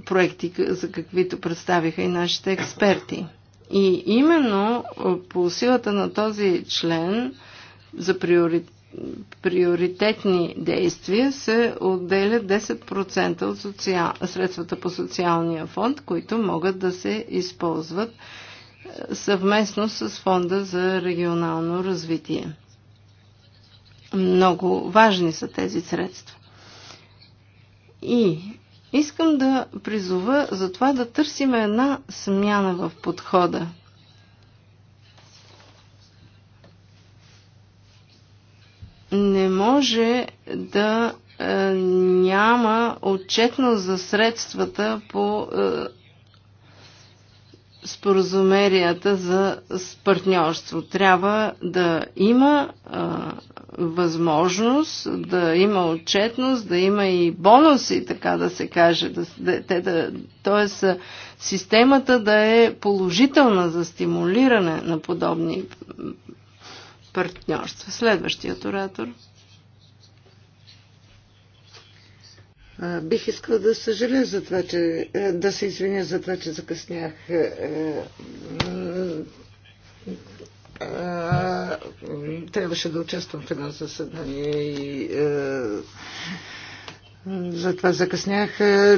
проекти, за каквито представиха и нашите експерти. И именно по силата на този член за приоритет приоритетни действия се отделят 10% от социал... средствата по социалния фонд, които могат да се използват съвместно с фонда за регионално развитие. Много важни са тези средства. И Искам да призова за това да търсим една смяна в подхода. Не може да е, няма отчетност за средствата по е, споразумерията за партньорство. Трябва да има е, възможност да има отчетност, да има и бонуси, така да се каже. Да, те, да, тоест, системата да е положителна за стимулиране на подобни партньорства. Следващият оратор. Бих искала да съжаля за това, че да се извиня за това, че закъснях трябваше да участвам в едно заседание и затова закъснях.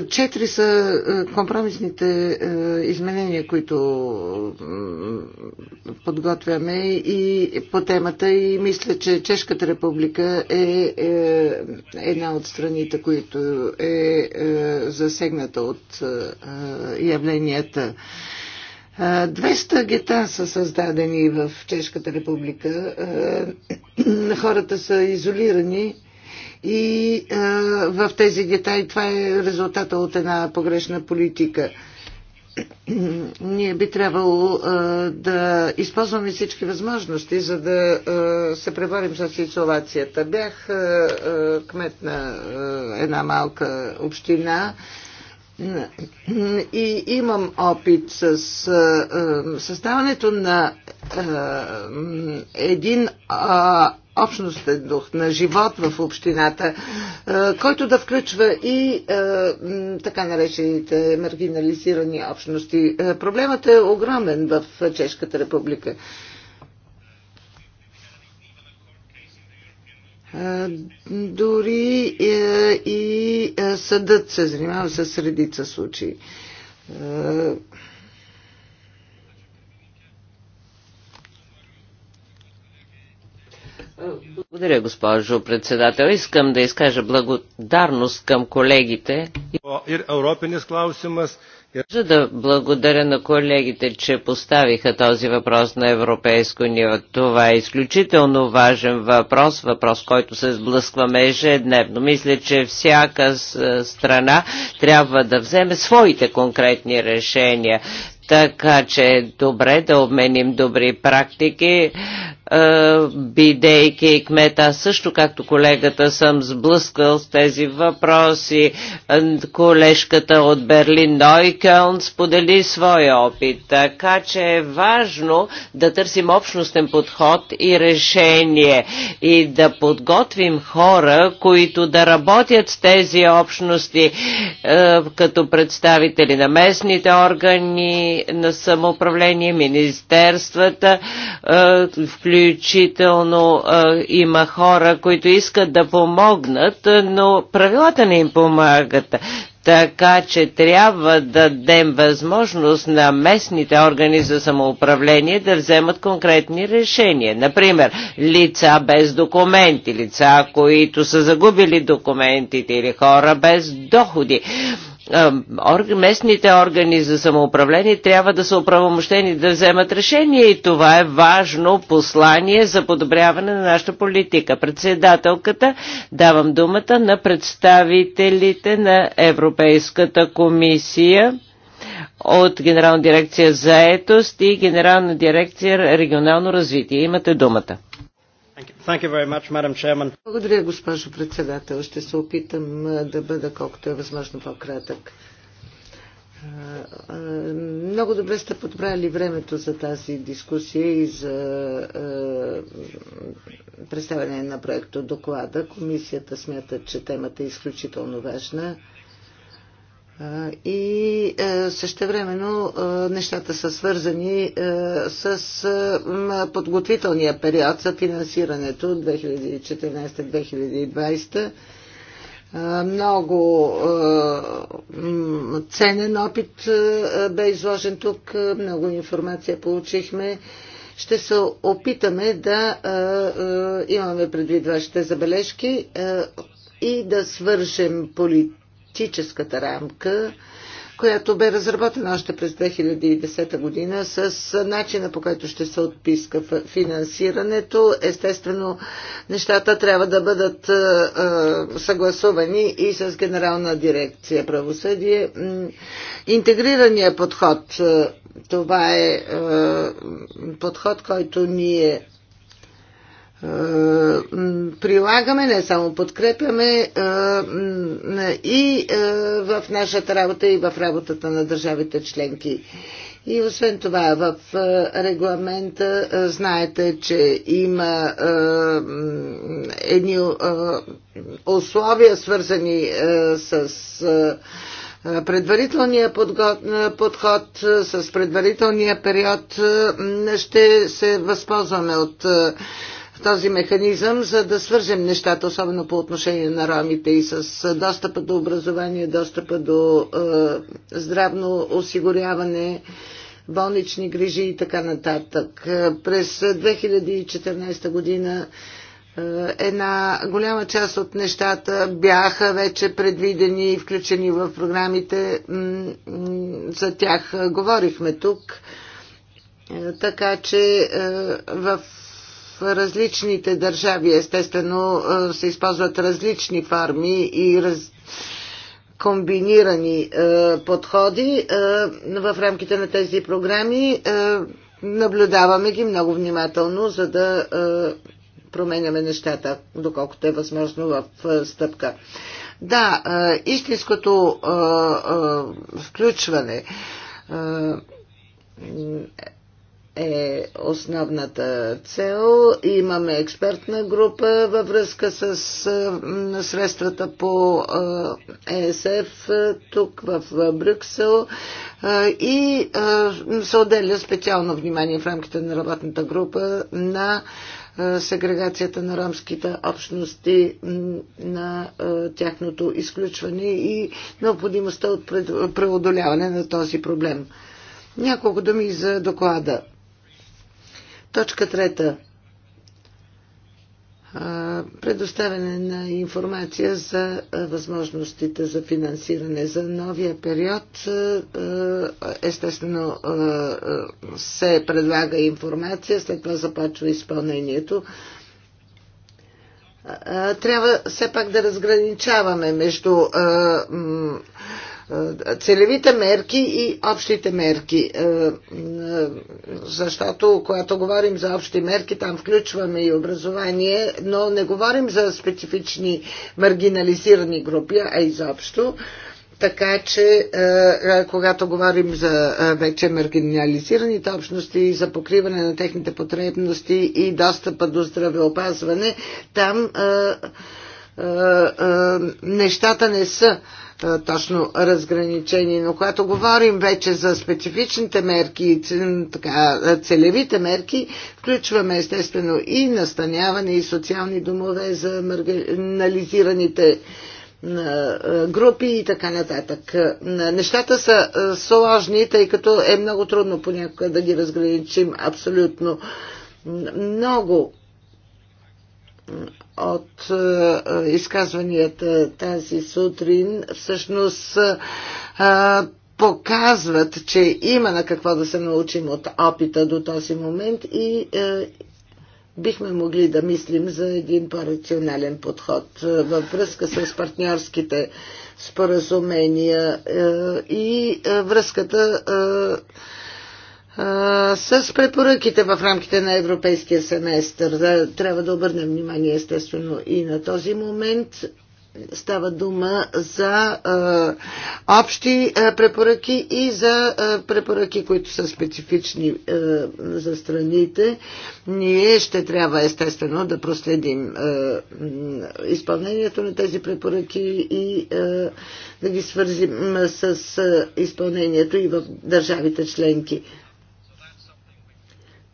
Четири са компромисните изменения, които подготвяме и по темата и мисля, че Чешката република е, е една от страните, които е, е засегната от явленията. 200 гета са създадени в Чешката република. [clears throat] Хората са изолирани и в тези гета и това е резултата от една погрешна политика. [clears throat] Ние би трябвало да използваме всички възможности, за да се преборим с изолацията. Бях кмет на една малка община и имам опит с създаването на един общностен дух на живот в общината, който да включва и така наречените маргинализирани общности. Проблемът е огромен в Чешката република. Дори е, и е, съдът се занимава с редица случаи. Благодаря, госпожо председател. Искам да изкажа благодарност към колегите. Европенис клаусимас, за да благодаря на колегите, че поставиха този въпрос на европейско ниво. Това е изключително важен въпрос, въпрос, който се сблъскваме ежедневно. Мисля, че всяка страна трябва да вземе своите конкретни решения. Така че е добре да обменим добри практики, е, бидейки кмет. Аз също, както колегата, съм сблъскал с тези въпроси. Е, колежката от Берлин Нойкълн сподели своя опит. Така че е важно да търсим общностен подход и решение и да подготвим хора, които да работят с тези общности е, като представители на местните органи, на самоуправление, министерствата, включително Включително а, има хора, които искат да помогнат, но правилата не им помагат. Така че трябва да дадем възможност на местните органи за самоуправление да вземат конкретни решения. Например, лица без документи, лица, които са загубили документите или хора без доходи местните органи за самоуправление трябва да са оправомощени да вземат решение и това е важно послание за подобряване на нашата политика. Председателката давам думата на представителите на Европейската комисия от Генерална дирекция заетост и Генерална дирекция регионално развитие. Имате думата. Благодаря, госпожо председател. Ще се опитам да бъда колкото е възможно по-кратък. Много добре сте подбрали времето за тази дискусия и за представяне на проекто доклада. Комисията смята, че темата е изключително важна и същевременно нещата са свързани с подготвителния период за финансирането 2014-2020. Много ценен опит бе изложен тук, много информация получихме. Ще се опитаме да имаме предвид вашите забележки и да свържем полит, етическата рамка, която бе разработена още през 2010 година с начина по който ще се отписка финансирането. Естествено, нещата трябва да бъдат съгласувани и с Генерална дирекция правосъдие. Интегрирания подход, това е подход, който ние е, прилагаме, не само подкрепяме е, и е, в нашата работа, и в работата на държавите членки. И освен това, в регламента знаете, че има едни условия, свързани с предварителния подход, подход с предварителния период. Ще се възползваме от този механизъм, за да свържем нещата, особено по отношение на ромите и с достъпа до образование, достъпа до е, здравно осигуряване, болнични грижи и така нататък. Е, през 2014 година е, една голяма част от нещата бяха вече предвидени и включени в програмите. За тях е, говорихме тук. Така че в различните държави естествено е, се използват различни форми и раз... комбинирани е, подходи. Е, в рамките на тези програми наблюдаваме ги много внимателно, за да променяме нещата, доколкото е възможно в стъпка. Да, истинското включване е основната цел. Имаме експертна група във връзка с е, средствата по е, ЕСФ е, тук в Брюксел и се отделя специално внимание в рамките на работната група на сегрегацията на ромските общности, на тяхното изключване и необходимостта от преодоляване на този проблем. Няколко думи за доклада. Точка трета. Предоставяне на информация за възможностите за финансиране за новия период. Естествено се предлага информация, след това започва изпълнението трябва все пак да разграничаваме между целевите мерки и общите мерки. Е, е, защото, когато говорим за общи мерки, там включваме и образование, но не говорим за специфични маргинализирани групи, а изобщо. Така че, е, когато говорим за вече маргинализираните общности, за покриване на техните потребности и достъпа до здравеопазване, там нещата не са е, точно разграничение, но когато говорим вече за специфичните мерки, така, е, целевите мерки, включваме естествено и настаняване и социални домове за маргинализираните е, групи и така нататък. Нещата са сложни, тъй като е много трудно понякога да ги разграничим абсолютно. Много от е, е, изказванията тази сутрин всъщност е, показват, че има на какво да се научим от опита до този момент и бихме могли да мислим за един по-рационален подход във връзка с партньорските споразумения и връзката с препоръките в рамките на европейския семестър. Трябва да обърнем внимание естествено и на този момент. Става дума за а, общи а, препоръки и за а, препоръки, които са специфични а, за страните. Ние ще трябва естествено да проследим а, изпълнението на тези препоръки и а, да ги свързим с изпълнението и в държавите членки.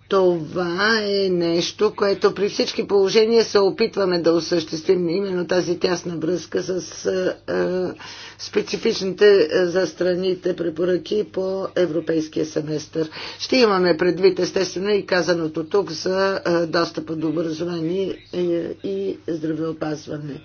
Това е нещо, което при всички положения се опитваме да осъществим именно тази тясна връзка с е, е специфичните е, за страните препоръки по европейския семестър. Ще имаме предвид естествено и казаното тук за е, достъпа до образование е, и здравеопазване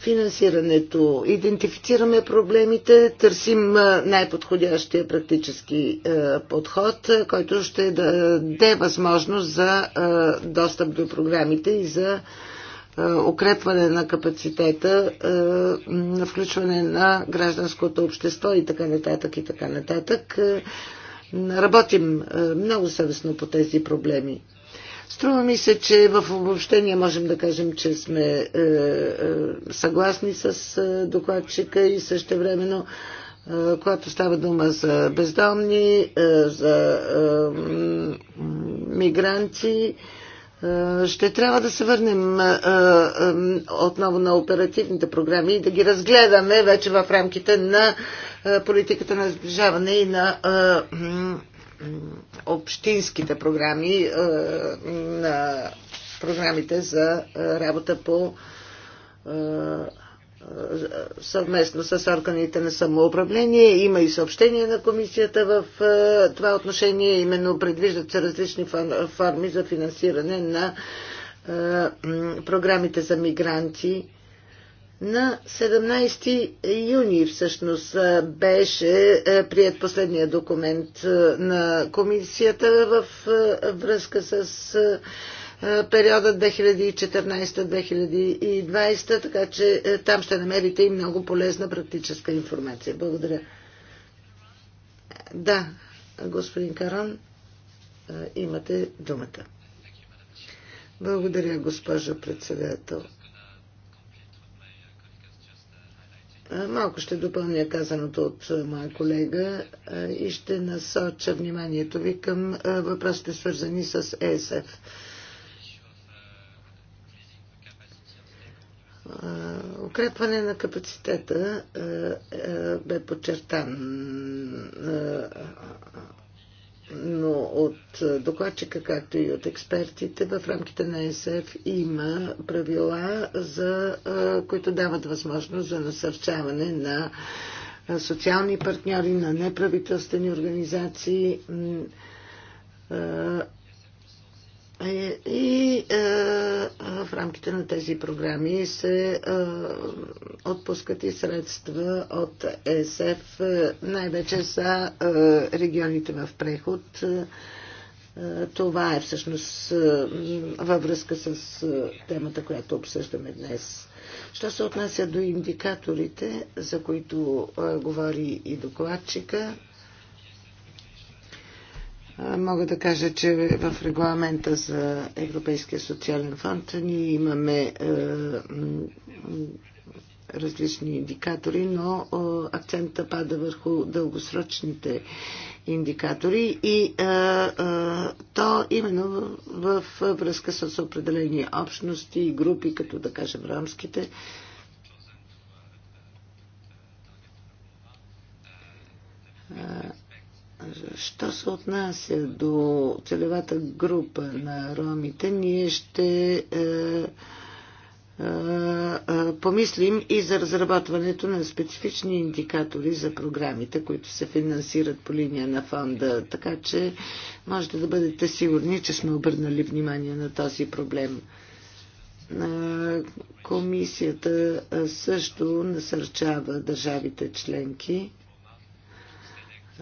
финансирането. Идентифицираме проблемите, търсим най-подходящия практически подход, който ще даде възможност за достъп до програмите и за укрепване на капацитета, на включване на гражданското общество и така нататък и така нататък. Работим много съвестно по тези проблеми. Струва ми се, че в обобщение можем да кажем, че сме е, е, съгласни с е, докладчика и също времено, е, когато става дума за бездомни, е, за е, мигранти, е, ще трябва да се върнем е, е, отново на оперативните програми и да ги разгледаме вече в рамките на е, политиката на сближаване и на. Е, общинските програми, е, на програмите за е, работа по е, съвместно с органите на самоуправление. Има и съобщение на комисията в това отношение. Именно предвиждат се различни форми за финансиране на програмите за мигранти на 17 юни всъщност беше прият последния документ на комисията в връзка с периода 2014-2020, така че там ще намерите и много полезна практическа информация. Благодаря. Да, господин Каран, имате думата. Благодаря, госпожо председател. Малко ще допълня казаното от моя колега и ще насоча вниманието ви към въпросите свързани с ЕСФ. Укрепване на капацитета бе подчертан но от докладчика, както и от експертите, в рамките на ЕСФ има правила, за, които дават възможност за насърчаване на социални партньори, на неправителствени организации е, и е, в рамките на тези програми се е, отпускат и средства от ЕСФ, най-вече за регионите в преход. Това е всъщност във връзка с темата, която обсъждаме днес. Що се отнася до индикаторите, за които говори и докладчика, Мога да кажа, че в регламента за Европейския социален фонд ние имаме е, различни индикатори, но е, акцента пада върху дългосрочните индикатори и а, е, а, то именно в, в връзка с определени общности и групи, като да кажем рамските. А, Що се отнася до целевата група на ромите, ние ще е, е, е, помислим и за разработването на специфични индикатори за програмите, които се финансират по линия на фонда. Така че можете да бъдете сигурни, че сме обърнали внимание на този проблем. Е, комисията е, също насърчава държавите членки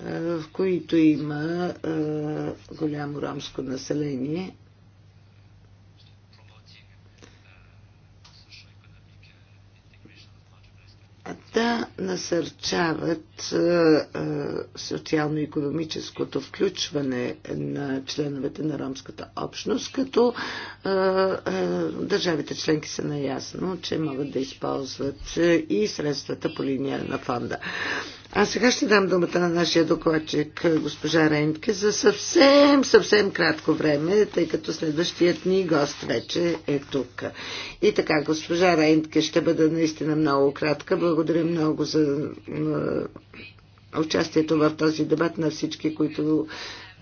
е, в които има е, голямо ромско население. да насърчават е, социално-економическото включване на членовете на ромската общност, като държавите членки са наясно, че могат да използват и средствата по линия на фонда. А сега ще дам думата на нашия докладчик, е, госпожа Рентке, за съвсем, съвсем кратко време, тъй като следващият ни гост вече е тук. И така, госпожа Рентке ще бъда наистина много кратка. Благодаря много за е, участието в този дебат на всички, които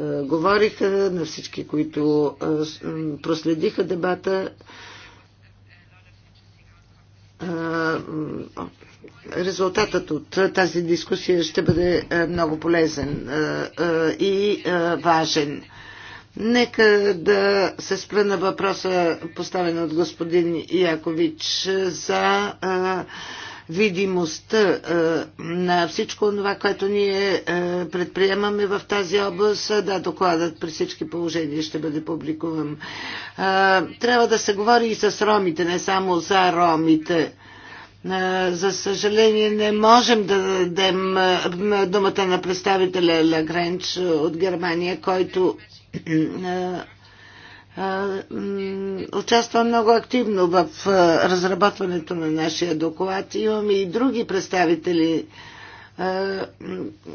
е, говориха, на всички, които проследиха дебата резултатът от тази дискусия ще бъде много полезен и важен. Нека да се спра на въпроса, поставен от господин Якович, за видимостта на всичко това, което ние предприемаме в тази област. Да, докладът при всички положения ще бъде публикуван. Трябва да се говори и с ромите, не само за ромите за съжаление не можем да дадем думата на представителя Лагренч от Германия, който участва много активно в разработването на нашия доклад. Имаме и други представители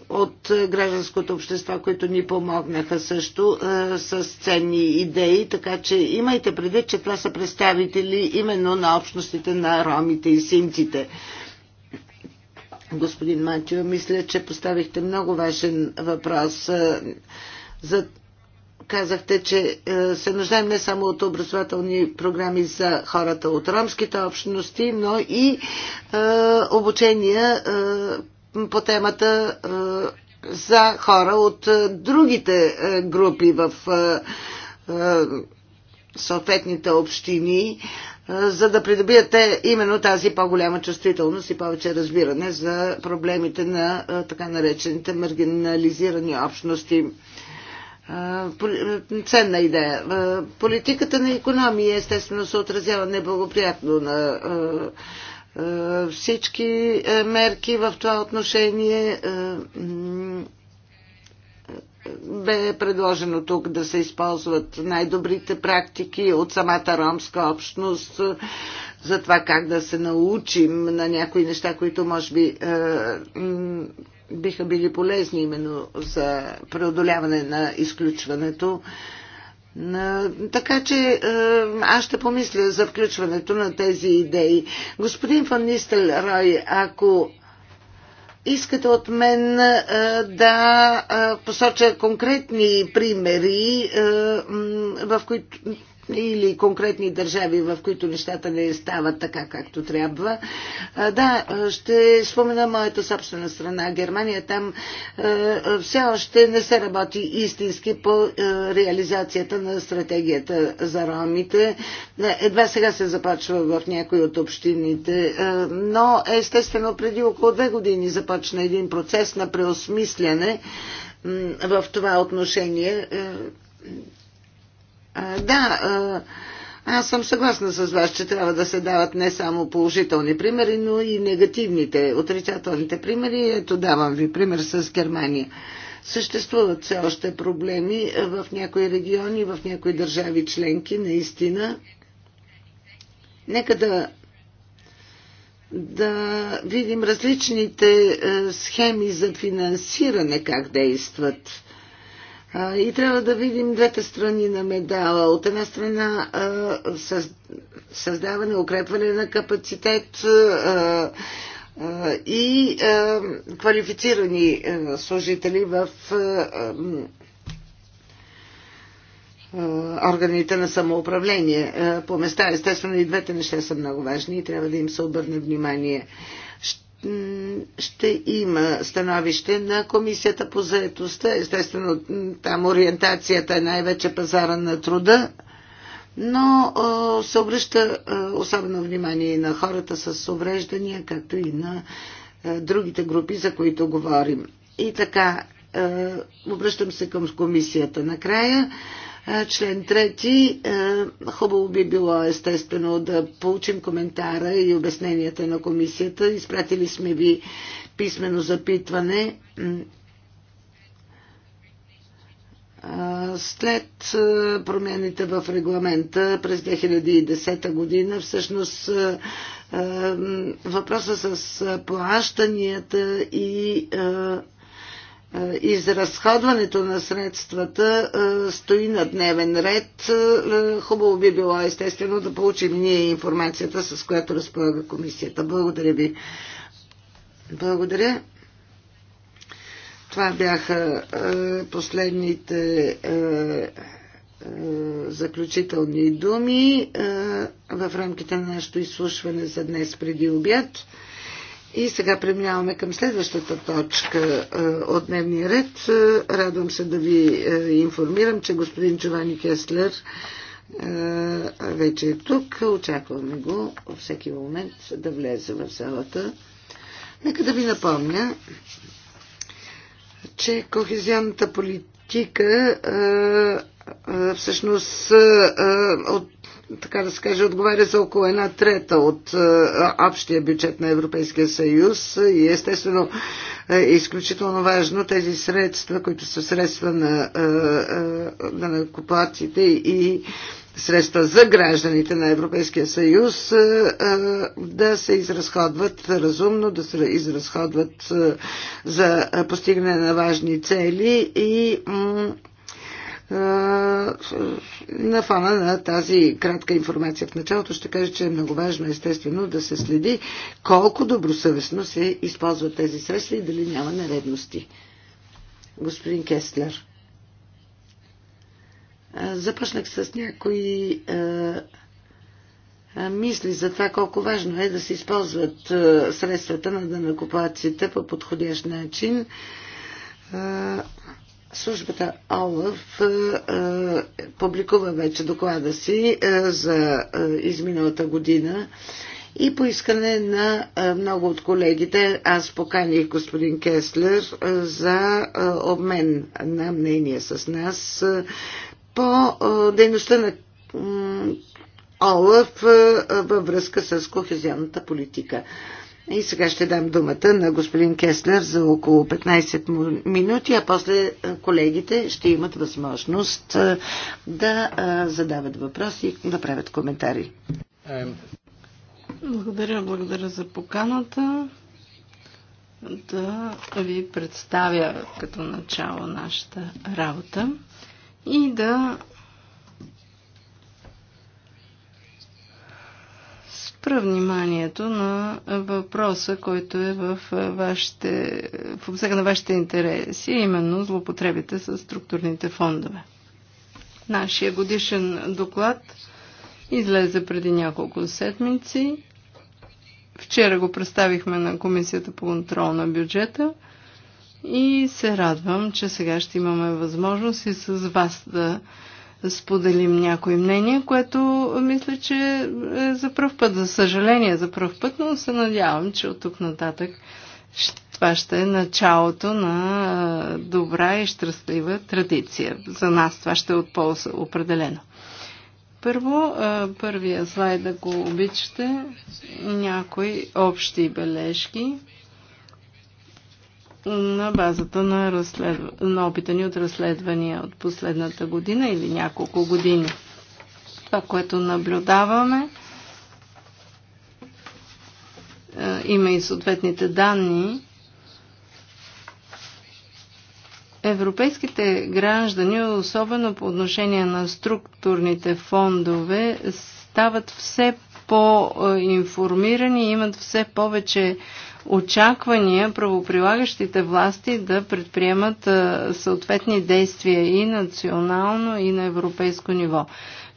от гражданското общество, които ни помогнаха също с ценни идеи, така че имайте предвид, че това са представители именно на общностите на ромите и синците. Господин Матио, мисля, че поставихте много важен въпрос. За... Казахте, че се нуждаем не само от образователни програми за хората от ромските общности, но и обучения по темата е, за хора от е, другите е, групи в съответните общини, за да придобият те именно тази по-голяма чувствителност и повече разбиране за проблемите на така наречените маргинализирани общности. Ценна идея. Политиката на економия естествено се отразява неблагоприятно на е, всички е, мерки в това отношение е, бе предложено тук да се използват най-добрите практики от самата ромска общност за това как да се научим на някои неща, които може би биха били полезни именно за преодоляване на изключването така че е, аз ще помисля за включването на тези идеи. Господин Фан Нистел Рой, ако искате от мен е, да е, посоча конкретни примери, в които или конкретни държави, в които нещата не стават така, както трябва. Да, ще спомена моята собствена страна, Германия. Там все още не се работи истински по реализацията на стратегията за ромите. Едва сега се започва в някои от общините, но естествено преди около две години започна един процес на преосмисляне в това отношение да, аз съм съгласна с вас, че трябва да се дават не само положителни примери, но и негативните, отрицателните примери. Ето давам ви пример с Германия. Съществуват все още проблеми в някои региони, в някои държави членки, наистина. Нека да, да видим различните е, схеми за финансиране как действат и трябва да видим двете страни на медала. От една страна създаване, укрепване на капацитет и квалифицирани служители в органите на самоуправление по места. Естествено и двете неща са много важни и трябва да им се обърне внимание ще има становище на Комисията по заедостта. Естествено, там ориентацията е най-вече пазара на труда, но се обръща особено внимание и на хората с увреждания, както и на другите групи, за които говорим. И така, е, обръщам се към комисията накрая. Е, член трети. Е, хубаво би било естествено да получим коментара и обясненията на комисията. Изпратили сме ви писмено запитване след промените в регламента през 2010 година, всъщност въпроса с плащанията и изразходването на средствата стои на дневен ред. Хубаво би било, естествено, да получим ние информацията, с която разполага комисията. Благодаря ви. Благодаря. Това бяха последните заключителни думи в рамките на нашето изслушване за днес преди обяд. И сега преминаваме към следващата точка е, от дневния ред. Е, радвам се да ви е, информирам, че господин Джовани Кеслер вече е тук. Очакваме го всеки момент да влезе в залата. Нека да ви напомня, че кохезионната политика всъщност от така да се каже, отговаря за около една трета от е, общия бюджет на Европейския съюз и естествено е, е изключително важно тези средства, които са средства на, е, на купациите и средства за гражданите на Европейския съюз да се изразходват разумно, да се изразходват за постигане на важни цели и е, на фона на тази кратка информация в началото ще кажа, че е много важно естествено да се следи колко добросъвестно се използват тези средства и дали няма наредности. Господин Кеслер. Е, започнах с някои е, мисли за това колко важно е да се използват средствата на дънакоплаците по подходящ начин Службата Олав е, е, публикува вече доклада си е, за изминалата година и по искане на много от колегите аз поканих господин Кеслер за обмен на мнение с нас по дейността на Олав във връзка с кохезионната политика. И сега ще дам думата на господин Кеслер за около 15 минути, а после колегите ще имат възможност да задават въпроси и да правят коментари. Благодаря, благодаря за поканата да ви представя като начало нашата работа и да спра вниманието на въпроса, който е в, вашите, в обсега на вашите интереси, именно злоупотребите с структурните фондове. Нашия годишен доклад излезе преди няколко седмици. Вчера го представихме на Комисията по контрол на бюджета и се радвам, че сега ще имаме възможност и с вас да споделим някои мнения, което мисля, че е за пръв път, за съжаление за пръв път, но се надявам, че от тук нататък това ще е началото на добра и щастлива традиция. За нас това ще е от полза, определено. Първо, първия слайд, ако обичате, някои общи бележки на базата на, разследва... на опита ни от разследвания от последната година или няколко години. Това, което наблюдаваме, е, има и съответните данни. Европейските граждани, особено по отношение на структурните фондове, стават все по-информирани, е, и имат все повече очаквания правоприлагащите власти да предприемат съответни действия и национално, и на европейско ниво.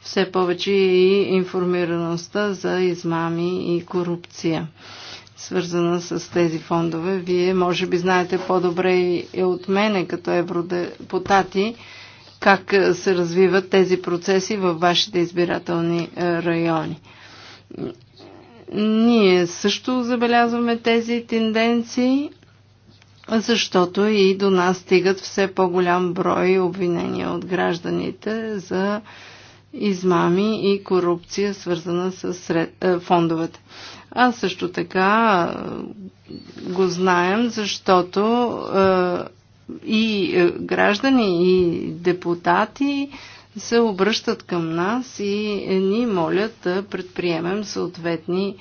Все повече и информираността за измами и корупция, свързана с тези фондове. Вие може би знаете по-добре и от мене като евродепутати как се развиват тези процеси във вашите избирателни райони ние също забелязваме тези тенденции, защото и до нас стигат все по-голям брой обвинения от гражданите за измами и корупция, свързана с сред... Е, фондовете. А също така е, го знаем, защото е, и граждани, и депутати се обръщат към нас и ни молят да предприемем съответни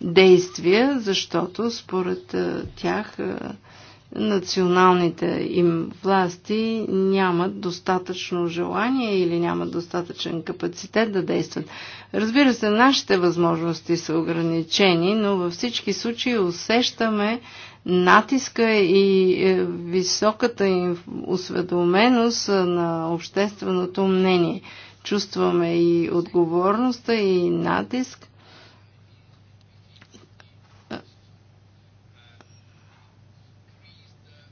действия, защото според тях националните им власти нямат достатъчно желание или нямат достатъчен капацитет да действат. Разбира се, нашите възможности са ограничени, но във всички случаи усещаме натиска и е, високата осведоменост е, на общественото мнение. Чувстваме и отговорността, и натиск.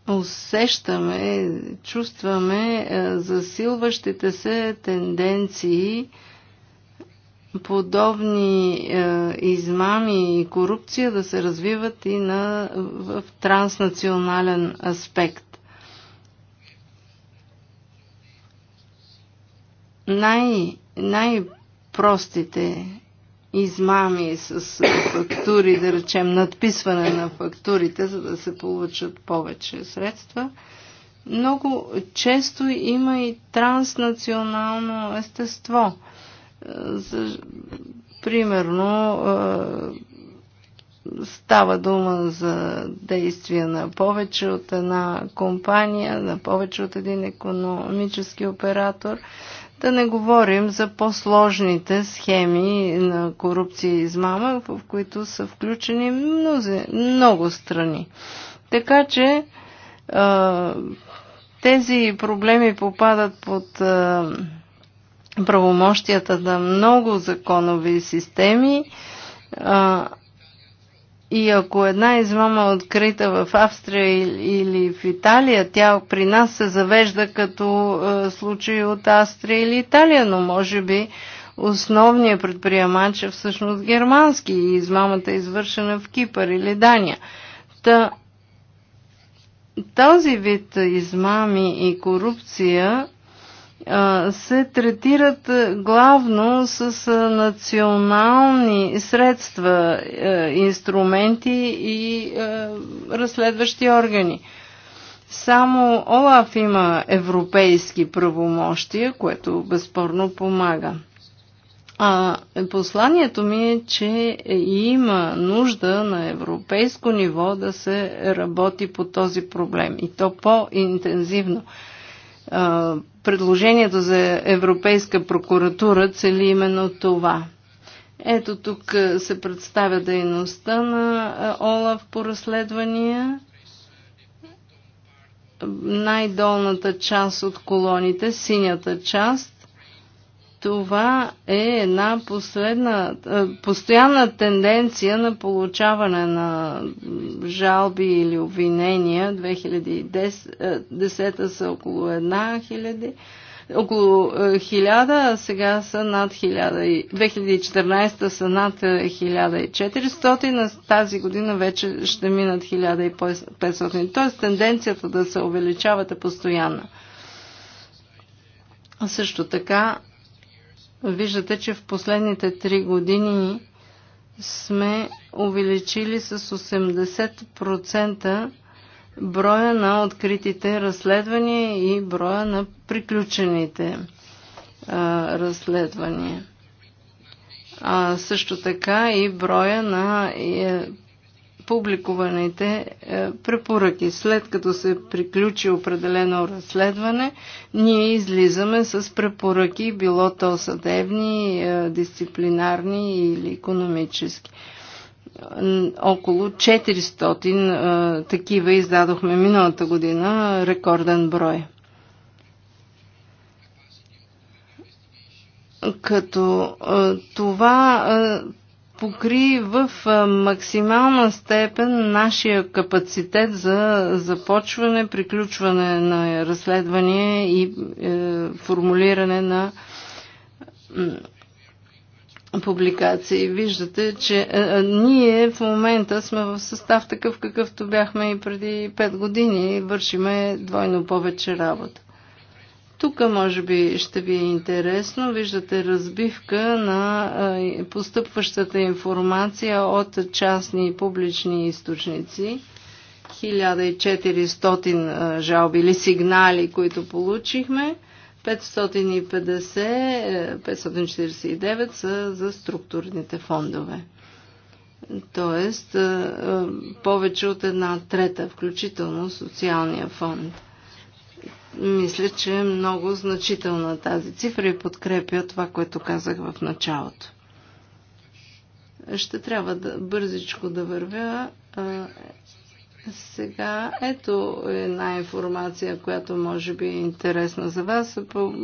Усещаме, чувстваме е, засилващите се тенденции подобни е, измами и корупция да се развиват и на, в, в транснационален аспект. Най, най-простите измами с фактури, да речем надписване на фактурите, за да се получат повече средства, много често има и транснационално естество – за, примерно, става дума за действия на повече от една компания, на повече от един економически оператор. Да не говорим за по-сложните схеми на корупция и измама, в които са включени много страни. Така че тези проблеми попадат под правомощията на много законови системи. А, и ако една измама е открита в Австрия или в Италия, тя при нас се завежда като е, случай от Австрия или Италия, но може би основният предприемач е всъщност германски и измамата е извършена в Кипър или Дания. Та, този вид измами и корупция се третират главно с национални средства, инструменти и разследващи органи. Само ОЛАФ има европейски правомощия, което безспорно помага. А посланието ми е, че има нужда на европейско ниво да се работи по този проблем и то по-интензивно предложението за Европейска прокуратура цели именно това. Ето тук се представя дейността на Олаф по разследвания. Най-долната част от колоните, синята част, това е една последна, е, постоянна тенденция на получаване на жалби или обвинения. 2010 е, са около една хиляди, около 1000, е, а сега са над 1000. 2014 са над 1400, а тази година вече ще минат 1500. Тоест тенденцията да се увеличавате постоянно. Също така Виждате, че в последните три години сме увеличили с 80% броя на откритите разследвания и броя на приключените а, разследвания. А, също така и броя на е, публикуваните е, препоръки. След като се приключи определено разследване, ние излизаме с препоръки, било то съдебни, е, дисциплинарни или економически. Около 400 е, такива издадохме миналата година, рекорден брой. Като това покри в максимална степен нашия капацитет за започване, приключване на разследване и е, формулиране на публикации. Виждате, че е, е, ние в момента сме в състав такъв, какъвто бяхме и преди 5 години и вършиме двойно повече работа. Тук може би ще ви е интересно. Виждате разбивка на постъпващата информация от частни и публични източници. 1400 жалби или сигнали, които получихме. 550, 549 са за структурните фондове. Тоест повече от една трета, включително социалния фонд. Мисля, че е много значителна тази цифра и подкрепя това, което казах в началото. Ще трябва да бързичко да вървя. Сега ето една информация, която може би е интересна за вас.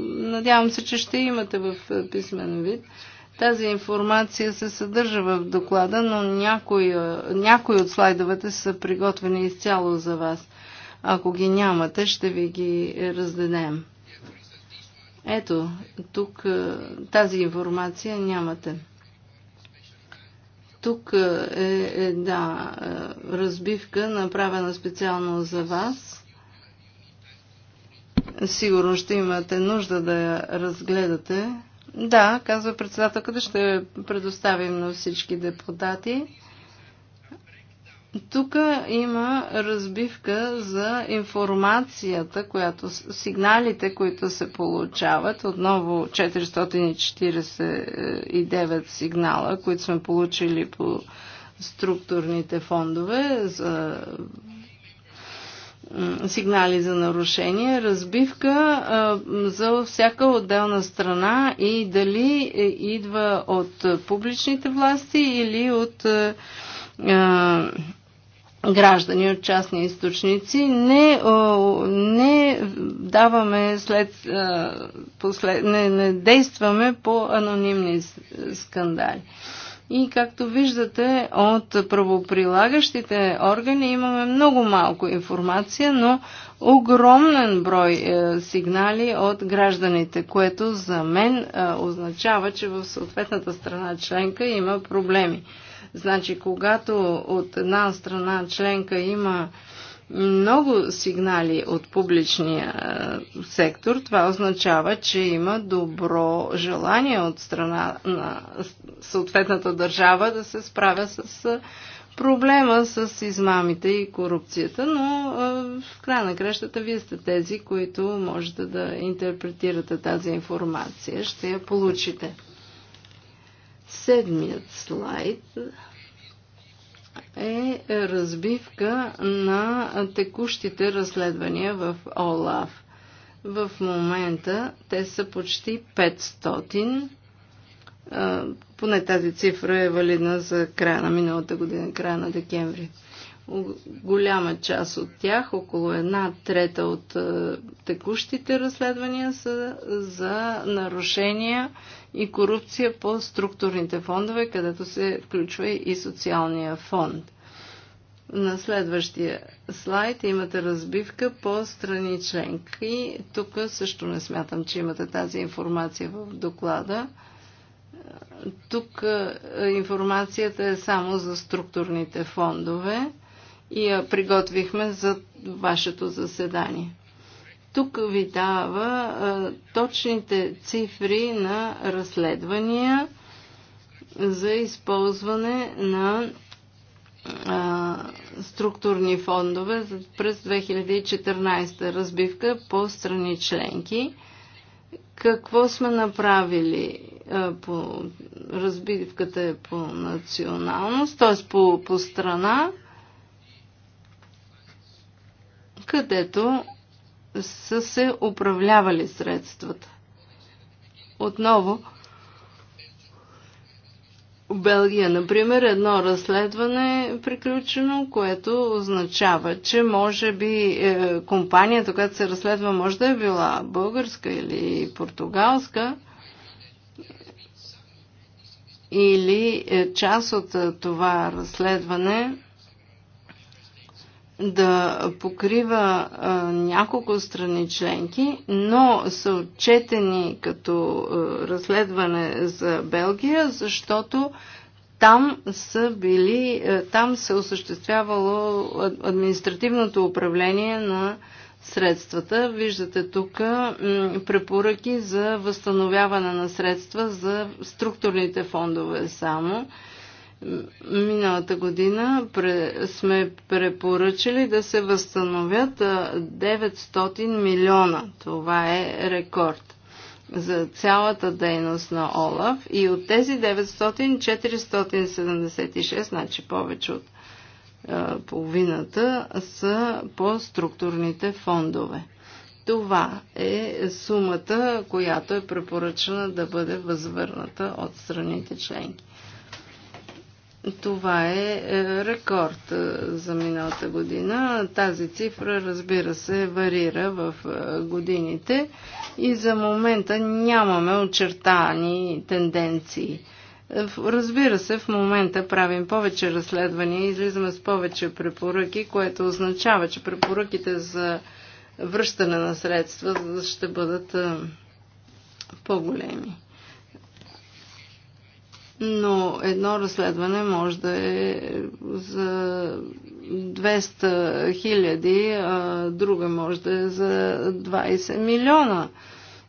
Надявам се, че ще имате в писмен вид. Тази информация се съдържа в доклада, но някои, някои от слайдовете са приготвени изцяло за вас. Ако ги нямате, ще ви ги раздадем. Ето, тук е, тази информация нямате. Тук е, е, е да, разбивка, направена специално за вас. Сигурно ще имате нужда да я разгледате. Да, казва председателката, ще предоставим на всички депутати. Тук има разбивка за информацията, която, сигналите, които се получават. Отново 449 сигнала, които сме получили по структурните фондове за сигнали за нарушение, разбивка за всяка отделна страна и дали е, идва от публичните власти или от е, граждани от частни източници, не, не даваме след, е, послед, не, не действаме по анонимни скандали. И както виждате от правоприлагащите органи имаме много малко информация, но огромен брой е, сигнали от гражданите, което за мен е, означава, че в съответната страна членка има проблеми. Значи, когато от една страна членка има много сигнали от публичния сектор, това означава, че има добро желание от страна на съответната държава да се справя с проблема с измамите и корупцията, но в края на кращата вие сте тези, които можете да интерпретирате тази информация. Ще я получите. Седмият слайд е разбивка на текущите разследвания в ОЛАВ. В момента те са почти 500. Поне тази цифра е валидна за края на миналата година, края на декември. Голяма част от тях, около една трета от е, текущите разследвания са за нарушения и корупция по структурните фондове, където се включва и социалния фонд. На следващия слайд имате разбивка по страни членки. Тук също не смятам, че имате тази информация в доклада. Тук е, информацията е само за структурните фондове и я приготвихме за вашето заседание. Тук ви дава а, точните цифри на разследвания за използване на а, структурни фондове през 2014 разбивка по страни членки. Какво сме направили а, по разбивката е по националност, т.е. По, по страна където са се управлявали средствата. Отново, Белгия, например, едно разследване е приключено, което означава, че може би е, компанията, която се разследва, може да е била българска или португалска, или е част от е, това разследване да покрива а, няколко страни членки, но са отчетени като а, разследване за Белгия, защото там са били, а, там се осъществявало административното управление на средствата. Виждате тук препоръки за възстановяване на средства за структурните фондове само Миналата година сме препоръчали да се възстановят 900 милиона. Това е рекорд за цялата дейност на ОЛАФ и от тези 900, 476, значи повече от половината, са по структурните фондове. Това е сумата, която е препоръчена да бъде възвърната от страните членки. Това е, е рекорд е, за миналата година. Тази цифра, разбира се, варира в е, годините и за момента нямаме очертани тенденции. Разбира се, в момента правим повече разследвания, излизаме с повече препоръки, което означава, че препоръките за връщане на средства ще бъдат по-големи но едно разследване може да е за 200 хиляди, а друга може да е за 20 милиона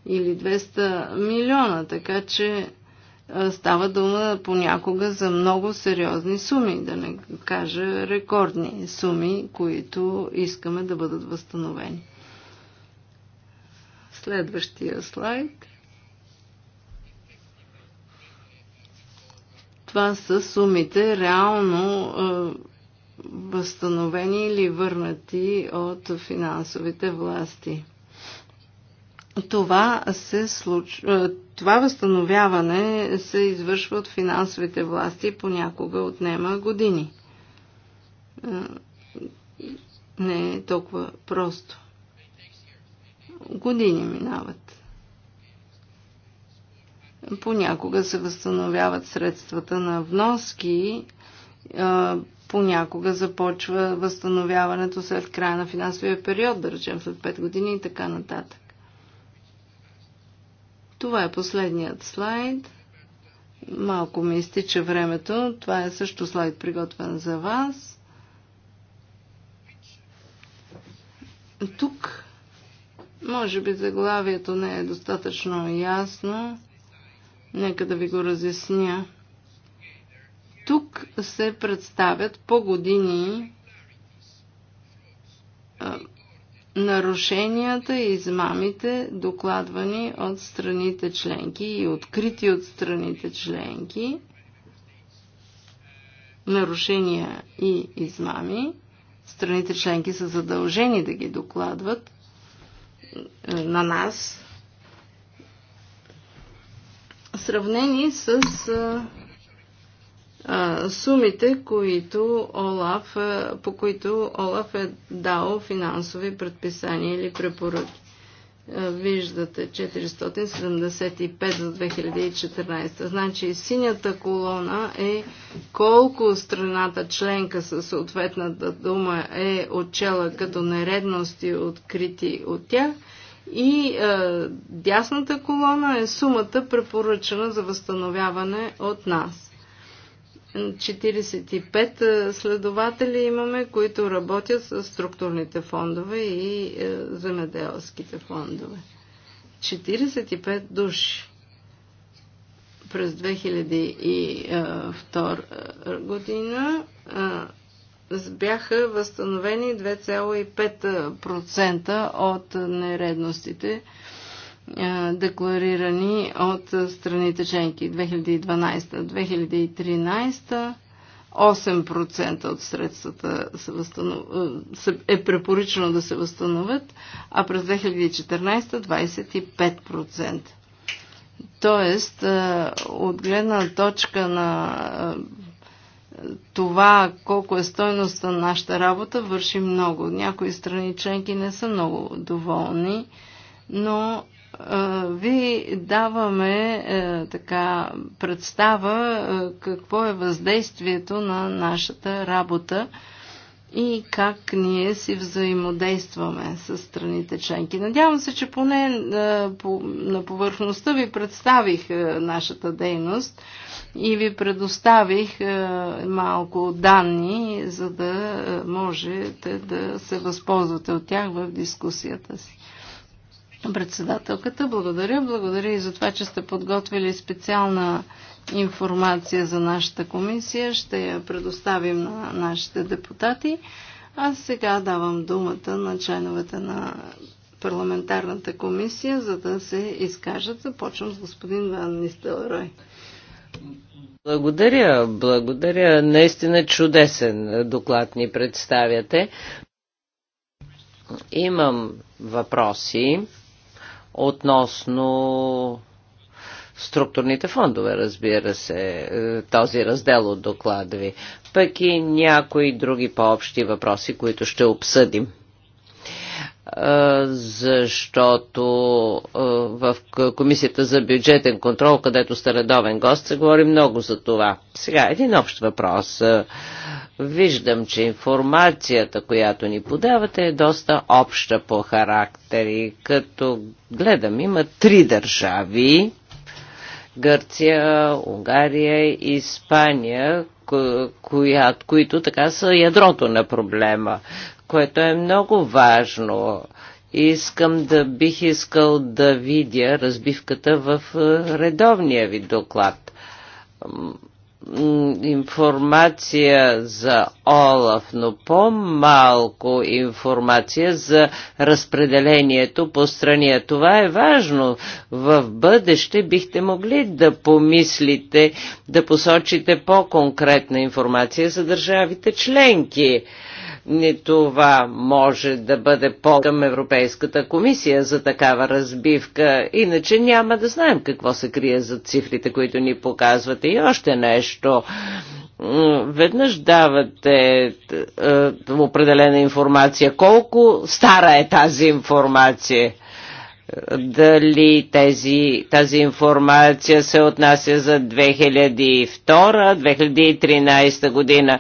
или 200 милиона, така че става дума понякога за много сериозни суми, да не кажа рекордни суми, които искаме да бъдат възстановени. Следващия слайд. Това са сумите реално е, възстановени или върнати от финансовите власти. Това, се случ... това възстановяване се извършва от финансовите власти и понякога отнема години. Не е толкова просто. Години минават понякога се възстановяват средствата на вноски, понякога започва възстановяването след края на финансовия период, да речем след 5 години и така нататък. Това е последният слайд. Малко ми изтича времето. Това е също слайд приготвен за вас. Тук, може би заглавието не е достатъчно ясно. Нека да ви го разясня. Тук се представят по години нарушенията и измамите, докладвани от страните членки и открити от страните членки, нарушения и измами, страните членки са задължени да ги докладват на нас, сравнени с сумите, които Олаф, по които Олаф е дал финансови предписания или препоръки. Виждате 475 за 2014. Значи синята колона е колко страната членка със съответната дума е отчела като нередности открити от тях – и е, дясната колона е сумата препоръчена за възстановяване от нас. 45 е, следователи имаме, които работят с структурните фондове и е, земеделските фондове. 45 души през 2002 е, е, година бяха възстановени 2,5% от нередностите, декларирани от страните членки 2012-2013. 8% от средствата възстанов... е препоръчено да се възстановят, а през 2014 25%. Тоест, от гледна точка на това колко е стойността на нашата работа върши много. Някои страни членки не са много доволни, но ви даваме е, така представа е, какво е въздействието на нашата работа и как ние си взаимодействаме с страните членки. Надявам се, че поне е, по, на повърхността ви представих нашата дейност и ви предоставих е, малко данни, за да е, можете да се възползвате от тях в дискусията си. Председателката, благодаря. Благодаря и за това, че сте подготвили специална информация за нашата комисия. Ще я предоставим на нашите депутати. А сега давам думата на членовете на парламентарната комисия, за да се изкажат. Започвам с господин Ван Нистелрой. Благодаря, благодаря. Наистина чудесен доклад ни представяте. Имам въпроси относно структурните фондове, разбира се, е, този раздел от доклада ви, пък и някои други по-общи въпроси, които ще обсъдим защото в Комисията за бюджетен контрол, където сте редовен гост, се говори много за това. Сега, един общ въпрос. Виждам, че информацията, която ни подавате, е доста обща по характер и като гледам, има три държави Гърция, Унгария и Испания, които така са ядрото на проблема което е много важно. Искам да бих искал да видя разбивката в е, редовния ви доклад. Информация за Олаф, но по-малко информация за разпределението по страни. Това е важно. В бъдеще бихте могли да помислите, да посочите по-конкретна информация за държавите членки не това може да бъде по към Европейската комисия за такава разбивка, иначе няма да знаем какво се крие за цифрите, които ни показвате. И още нещо веднъж давате е, е, определена информация. Колко стара е тази информация? дали тези, тази информация се отнася за 2002-2013 година.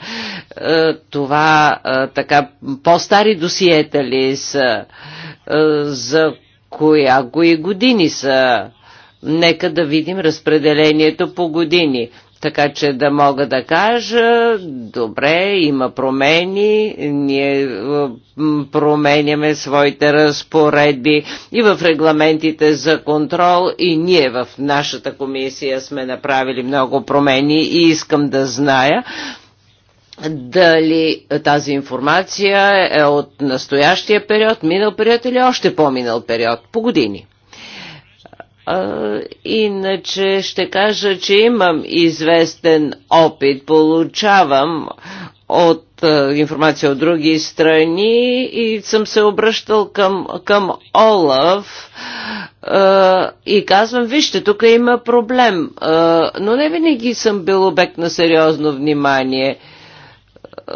Е, това е, така по-стари досиета ли са, е, за коя кои години са. Нека да видим разпределението по години. Така че да мога да кажа, добре, има промени, ние е, променяме своите разпоредби и в регламентите за контрол и ние в нашата комисия сме направили много промени и искам да зная дали тази информация е от настоящия период, минал период или още по-минал период, по години. Иначе ще кажа, че имам известен опит. Получавам от информация от други страни и съм се обръщал към, към Олаф и казвам, вижте, тук има проблем, но не винаги съм бил обект на сериозно внимание. Е,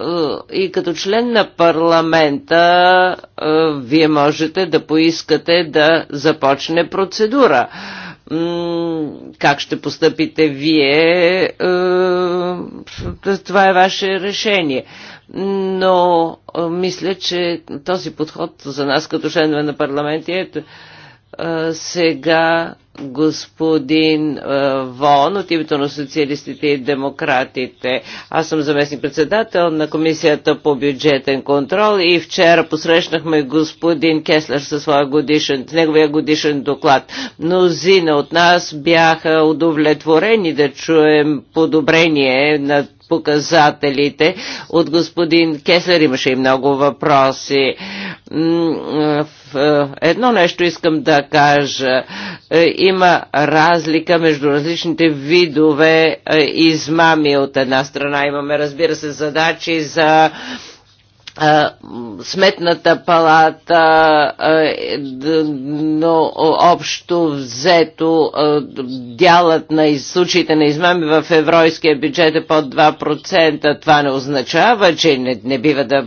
и като член на парламента е, вие можете да поискате да започне процедура. Как ще постъпите вие, е, това е ваше решение. Но мисля, че този подход за нас като членове на парламента е сега господин е, Вон от името на социалистите и демократите. Аз съм заместник председател на Комисията по бюджетен контрол и вчера посрещнахме господин Кеслер със своя годишен, с неговия годишен доклад. Мнозина от нас бяха удовлетворени да чуем подобрение на показателите. От господин Кесър имаше и много въпроси. Е, едно нещо искам да кажа. Е, има разлика между различните видове е, измами. От една страна имаме, разбира се, задачи за Сметната палата, е, но общо взето дялът на случаите на измами в евройския бюджет е под 2%. Това не означава, че не, не бива да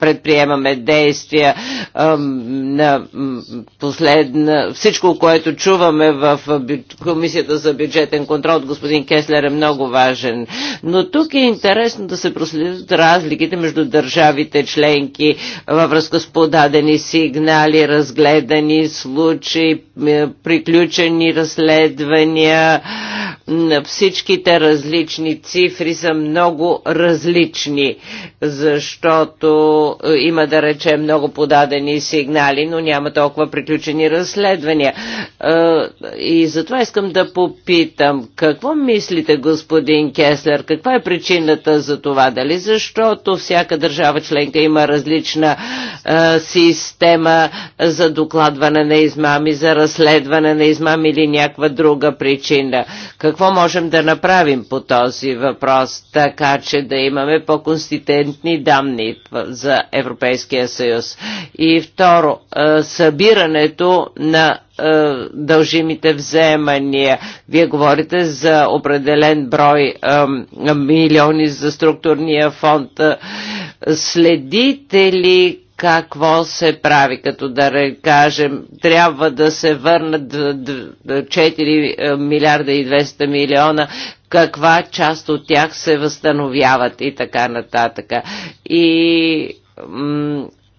предприемаме действия на последна... Всичко, което чуваме в Комисията за бюджетен контрол от господин Кеслер е много важен. Но тук е интересно да се проследят разликите между държави държавите членки във връзка с подадени сигнали, разгледани случаи, приключени разследвания. Всичките различни цифри са много различни, защото е, има да речем много подадени сигнали, но няма толкова приключени разследвания. Е, и затова искам да попитам, какво мислите, господин Кеслер, каква е причината за това? Дали защото всяка държава членка има различна а, система за докладване на измами, за разследване на измами или някаква друга причина. Какво можем да направим по този въпрос, така че да имаме по конститентни данни за Европейския съюз? И второ, а, събирането на е, дължимите вземания. Вие говорите за определен брой е, милиони за структурния фонд. Е, следите ли какво се прави, като да кажем, трябва да се върнат 4 милиарда и 200 милиона, каква част от тях се възстановяват и така нататък. И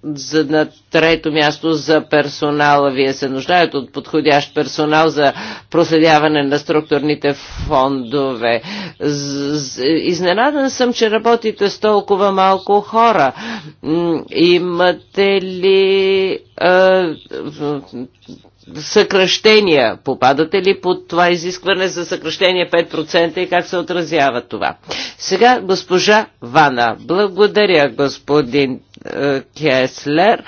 за на трето място за персонала. Вие се нуждаят от подходящ персонал за проследяване на структурните фондове. Изненадан съм, че работите с толкова малко хора. Имате ли съкръщения. Попадате ли под това изискване за съкръщение 5% и как се отразява това? Сега госпожа Вана. Благодаря, господин е, Кеслер. Е,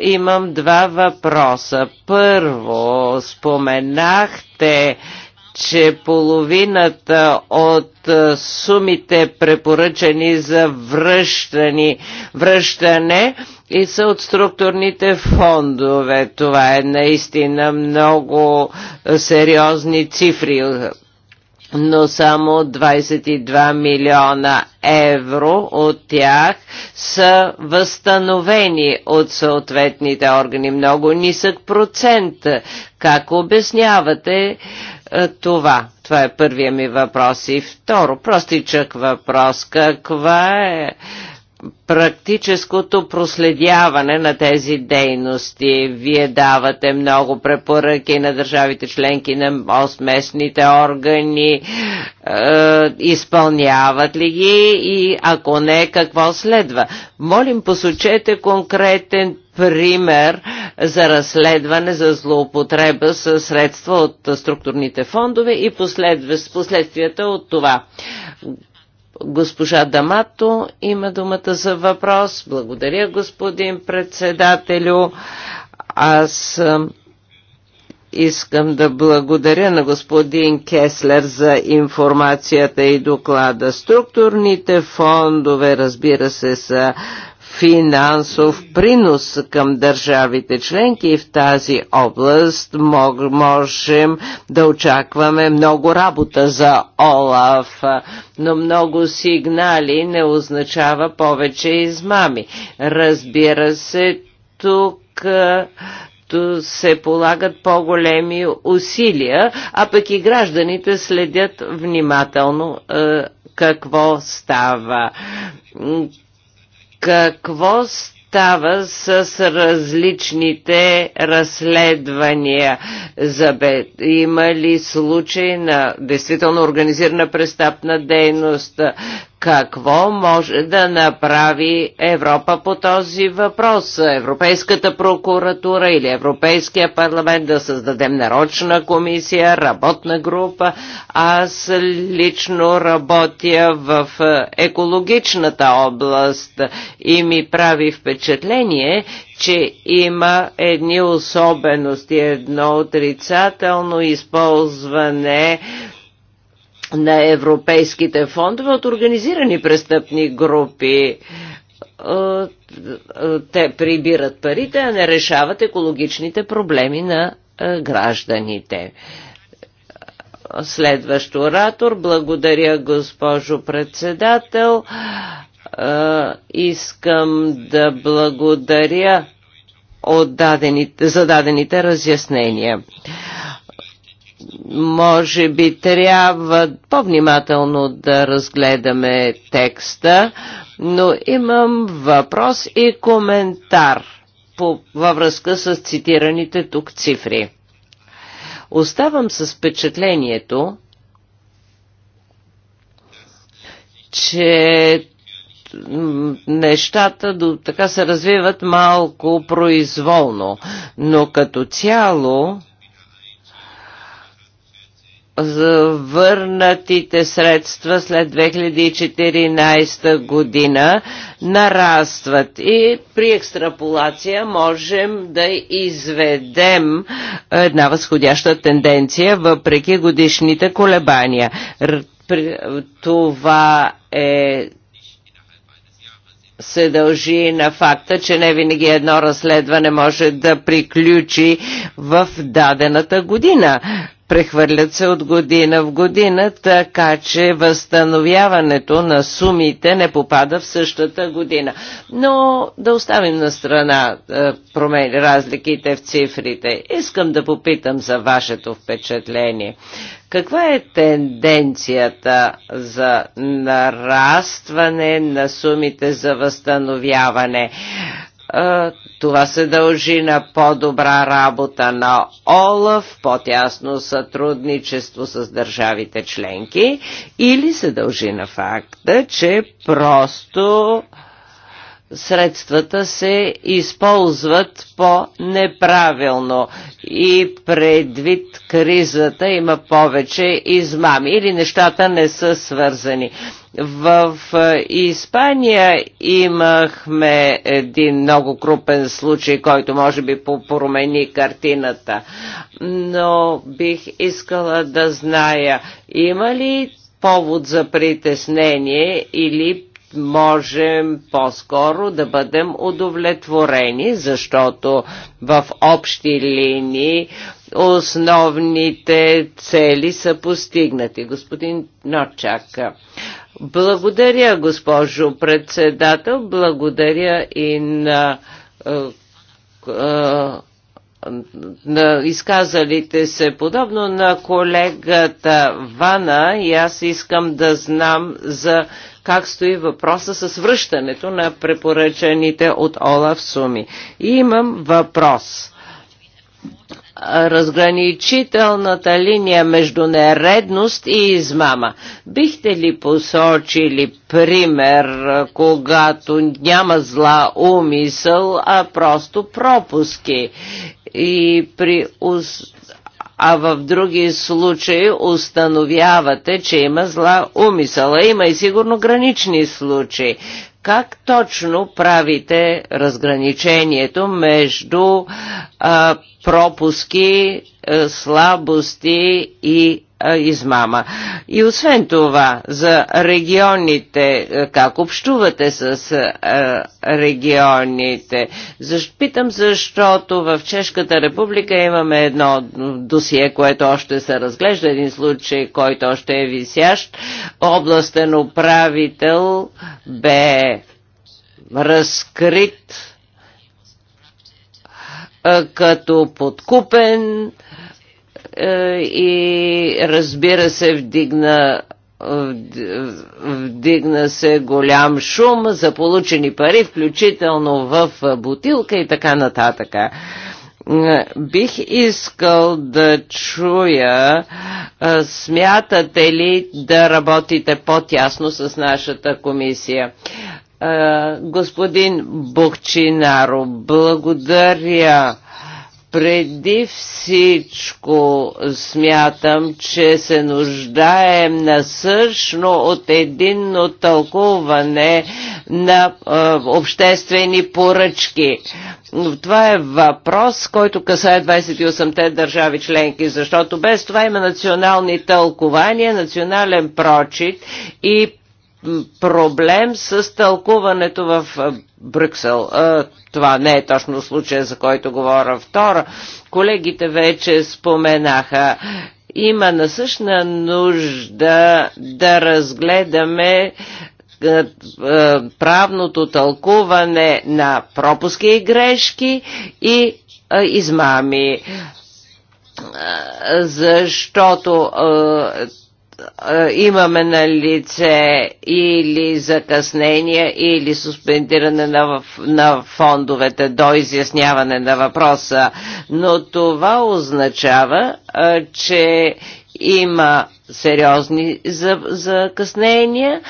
имам два въпроса. Първо, споменахте, че половината от е, сумите препоръчани за връщане, връщане и са от структурните фондове. Това е наистина много сериозни цифри но само 22 милиона евро от тях са възстановени от съответните органи. Много нисък процент. Как обяснявате е, това? Това е първия ми въпрос. И второ, простичък въпрос. Каква е практическото проследяване на тези дейности. Вие давате много препоръки на държавите членки на местните органи, е, изпълняват ли ги и ако не, какво следва. Молим, посочете конкретен пример за разследване за злоупотреба с средства от структурните фондове и последствията от това. Госпожа Дамато има думата за въпрос. Благодаря, господин председателю. Аз искам да благодаря на господин Кеслер за информацията и доклада. Структурните фондове, разбира се, са финансов принос към държавите членки и в тази област можем да очакваме много работа за ОЛАФ, но много сигнали не означава повече измами. Разбира се, тук се полагат по-големи усилия, а пък и гражданите следят внимателно какво става какво става с различните разследвания за бед? Има ли случай на действително организирана престъпна дейност? какво може да направи Европа по този въпрос? Европейската прокуратура или Европейския парламент да създадем нарочна комисия, работна група. Аз лично работя в е, екологичната област и ми прави впечатление, че има едни особености, едно отрицателно използване на европейските фондове от организирани престъпни групи. Е, е, те прибират парите, а не решават екологичните проблеми на е, гражданите. Следващ оратор. Благодаря, госпожо председател. Искам да благодаря от дадените, за дадените разяснения може би трябва по-внимателно да разгледаме текста, но имам въпрос и коментар по, във връзка с цитираните тук цифри. Оставам с впечатлението, че нещата до, така се развиват малко произволно, но като цяло върнатите средства след 2014 година нарастват и при екстраполация можем да изведем една възходяща тенденция въпреки годишните колебания. Това е се дължи на факта, че не винаги едно разследване може да приключи в дадената година. Прехвърлят се от година в година, така че възстановяването на сумите не попада в същата година. Но да оставим на страна е, промен, разликите в цифрите. Искам да попитам за вашето впечатление. Каква е тенденцията за нарастване на сумите за възстановяване? Това се дължи на по-добра работа на ОЛАФ, по-тясно сътрудничество с държавите членки или се дължи на факта, че просто средствата се използват по-неправилно и предвид кризата има повече измами или нещата не са свързани. В е, Испания имахме един много крупен случай, който може би промени картината, но бих искала да зная има ли повод за притеснение или можем по-скоро да бъдем удовлетворени, защото в общи линии основните цели са постигнати. Господин Ночак, благодаря, госпожо председател, благодаря и на, е, е, на изказалите се подобно на колегата Вана и аз искам да знам за как стои въпроса с връщането на препоръчаните от Олаф суми. И имам въпрос разграничителната линия между нередност и измама. Бихте ли посочили пример, когато няма зла умисъл, а просто пропуски? И при а в други случаи установявате, че има зла умисъла. Има и сигурно гранични случаи. Как точно правите разграничението между а, пропуски, е, слабости и е, измама. И освен това, за регионите, е, как общувате с регионите? питам, защото в Чешката република имаме едно досие, което още се разглежда, един случай, който още е висящ. Областен управител бе разкрит като подкупен и разбира се вдигна вдигна се голям шум за получени пари, включително в бутилка и така нататък. Бих искал да чуя, смятате ли да работите по-тясно с нашата комисия? господин Бокчинаро, благодаря. Преди всичко смятам, че се нуждаем насъщно от единно тълкуване на е, обществени поръчки. Това е въпрос, който касае 28-те държави членки, защото без това има национални тълкования, национален прочит и проблем с тълкуването в Брюксел. Това не е точно случая, за който говоря. Втора, колегите вече споменаха има насъщна нужда да разгледаме правното тълкуване на пропуски и грешки и измами защото имаме на лице или закъснения, или суспендиране на, на фондовете до изясняване на въпроса. Но това означава, че има сериозни закъснения,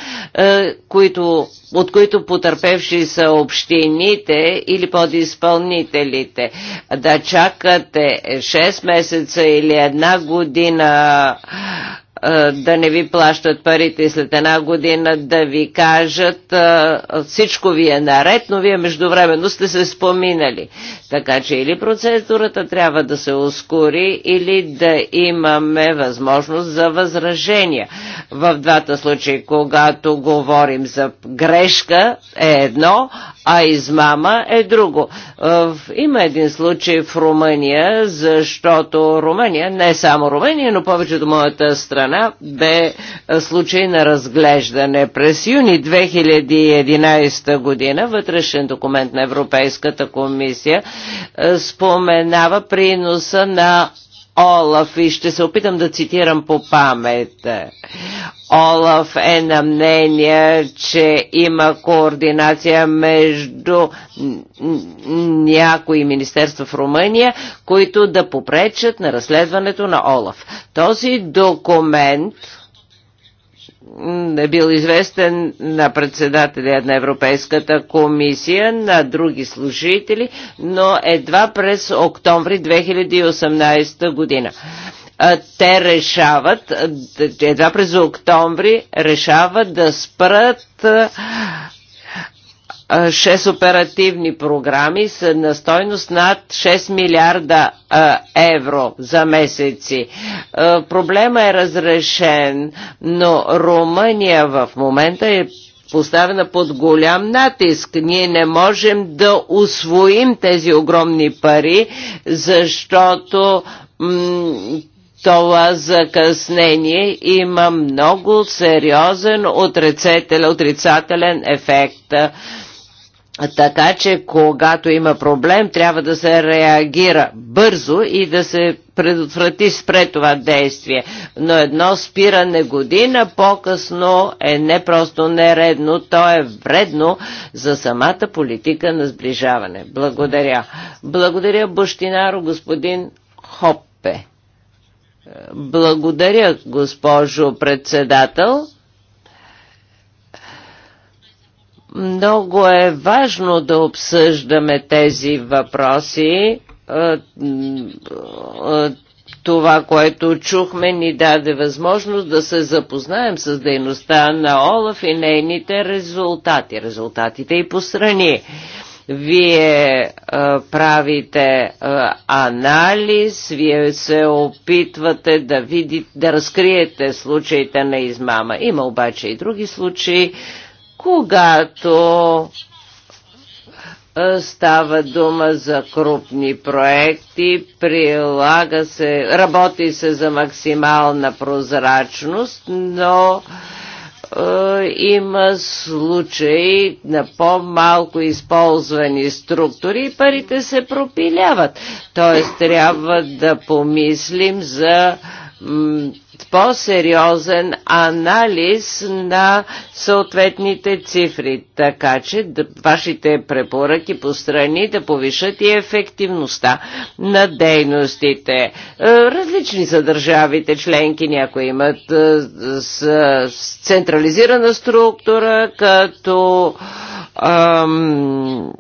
които, от които потърпевши са общините или подизпълнителите. Да чакате 6 месеца или една година да не ви плащат парите след една година, да ви кажат всичко ви е наред, но вие междувременно сте се споминали. Така че или процедурата трябва да се ускори, или да имаме възможност за възражения. В двата случаи, когато говорим за грешка е едно, а измама е друго. Има един случай в Румъния, защото Румъния, не само Румъния, но повечето моята страна, страна бе случай на разглеждане. През юни 2011 година вътрешен документ на Европейската комисия споменава приноса на Олаф и ще се опитам да цитирам по памет. Олаф е на мнение, че има координация между някои министерства в Румъния, които да попречат на разследването на Олаф. Този документ е бил известен на председателя на Европейската комисия, на други служители, но едва през октомври 2018 година. Те решават, едва през октомври решават да спрат 6 оперативни програми с на стойност над 6 милиарда евро за месеци. Проблема е разрешен, но Румъния в момента е поставена под голям натиск. Ние не можем да освоим тези огромни пари, защото това закъснение има много сериозен отрицателен, отрицателен ефект така че, когато има проблем, трябва да се реагира бързо и да се предотврати спре това действие. Но едно спиране година по-късно е не просто нередно, то е вредно за самата политика на сближаване. Благодаря. Благодаря, Бощинаро, господин Хоппе. Благодаря, госпожо председател. Много е важно да обсъждаме тези въпроси. Това, което чухме, ни даде възможност да се запознаем с дейността на Олаф и нейните резултати, резултатите и по страни. Вие а, правите а, анализ, вие се опитвате да видите, да разкриете случаите на измама. Има обаче и други случаи, когато става дума за крупни проекти, прилага се, работи се за максимална прозрачност, но има случаи на по-малко използвани структури и парите се пропиляват. Тоест трябва да помислим за по-сериозен анализ на съответните цифри, така че вашите препоръки по страни да повишат и ефективността на дейностите. Е, различни са държавите членки, някои имат е, с, с централизирана структура, като ам,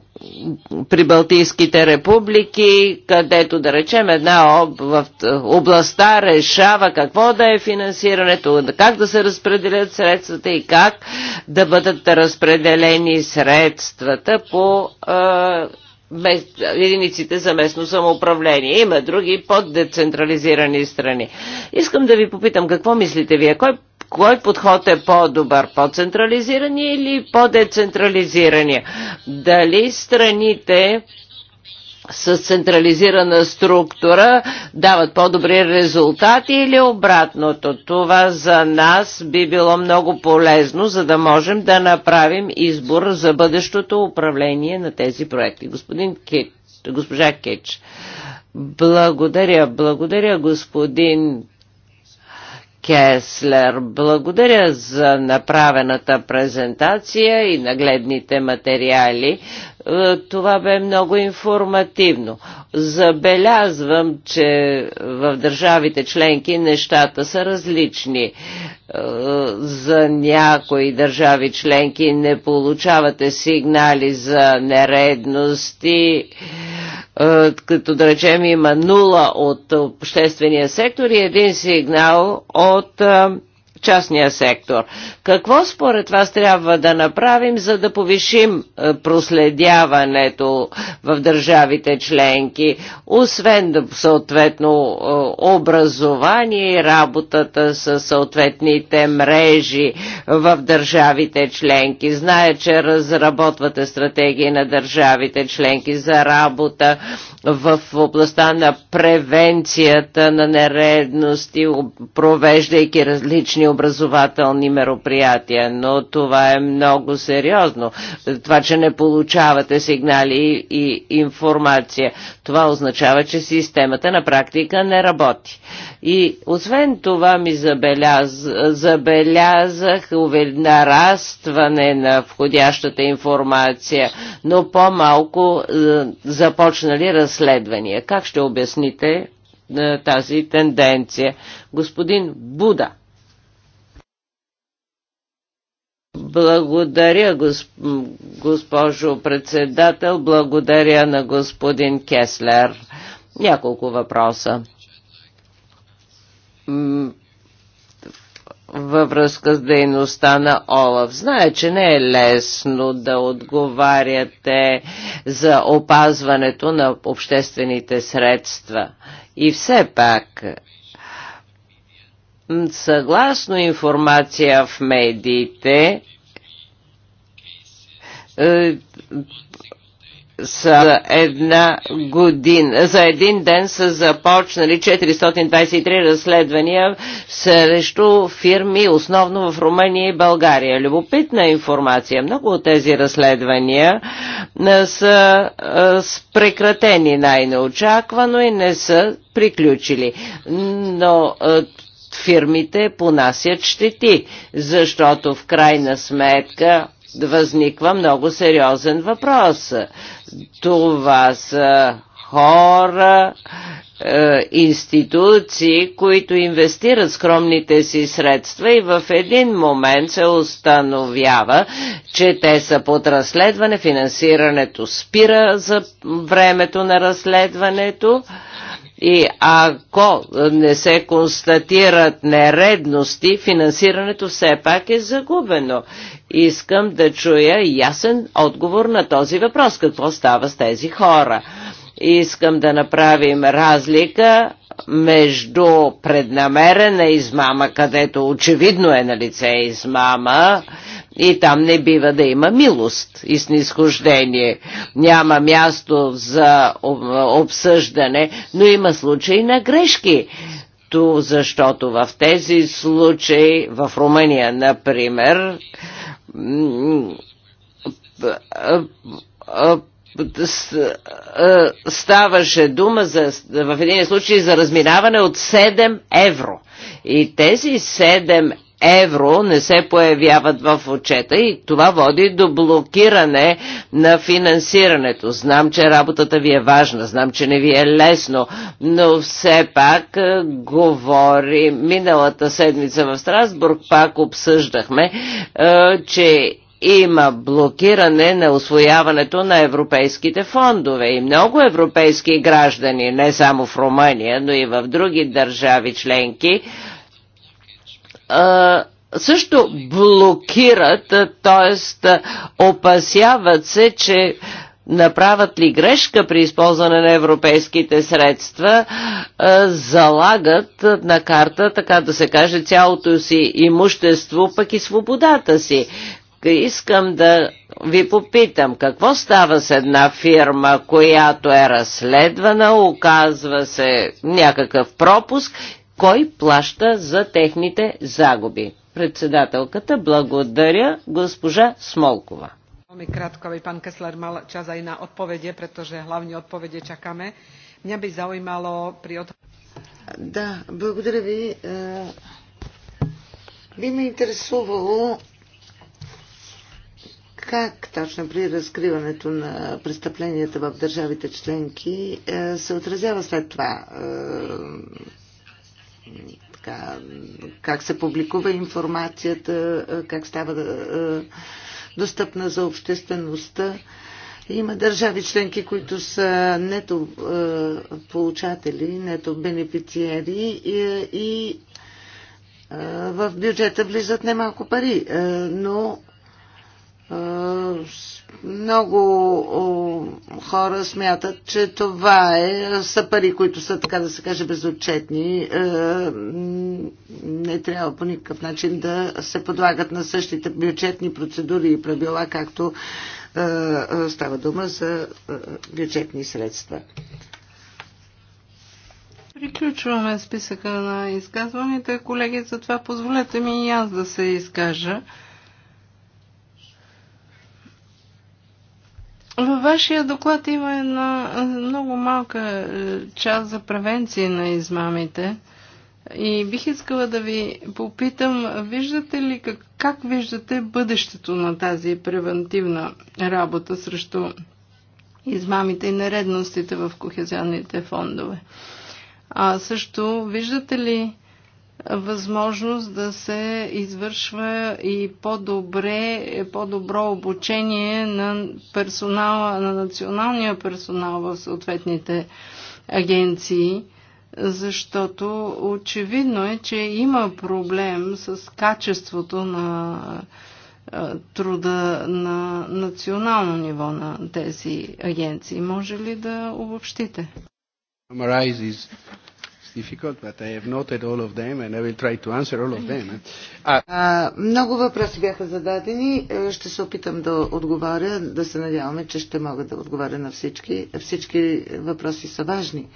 прибалтийските републики, където да речем една об, в областта решава какво да е финансирането, как да се разпределят средствата и как да бъдат разпределени средствата по е, единиците за местно самоуправление. Има други поддецентрализирани страни. Искам да ви попитам, какво мислите вие? Кой кой подход е по-добър, по-централизирания или по-децентрализирания? Дали страните с централизирана структура дават по-добри резултати или обратното. Това за нас би било много полезно, за да можем да направим избор за бъдещото управление на тези проекти. Господин Кеч, госпожа Кич, благодаря, благодаря господин Кеслер. Благодаря за направената презентация и нагледните материали. Е, това бе много информативно. Забелязвам, че в държавите членки нещата са различни. Е, за някои държави членки не получавате сигнали за нередности, е, като да речем има нула от обществения сектор и един сигнал от частния сектор. Какво според вас трябва да направим, за да повишим е, проследяването в държавите членки, освен да съответно е, образование и работата с съответните мрежи в държавите членки? Зная, че разработвате стратегии на държавите членки за работа в областта на превенцията на нередности, провеждайки различни образователни мероприятия. Но това е много сериозно. Това, че не получавате сигнали и информация, това означава, че системата на практика не работи. И освен това ми забеляз, забелязах нарастване на входящата информация, но по-малко е, започнали разследвания. Как ще обясните е, тази тенденция? Господин Буда. Благодаря, госп... госпожо председател. Благодаря на господин Кеслер. Няколко въпроса във връзка с дейността на Олаф. Знае, че не е лесно да отговаряте за опазването на обществените средства. И все пак, съгласно информация в медиите, е, за една година, за един ден са започнали 423 разследвания срещу фирми, основно в Румъния и България. Любопитна информация. Много от тези разследвания са прекратени най-неочаквано и не са приключили. Но фирмите понасят щети, защото в крайна сметка възниква много сериозен въпрос. Това са хора, е, институции, които инвестират скромните си средства и в един момент се установява, че те са под разследване, финансирането спира за времето на разследването. И ако не се констатират нередности, финансирането все пак е загубено. Искам да чуя ясен отговор на този въпрос. Какво става с тези хора? Искам да направим разлика между преднамерена измама, където очевидно е на лице измама, и там не бива да има милост и снисхождение. Няма място за обсъждане, но има случаи на грешки. То, защото в тези случаи, в Румъния, например, ставаше дума за, в един случай за разминаване от 7 евро. И тези 7 евро евро не се появяват в отчета и това води до блокиране на финансирането. Знам, че работата ви е важна, знам, че не ви е лесно, но все пак е, говори миналата седмица в Страсбург пак обсъждахме, е, че има блокиране на освояването на европейските фондове и много европейски граждани, не само в Румъния, но и в други държави членки, също блокират, т.е. опасяват се, че направят ли грешка при използване на европейските средства, залагат на карта, така да се каже, цялото си имущество, пък и свободата си. Искам да ви попитам, какво става с една фирма, която е разследвана, оказва се някакъв пропуск кой плаща за техните загуби. Председателката благодаря госпожа Смолкова. Veľmi кратко, aby пан Кеслер мал час и на odpovede, претоже главни odpovede чакаме. Mňa би заоимало при от... Да, благодаря ви. Е, би ме интересувало как точно при разкриването на престъпленията в държавите членки е, се отразява след това е, така, как се публикува информацията, как става достъпна за обществеността. Има държави членки, които са нето получатели, нето бенефициери и, и в бюджета влизат немалко пари, но много хора смятат, че това е, са пари, които са, така да се каже, безотчетни. Е, не трябва по никакъв начин да се подлагат на същите бюджетни процедури и правила, както е, е, става дума за бюджетни средства. Приключваме списъка на изказваните колеги, затова позволете ми и аз да се изкажа. Във вашия доклад има една е, много малка е, част за превенция на измамите. И бих искала да ви попитам, виждате ли как, как виждате бъдещето на тази превентивна работа срещу измамите и нередностите в кохезионните фондове? А също виждате ли възможност да се извършва и по-добре, по-добро обучение на персонала, на националния персонал в съответните агенции, защото очевидно е, че има проблем с качеството на труда на национално ниво на тези агенции. Може ли да обобщите? difficult, but I have noted all of them and I will try to answer all of them. Eh? Uh, много въпроси бяха зададени. Е, ще се опитам да отговаря, да се надяваме, че ще мога да отговаря на всички. Всички въпроси са важни.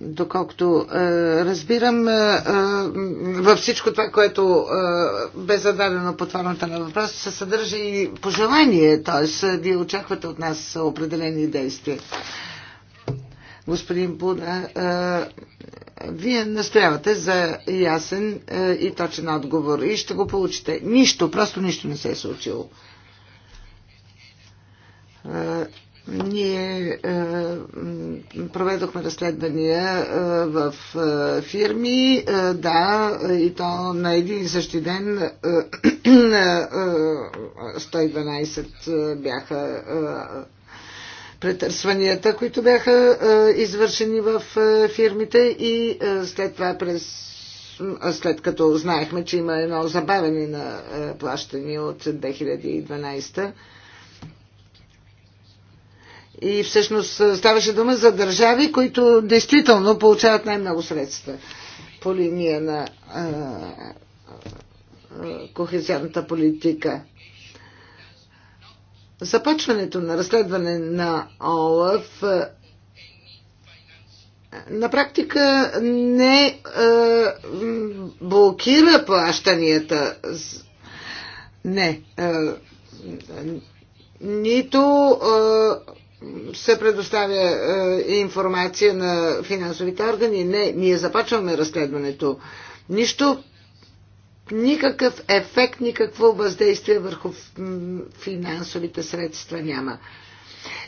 доколкото разбирам във всичко това, което бе зададено под формата на въпрос, се съдържа и пожелание, т.е. вие очаквате от нас определени действия. Господин Буда, вие настоявате за ясен и точен отговор и ще го получите. Нищо, просто нищо не се е случило ние е, проведохме разследвания е, в е, фирми, да, и то на един и същи ден 112 бяха претърсванията, които бяха извършени в фирмите и след това през след като знаехме, че има едно забавене на плащане от 2012 и всъщност ставаше дума за държави, които действително получават най-много средства по линия на кохезионната политика. Започването на разследване на ОЛАФ на практика не блокира плащанията. Не. нито се предоставя е, информация на финансовите органи. Не, ние започваме разследването. Нищо, никакъв ефект, никакво въздействие върху финансовите средства няма.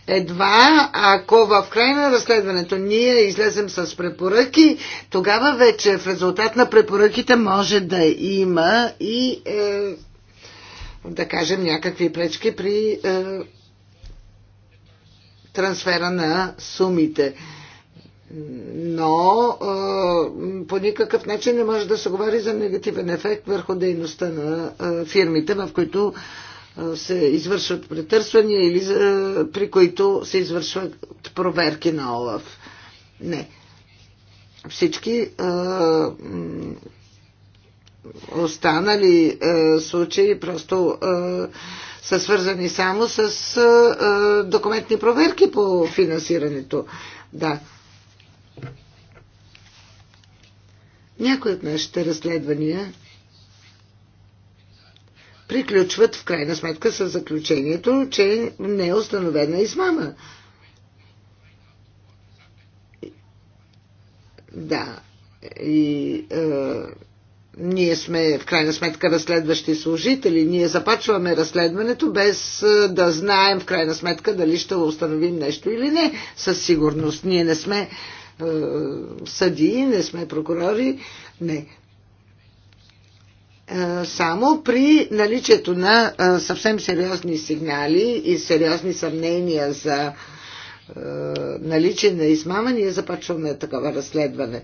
Едва ако в край на разследването ние излезем с препоръки, тогава вече в резултат на препоръките може да има и, е, да кажем, някакви пречки при е, трансфера на сумите. Но по никакъв начин не може да се говори за негативен ефект върху дейността на фирмите, в които се извършват претърсвания или при които се извършват проверки на ОЛАВ. Не. Всички останали е, случаи просто е, са свързани само с документни проверки по финансирането. Да. Някои от нашите разследвания приключват в крайна сметка с заключението, че не е установена измама. Да. И ние сме в крайна сметка разследващи служители. Ние започваме разследването без да знаем в крайна сметка дали ще установим нещо или не. Със сигурност. Ние не сме е, съдии, не сме прокурори. Не. Е, само при наличието на е, съвсем сериозни сигнали и сериозни съмнения за е, наличие на измама, ние започваме такова разследване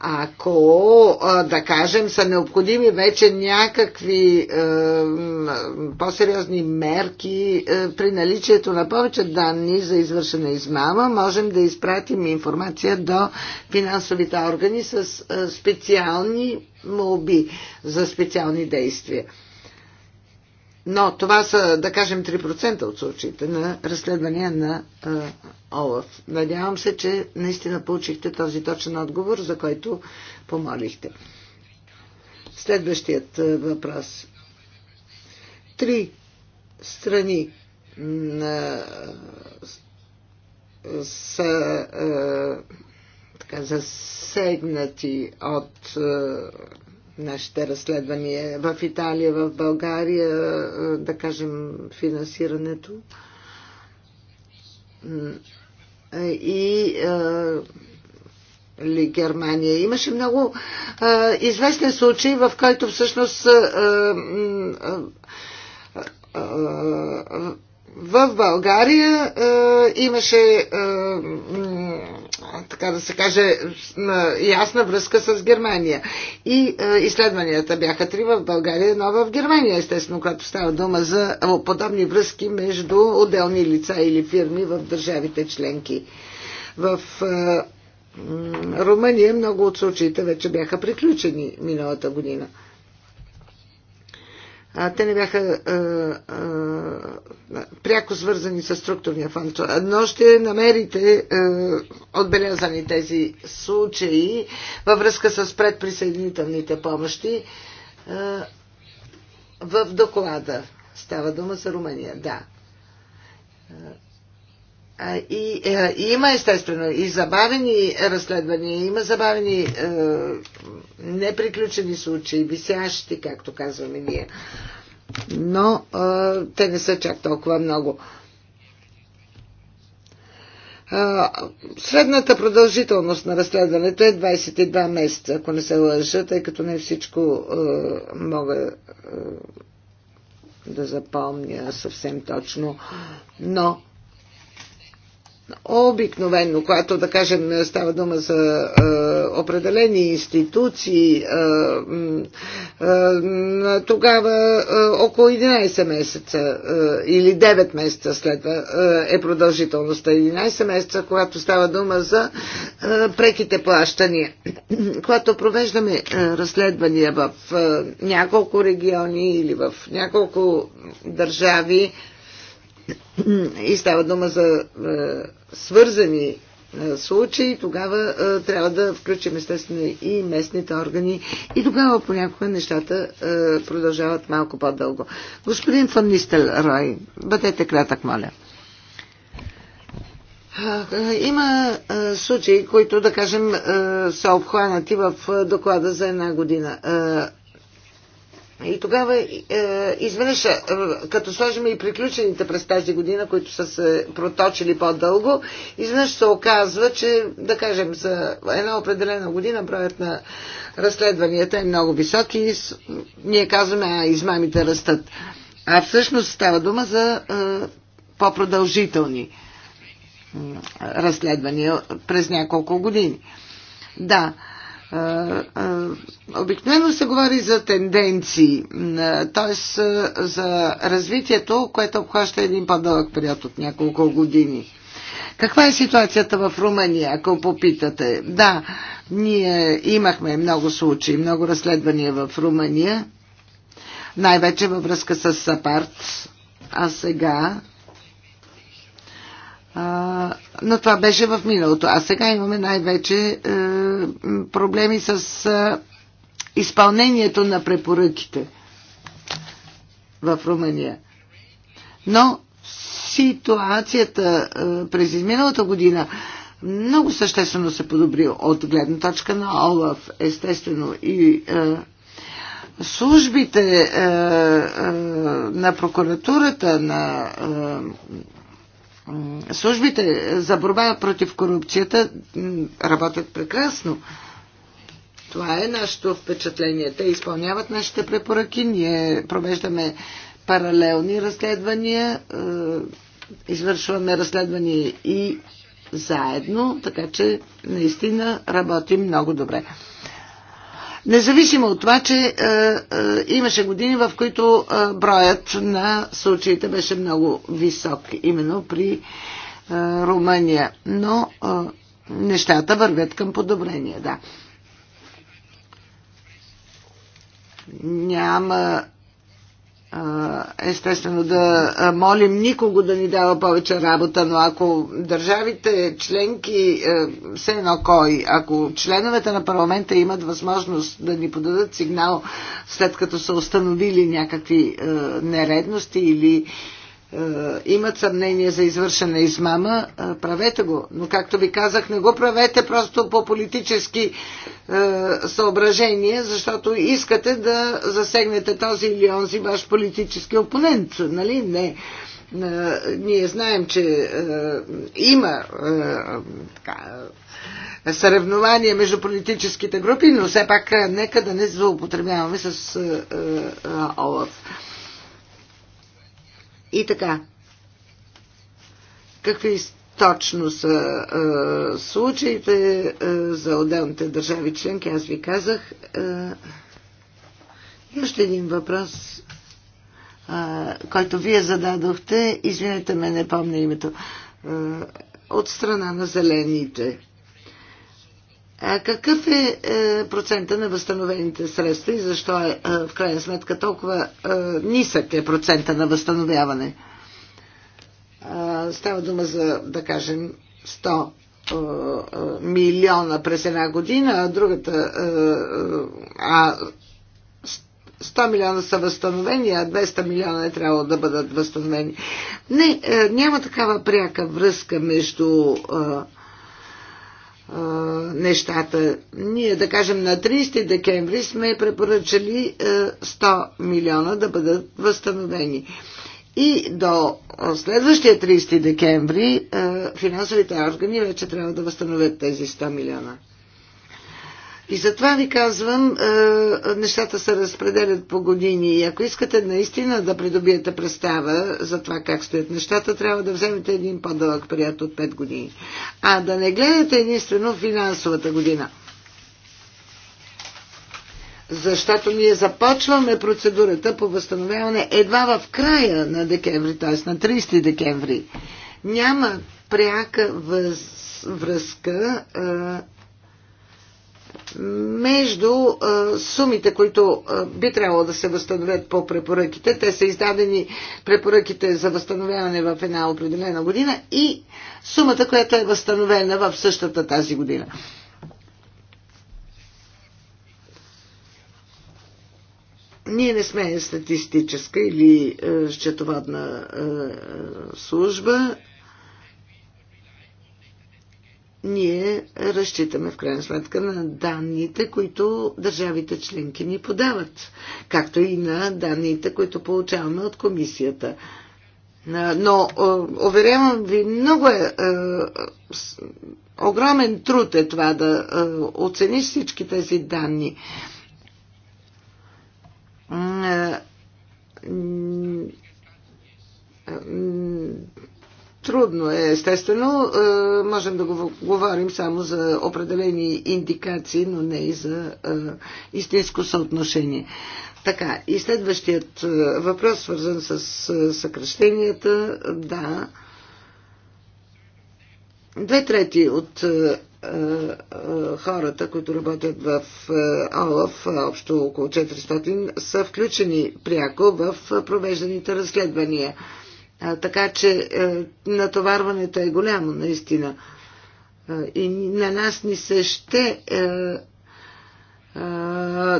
ако, да кажем, са необходими вече някакви е, по-сериозни мерки е, при наличието на повече данни за извършена измама, можем да изпратим информация до финансовите органи с е, специални молби за специални действия. Но това са, да кажем, 3% от случаите на разследвания на а, ОЛАФ. Надявам се, че наистина получихте този точен отговор, за който помолихте. Следващият въпрос. Три страни на, са а, така, засегнати от а, нашите разследвания в Италия, в България, да кажем, финансирането. И ли Германия. Имаше много а, известен случай, в който всъщност а, а, а, в България е, имаше, е, така да се каже, ясна връзка с Германия. И е, изследванията бяха три в България, едно в Германия, естествено, когато става дума за подобни връзки между отделни лица или фирми в държавите членки. В е, Румъния много от случаите вече бяха приключени миналата година. Те не бяха а, а, пряко свързани с структурния фонд, но ще намерите а, отбелязани тези случаи във връзка с предприсъединителните помощи а, в доклада. Става дума за Румъния, да. И, и е, има естествено и забавени разследвания, има забавени е, неприключени случаи, висящи, както казваме ние. Но е, те не са чак толкова много. Е, средната продължителност на разследването е 22 месеца, ако не се лъжа, тъй като не всичко е, мога. Е, да запомня съвсем точно. Но Обикновено, когато, да кажем, става дума за е, определени институции, е, е, тогава е, около 11 месеца е, или 9 месеца следва е, е продължителността. 11 месеца, когато става дума за е, преките плащания. когато провеждаме е, разследвания в е, няколко региони или в няколко държави, е, и става дума за е, свързани е, случаи, тогава е, трябва да включим естествено и местните органи и тогава понякога нещата продължават малко по-дълго. Господин Фаннистел Рой, бъдете кратък, моля. Има случаи, които, да кажем, са обхванати в доклада за една година. И тогава е, изведнъж, е, като сложим и приключените през тази година, които са се проточили по-дълго, изведнъж се оказва, че, да кажем, за една определена година броят на разследванията е много висок и ние казваме, а измамите растат. А всъщност става дума за е, по-продължителни разследвания през няколко години. Да, Обикновено се говори за тенденции, т.е. за развитието, което обхваща един по-дълъг период от няколко години. Каква е ситуацията в Румъния, ако попитате? Да, ние имахме много случаи, много разследвания в Румъния, най-вече във връзка с САПАРТ, а сега но това беше в миналото. А сега имаме най-вече е, проблеми с изпълнението на препоръките в Румъния. Но ситуацията е, през изминалата година много съществено се подобри от гледна точка на Олаф, естествено. И е, службите е, е, на прокуратурата, на. Е, службите за борба против корупцията работят прекрасно. Това е нашето впечатление. Те изпълняват нашите препоръки. Ние провеждаме паралелни разследвания, е, извършваме разследвания и заедно, така че наистина работим много добре. Независимо от това, че е, е, имаше години, в които е, броят на случаите беше много висок, именно при е, Румъния. Но е, нещата вървят към подобрение, да. Няма естествено да молим никого да ни дава повече работа, но ако държавите членки, е, все едно кой, ако членовете на парламента имат възможност да ни подадат сигнал, след като са установили някакви е, нередности или е, имат съмнение за извършена измама, е, правете го. Но както ви казах, не го правете просто по политически е, съображения, защото искате да засегнете този или онзи ваш политически опонент. Нали? Не. Ние знаем, че има така, съревнования между политическите групи, но все пак нека да не злоупотребяваме с Олаф. И така, какви точно са е, случаите е, за отделните държави членки, аз ви казах. Е, и още един въпрос, е, който вие зададохте, извинете ме, не помня името, е, от страна на зелените. А какъв е, е, процента на възстановените средства и защо е, е в крайна сметка толкова е, нисък е процента на възстановяване? става дума за, да кажем, 100 милиона през една година, а другата. а 100 милиона са възстановени, а 200 милиона е трябвало да бъдат възстановени. Не, няма такава пряка връзка между а, нещата. Ние, да кажем, на 30 декември сме препоръчали а, 100 милиона да бъдат възстановени. И до следващия 30 декември а, финансовите органи вече трябва да възстановят тези 100 милиона. И затова ви казвам, е, нещата се разпределят по години и ако искате наистина да придобиете представа за това как стоят нещата, трябва да вземете един по-дълъг период от 5 години. А да не гледате единствено финансовата година. Защото ние започваме процедурата по възстановяване едва в края на декември, т.е. на 30 декември. Няма пряка въз... връзка е, между сумите, които би трябвало да се възстановят по препоръките. Те са издадени препоръките за възстановяване в една определена година и сумата, която е възстановена в същата тази година. Ние не сме статистическа или е, счетоводна е, служба ние разчитаме в крайна сметка на данните, които държавите членки ни подават, както и на данните, които получаваме от комисията. Но, уверявам ви, много е, е огромен труд е това да е, оцениш всички тези данни. Е, Трудно е, естествено. Е, можем да го говорим само за определени индикации, но не и за е, истинско съотношение. Така, и следващият е, въпрос, свързан с съкръщенията, да. Две трети от хората, които работят в ОЛАФ, общо около 400, са включени пряко в провежданите разследвания. Така че е, натоварването е голямо, наистина. Е, и на нас ни се ще е,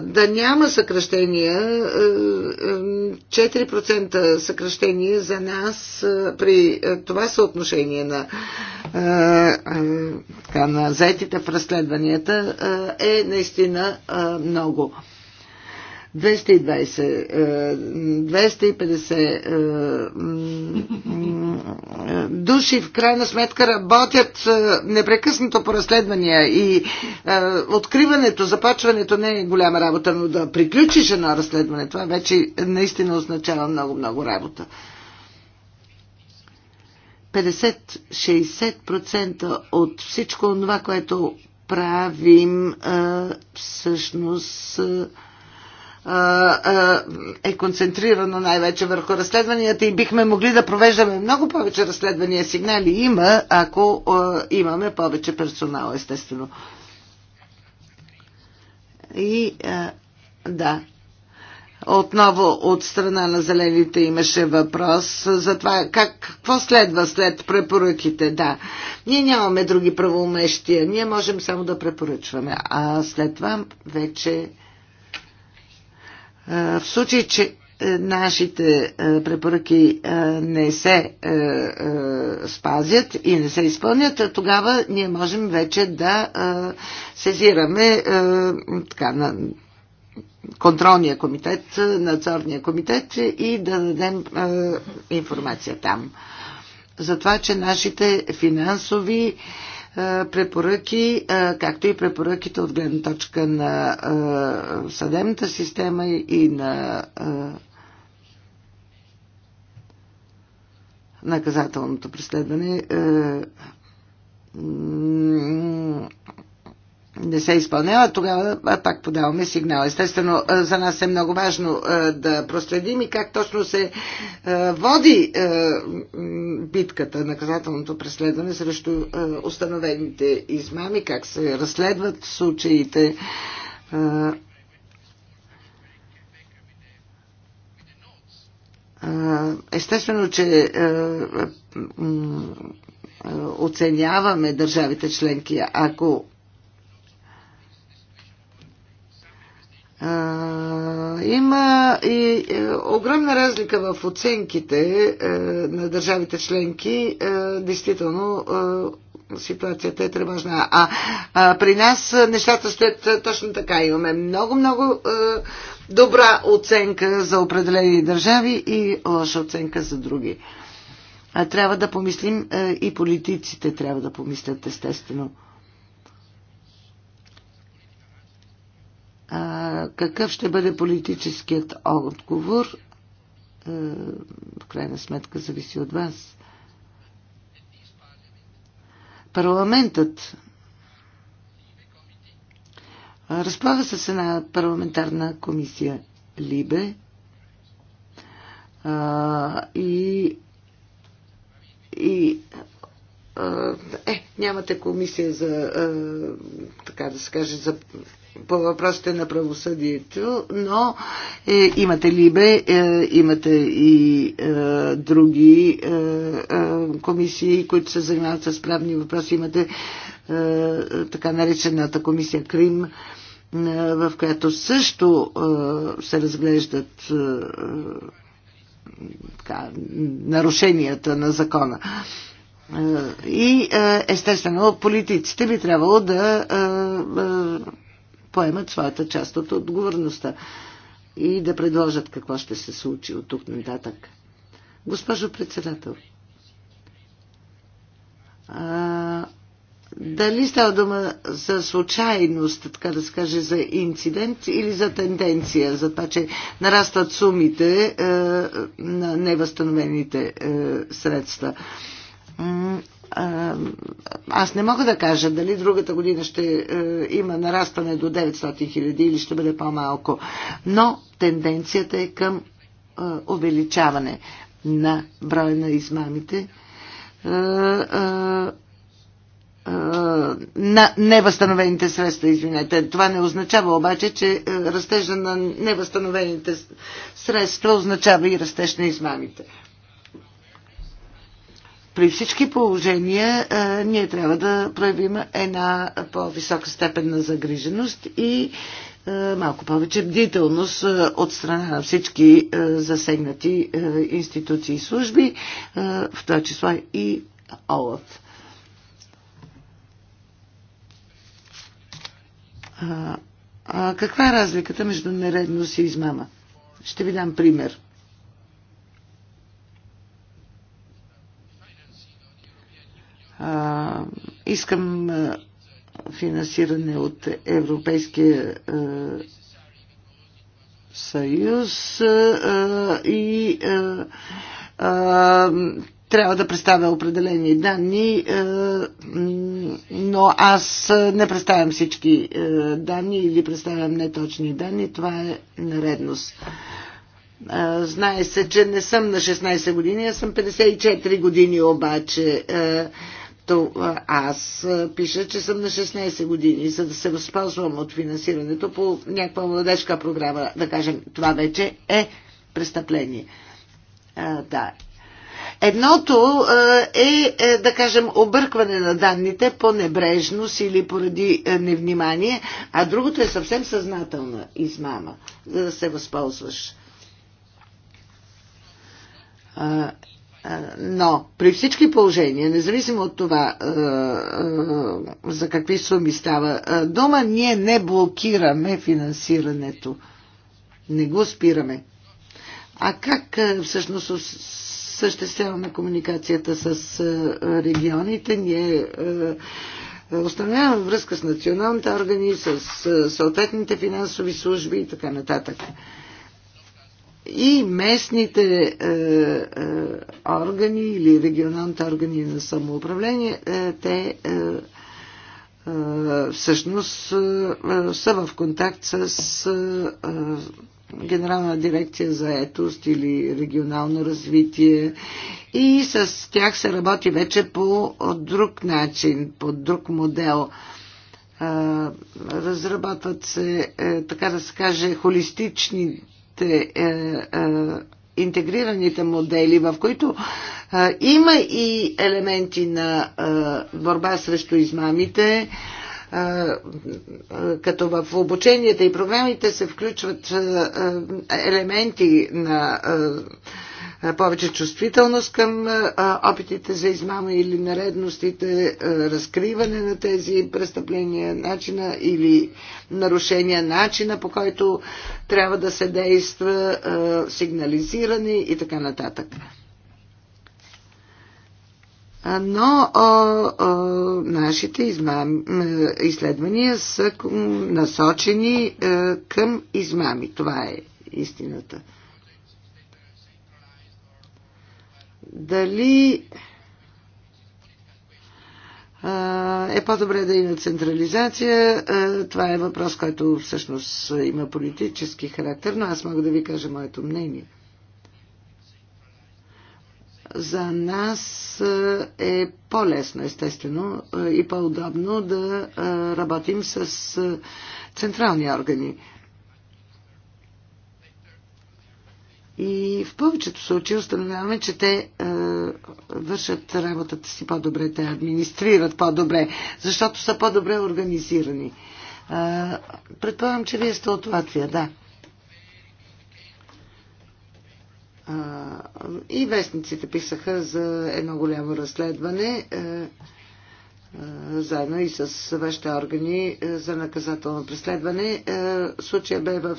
да няма съкръщения. 4% съкръщение за нас при това съотношение на, на заетите в разследванията е наистина много. 220, 250 е, е, души в крайна сметка работят е, непрекъснато по разследвания и откриването, започването не е голяма работа, но да приключиш едно разследване, това вече наистина означава много-много работа. 50-60% от всичко това, което правим, всъщност е концентрирано най-вече върху разследванията и бихме могли да провеждаме много повече разследвания. Сигнали има, ако имаме повече персонал, естествено. И да. Отново от страна на зелените имаше въпрос за това как, какво следва след препоръките. Да, ние нямаме други правомещия, ние можем само да препоръчваме, а след това вече в случай, че е, нашите е, препоръки е, не се спазят и не се изпълнят, тогава ние можем вече да сезираме така, на контролния комитет, надзорния комитет и да дадем информация там. За това, че нашите финансови препоръки, както и препоръките от гледна точка на съдебната система и на наказателното преследване не се изпълнява, тогава пак подаваме сигнал. Естествено, за нас е много важно да проследим и как точно се води битката, наказателното преследване срещу установените измами, как се разследват случаите. Естествено, че оценяваме държавите членки, ако има и е, огромна разлика в оценките е, на държавите членки. Е, действително ситуацията е тревожна. А, а при нас нещата стоят точно така. Имаме много-много добра оценка за определени държави и лоша оценка за други. А, трябва да помислим и политиците трябва да помислят естествено. какъв ще бъде политическият отговор, в крайна сметка зависи от вас. Парламентът разполага с една парламентарна комисия Либе и, и е, нямате комисия за, е, така да се каже, за, по въпросите на правосъдието, но е, имате Либе, е, имате и е, други е, е, комисии, които се занимават с правни въпроси, имате е, така наречената комисия Крим, е, в която също е, се разглеждат е, е така, нарушенията на закона. Е, е, и е, естествено политиците би трябвало да е, поемат своята част от отговорността и да предложат какво ще се случи от тук нататък. Госпожо председател, а, дали става дума за случайност, така да се каже, за инцидент или за тенденция, за това, че нарастват сумите на невъзстановените средства? аз не мога да кажа дали другата година ще е, има нарастване до 900 хиляди или ще бъде по-малко, но тенденцията е към е, увеличаване на брой на измамите е, на невъзстановените средства, извинете. Това не означава обаче, че растежа на невъзстановените средства означава и растеж на измамите. При всички положения ние трябва да проявим една по-висока степен на загриженост и малко повече бдителност от страна на всички засегнати институции и служби, в това число и ОЛАФ. А, а каква е разликата между нередност и измама? Ще ви дам пример. а, искам а, финансиране от Европейския а, съюз а, и а, а, трябва да представя определени данни, но аз не представям всички данни или представям неточни данни. Това е наредност. Знае се, че не съм на 16 години, а съм 54 години обаче. То, аз пиша, че съм на 16 години, за да се възползвам от финансирането по някаква младежка програма, да кажем, това вече е престъпление. А, да. Едното е, е, да кажем, объркване на данните по небрежност или поради е, невнимание, а другото е съвсем съзнателна измама, за да се възползваш. Но при всички положения, независимо от това за какви суми става дума, ние не блокираме финансирането. Не го спираме. А как всъщност съществяваме комуникацията с регионите? Ние установяваме връзка с националните органи, с съответните финансови служби и така нататък и местните е, е, органи или регионалните органи на самоуправление, е, те е, е, всъщност е, е, са в контакт с е, е, Генерална дирекция за етост или регионално развитие и с тях се работи вече по друг начин, по друг модел е, разработват се, е, така да се каже, холистични е, е, е, интегрираните модели, в които е, има и елементи на е, борба срещу измамите, е, е, като в обученията и програмите се включват е, е, елементи на Е, е, повече чувствителност към е, опитите за измама или наредностите, е, разкриване на тези престъпления, начина или нарушения, начина по който трябва да се действа, сигнализиране и така нататък. Но о, о, нашите измам, изследвания са насочени към измами. Това е истината. дали е по-добре да има централизация. Това е въпрос, който всъщност има политически характер, но аз мога да ви кажа моето мнение. За нас е по-лесно, естествено, и по-удобно да работим с централни органи И в повечето случаи установяваме, че те е, вършат работата си по-добре, те администрират по-добре, защото са по-добре организирани. Е, предполагам, че вие сте от Латвия, да. Е, и вестниците писаха за едно голямо разследване. Е, заедно и с вашите органи е, за наказателно преследване. Е, случая бе в,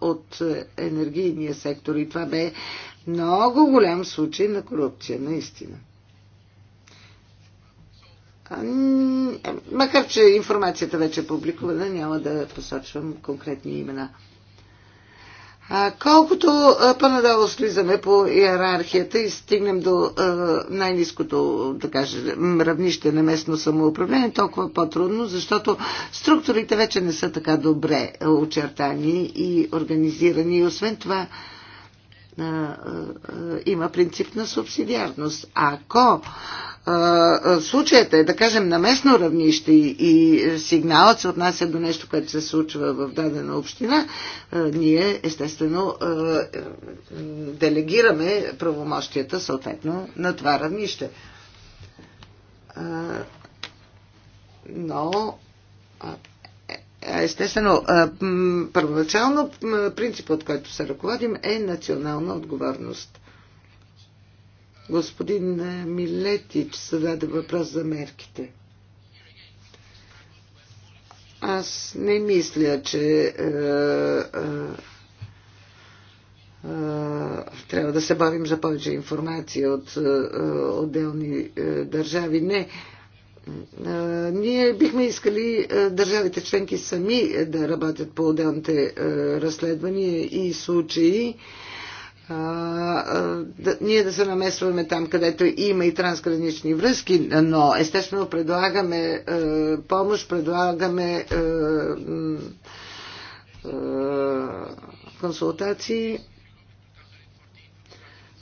от енергийния сектор и това бе много голям случай на корупция, наистина. Макар, че информацията вече е публикувана, няма да посочвам конкретни имена. Колкото по-надолу слизаме по иерархията и стигнем до най-низкото да равнище на местно самоуправление, толкова по-трудно, защото структурите вече не са така добре очертани и организирани. И освен това, има принцип на субсидиарност. Ако случаят е, да кажем, на местно равнище и сигналът се отнася до нещо, което се случва в дадена община, ние естествено делегираме правомощията съответно на това равнище. Но е, естествено, първоначално принципът, от който се ръководим е национална отговорност. Господин Милетич зададе въпрос за мерките. Аз не мисля, че е, е, е трябва да се бавим за повече информация от е, отделни е, държави. Не. Е, ние бихме искали е, държавите членки сами да работят по отделните разследвания и случаи да, ние да се намесваме там, където има и трансгранични връзки, но естествено предлагаме а, помощ, предлагаме а, а, консултации.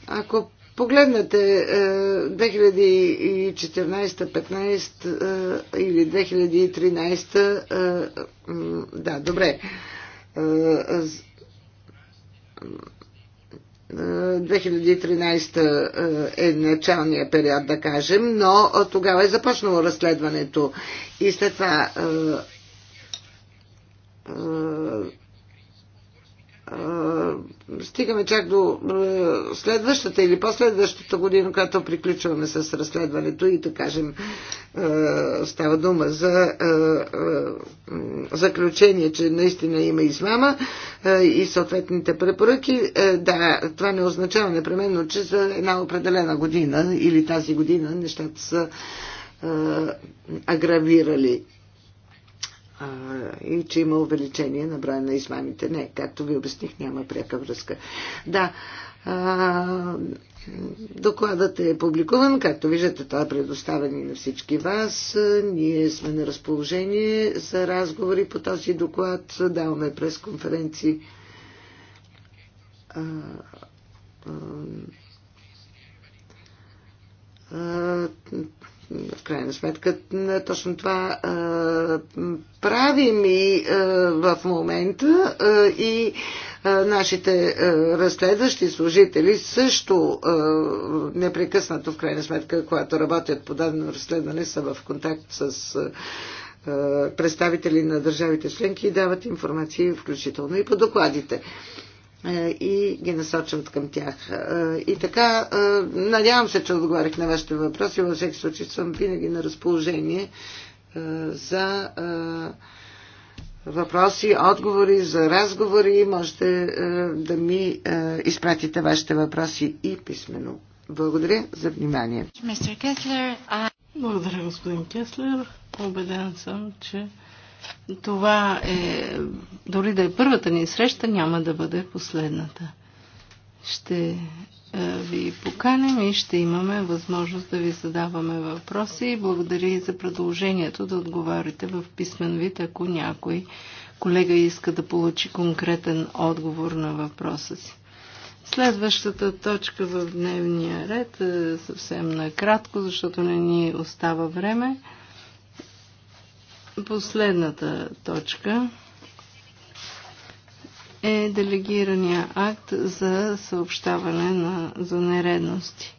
Ако погледнете 2014-15 или 2013, да, добре 2013 е, е началния период, да кажем, но тогава е започнало разследването и след това стигаме чак до следващата или последващата година, когато приключваме с разследването и да кажем става дума за заключение, че наистина има измама и съответните препоръки. Да, това не означава непременно, че за една определена година или тази година нещата са агравирали а, и че има увеличение на броя на измамите. Не, както ви обясних, няма пряка връзка. Да, а, докладът е публикуван, както виждате, той е предоставен и на всички вас. Ние сме на разположение за разговори по този доклад, даваме пресконференции. А, а, в крайна сметка точно това а, правим и а, в момента а, и а, нашите а, разследващи служители също а, непрекъснато в крайна сметка, когато работят по дадено разследване, са в контакт с а, представители на държавите членки и дават информации, включително и по докладите. Е, и ги насочват към тях. Е, и така, е, надявам се, че отговарях на вашите въпроси. Във всеки случай съм винаги на разположение за въпроси, отговори, за разговори. Можете да ми изпратите вашите въпроси и писменно. Благодаря за внимание. Благодаря, господин Кеслер. Обеден съм, че това е, дори да е първата ни среща, няма да бъде последната. Ще е, ви поканим и ще имаме възможност да ви задаваме въпроси. Благодаря и за предложението да отговарите в писмен вид, ако някой колега иска да получи конкретен отговор на въпроса си. Следващата точка в дневния ред е съвсем накратко, защото не ни остава време. Последната точка е делегирания акт за съобщаване на, за нередности.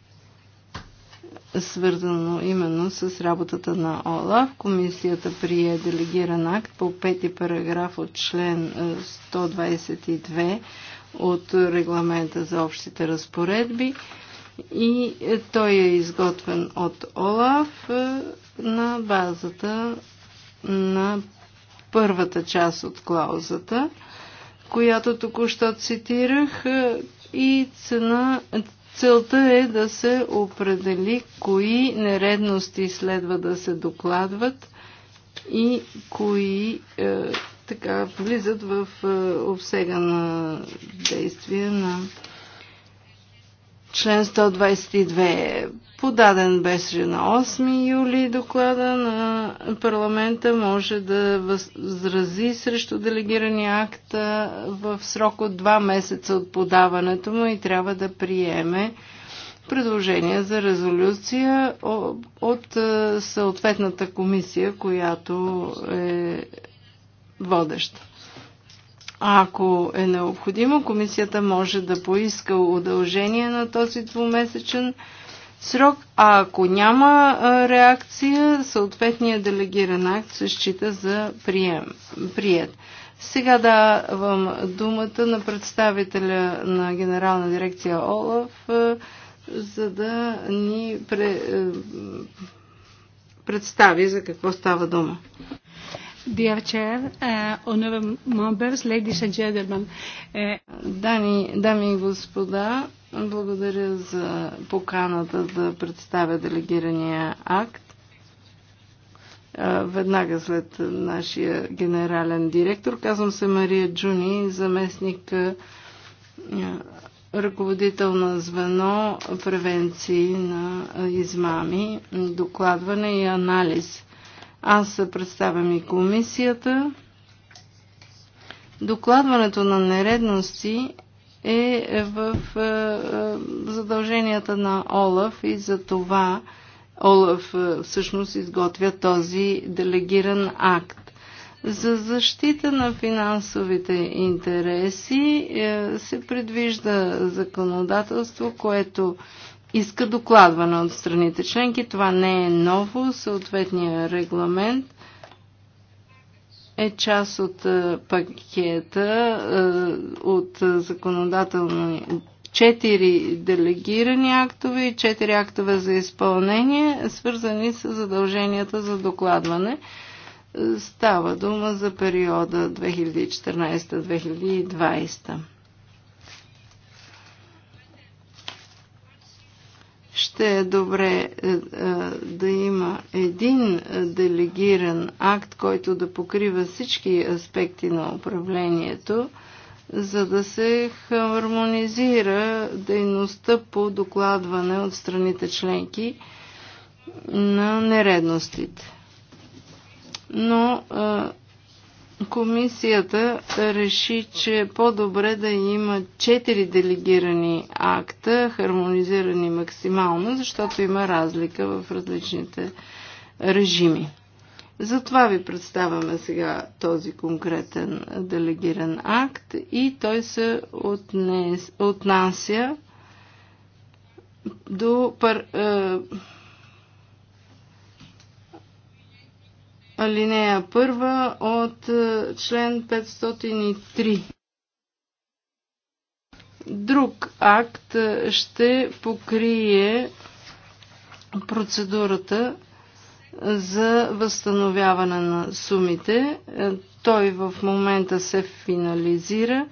Свързано именно с работата на ОЛАВ, комисията прие делегиран акт по пети параграф от член 122 е, от регламента за общите разпоредби и е, той е изготвен от ОЛАВ е, на базата на първата част от клаузата, която току-що цитирах е, и цена, целта е да се определи кои нередности следва да се докладват и кои е, така влизат в е, обсега на действие на Член 122. Е подаден беше на 8 юли доклада на парламента може да възрази срещу делегирания акт в срок от 2 месеца от подаването му и трябва да приеме предложение за резолюция от съответната комисия, която е водеща. Ако е необходимо, комисията може да поиска удължение на този двумесечен срок, а ако няма реакция, съответният делегиран акт се счита за прием, прият. Сега давам думата на представителя на Генерална дирекция ОЛАФ, за да ни пре, представи за какво става дума. Dear Chair, uh, honorable members, ladies and gentlemen. Uh, дами, дами и господа, благодаря за поканата да представя делегирания акт. веднага след нашия генерален директор. Казвам се Мария Джуни, заместник ръководител на звено превенции на измами, докладване и анализ аз представям и комисията. Докладването на нередности е в е, е, задълженията на Олаф и за това Олаф е, всъщност изготвя този делегиран акт. За защита на финансовите интереси се предвижда законодателство, което иска докладване от страните членки. Това не е ново. Съответният регламент е част от е, пакета е, от законодателни четири делегирани актове и четири актове за изпълнение, свързани с задълженията за докладване. Е, става дума за периода 2014-2020. ще е добре е, е, да има един е, делегиран акт, който да покрива всички аспекти на управлението, за да се хармонизира дейността по докладване от страните членки на нередностите. Но комисията реши, че е по-добре да има 4 делегирани акта, хармонизирани максимално, защото има разлика в различните режими. Затова ви представяме сега този конкретен делегиран акт и той се отнес, отнася до пар, е, алинея 1 от е, член 503. Друг акт е, ще покрие процедурата за възстановяване на сумите. Е, той в момента се финализира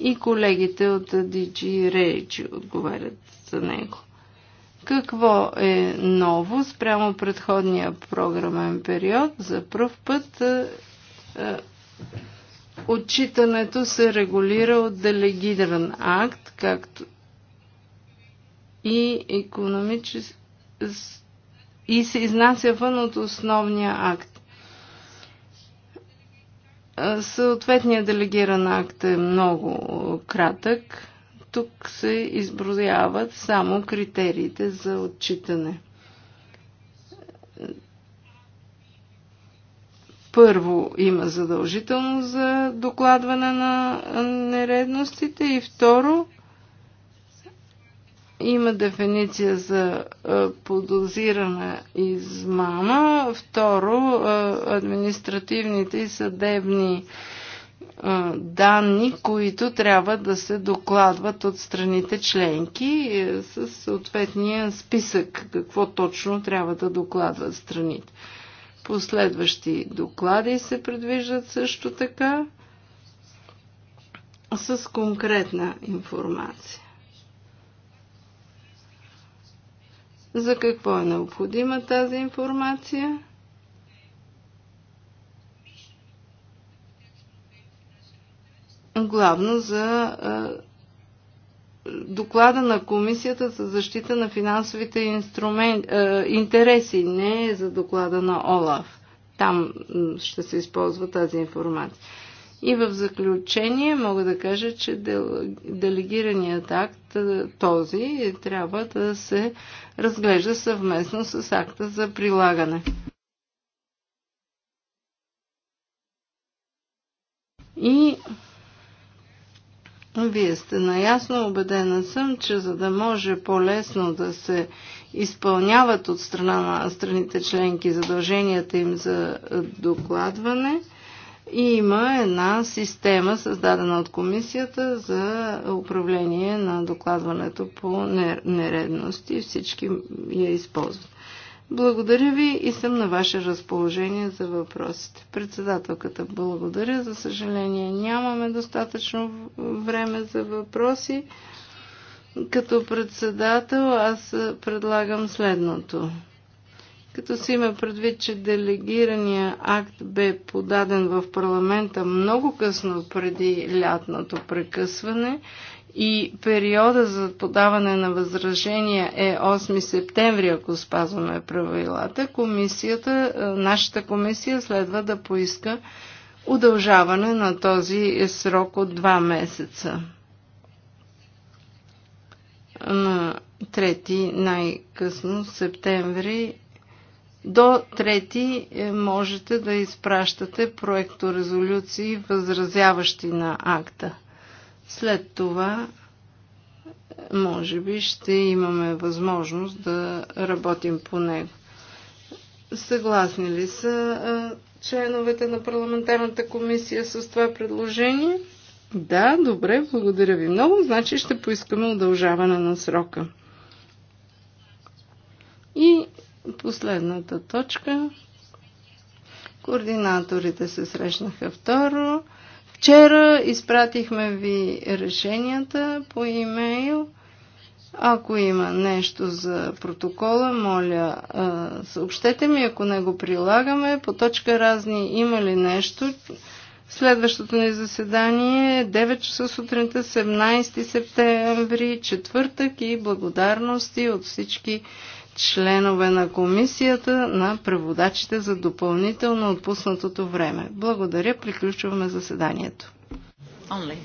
и колегите от DG Rage отговарят за него. Какво е ново спрямо предходния програмен период? За първ път е, е, отчитането се регулира от делегиран акт, както и економически и се изнася вън от основния акт. Е, съответният делегиран акт е много кратък, тук се изброяват само критериите за отчитане. Първо има задължително за докладване на нередностите и второ има дефиниция за е, подозирана измама. Второ, е, административните и съдебни данни, които трябва да се докладват от страните членки е, с съответния списък, какво точно трябва да докладват страните. Последващи доклади се предвиждат също така с конкретна информация. За какво е необходима тази информация? главно за доклада на Комисията за защита на финансовите инструмен... интереси, не за доклада на ОЛАФ. Там ще се използва тази информация. И в заключение мога да кажа, че делегираният акт този трябва да се разглежда съвместно с акта за прилагане. И вие сте наясно, убедена съм, че за да може по-лесно да се изпълняват от страна на страните членки задълженията им за е, докладване, и има една система, създадена от комисията за управление на докладването по нередности. Всички я използват. Благодаря ви и съм на ваше разположение за въпросите. Председателката, благодаря. За съжаление нямаме достатъчно време за въпроси. Като председател аз предлагам следното. Като си има предвид, че делегирания акт бе подаден в парламента много късно преди лятното прекъсване, и периода за подаване на възражения е 8 септември, ако спазваме правилата, комисията, е, нашата комисия следва да поиска удължаване на този срок от 2 месеца. На 3 най-късно септември до 3 е, можете да изпращате проекторезолюции, възразяващи на акта. След това, е, може би, ще имаме възможност да работим по него. Съгласни ли са е, членовете на парламентарната комисия с това предложение? Да, добре, благодаря ви много. Значи ще поискаме удължаване на срока. И последната точка. Координаторите се срещнаха второ. Вчера изпратихме ви решенията по имейл. Ако има нещо за протокола, моля, съобщете ми, ако не го прилагаме. По точка разни има ли нещо? Следващото ни заседание е 9 часа сутринта, 17 септември, четвъртък и благодарности от всички членове на комисията на преводачите за допълнително отпуснатото време. Благодаря, приключваме заседанието. Only.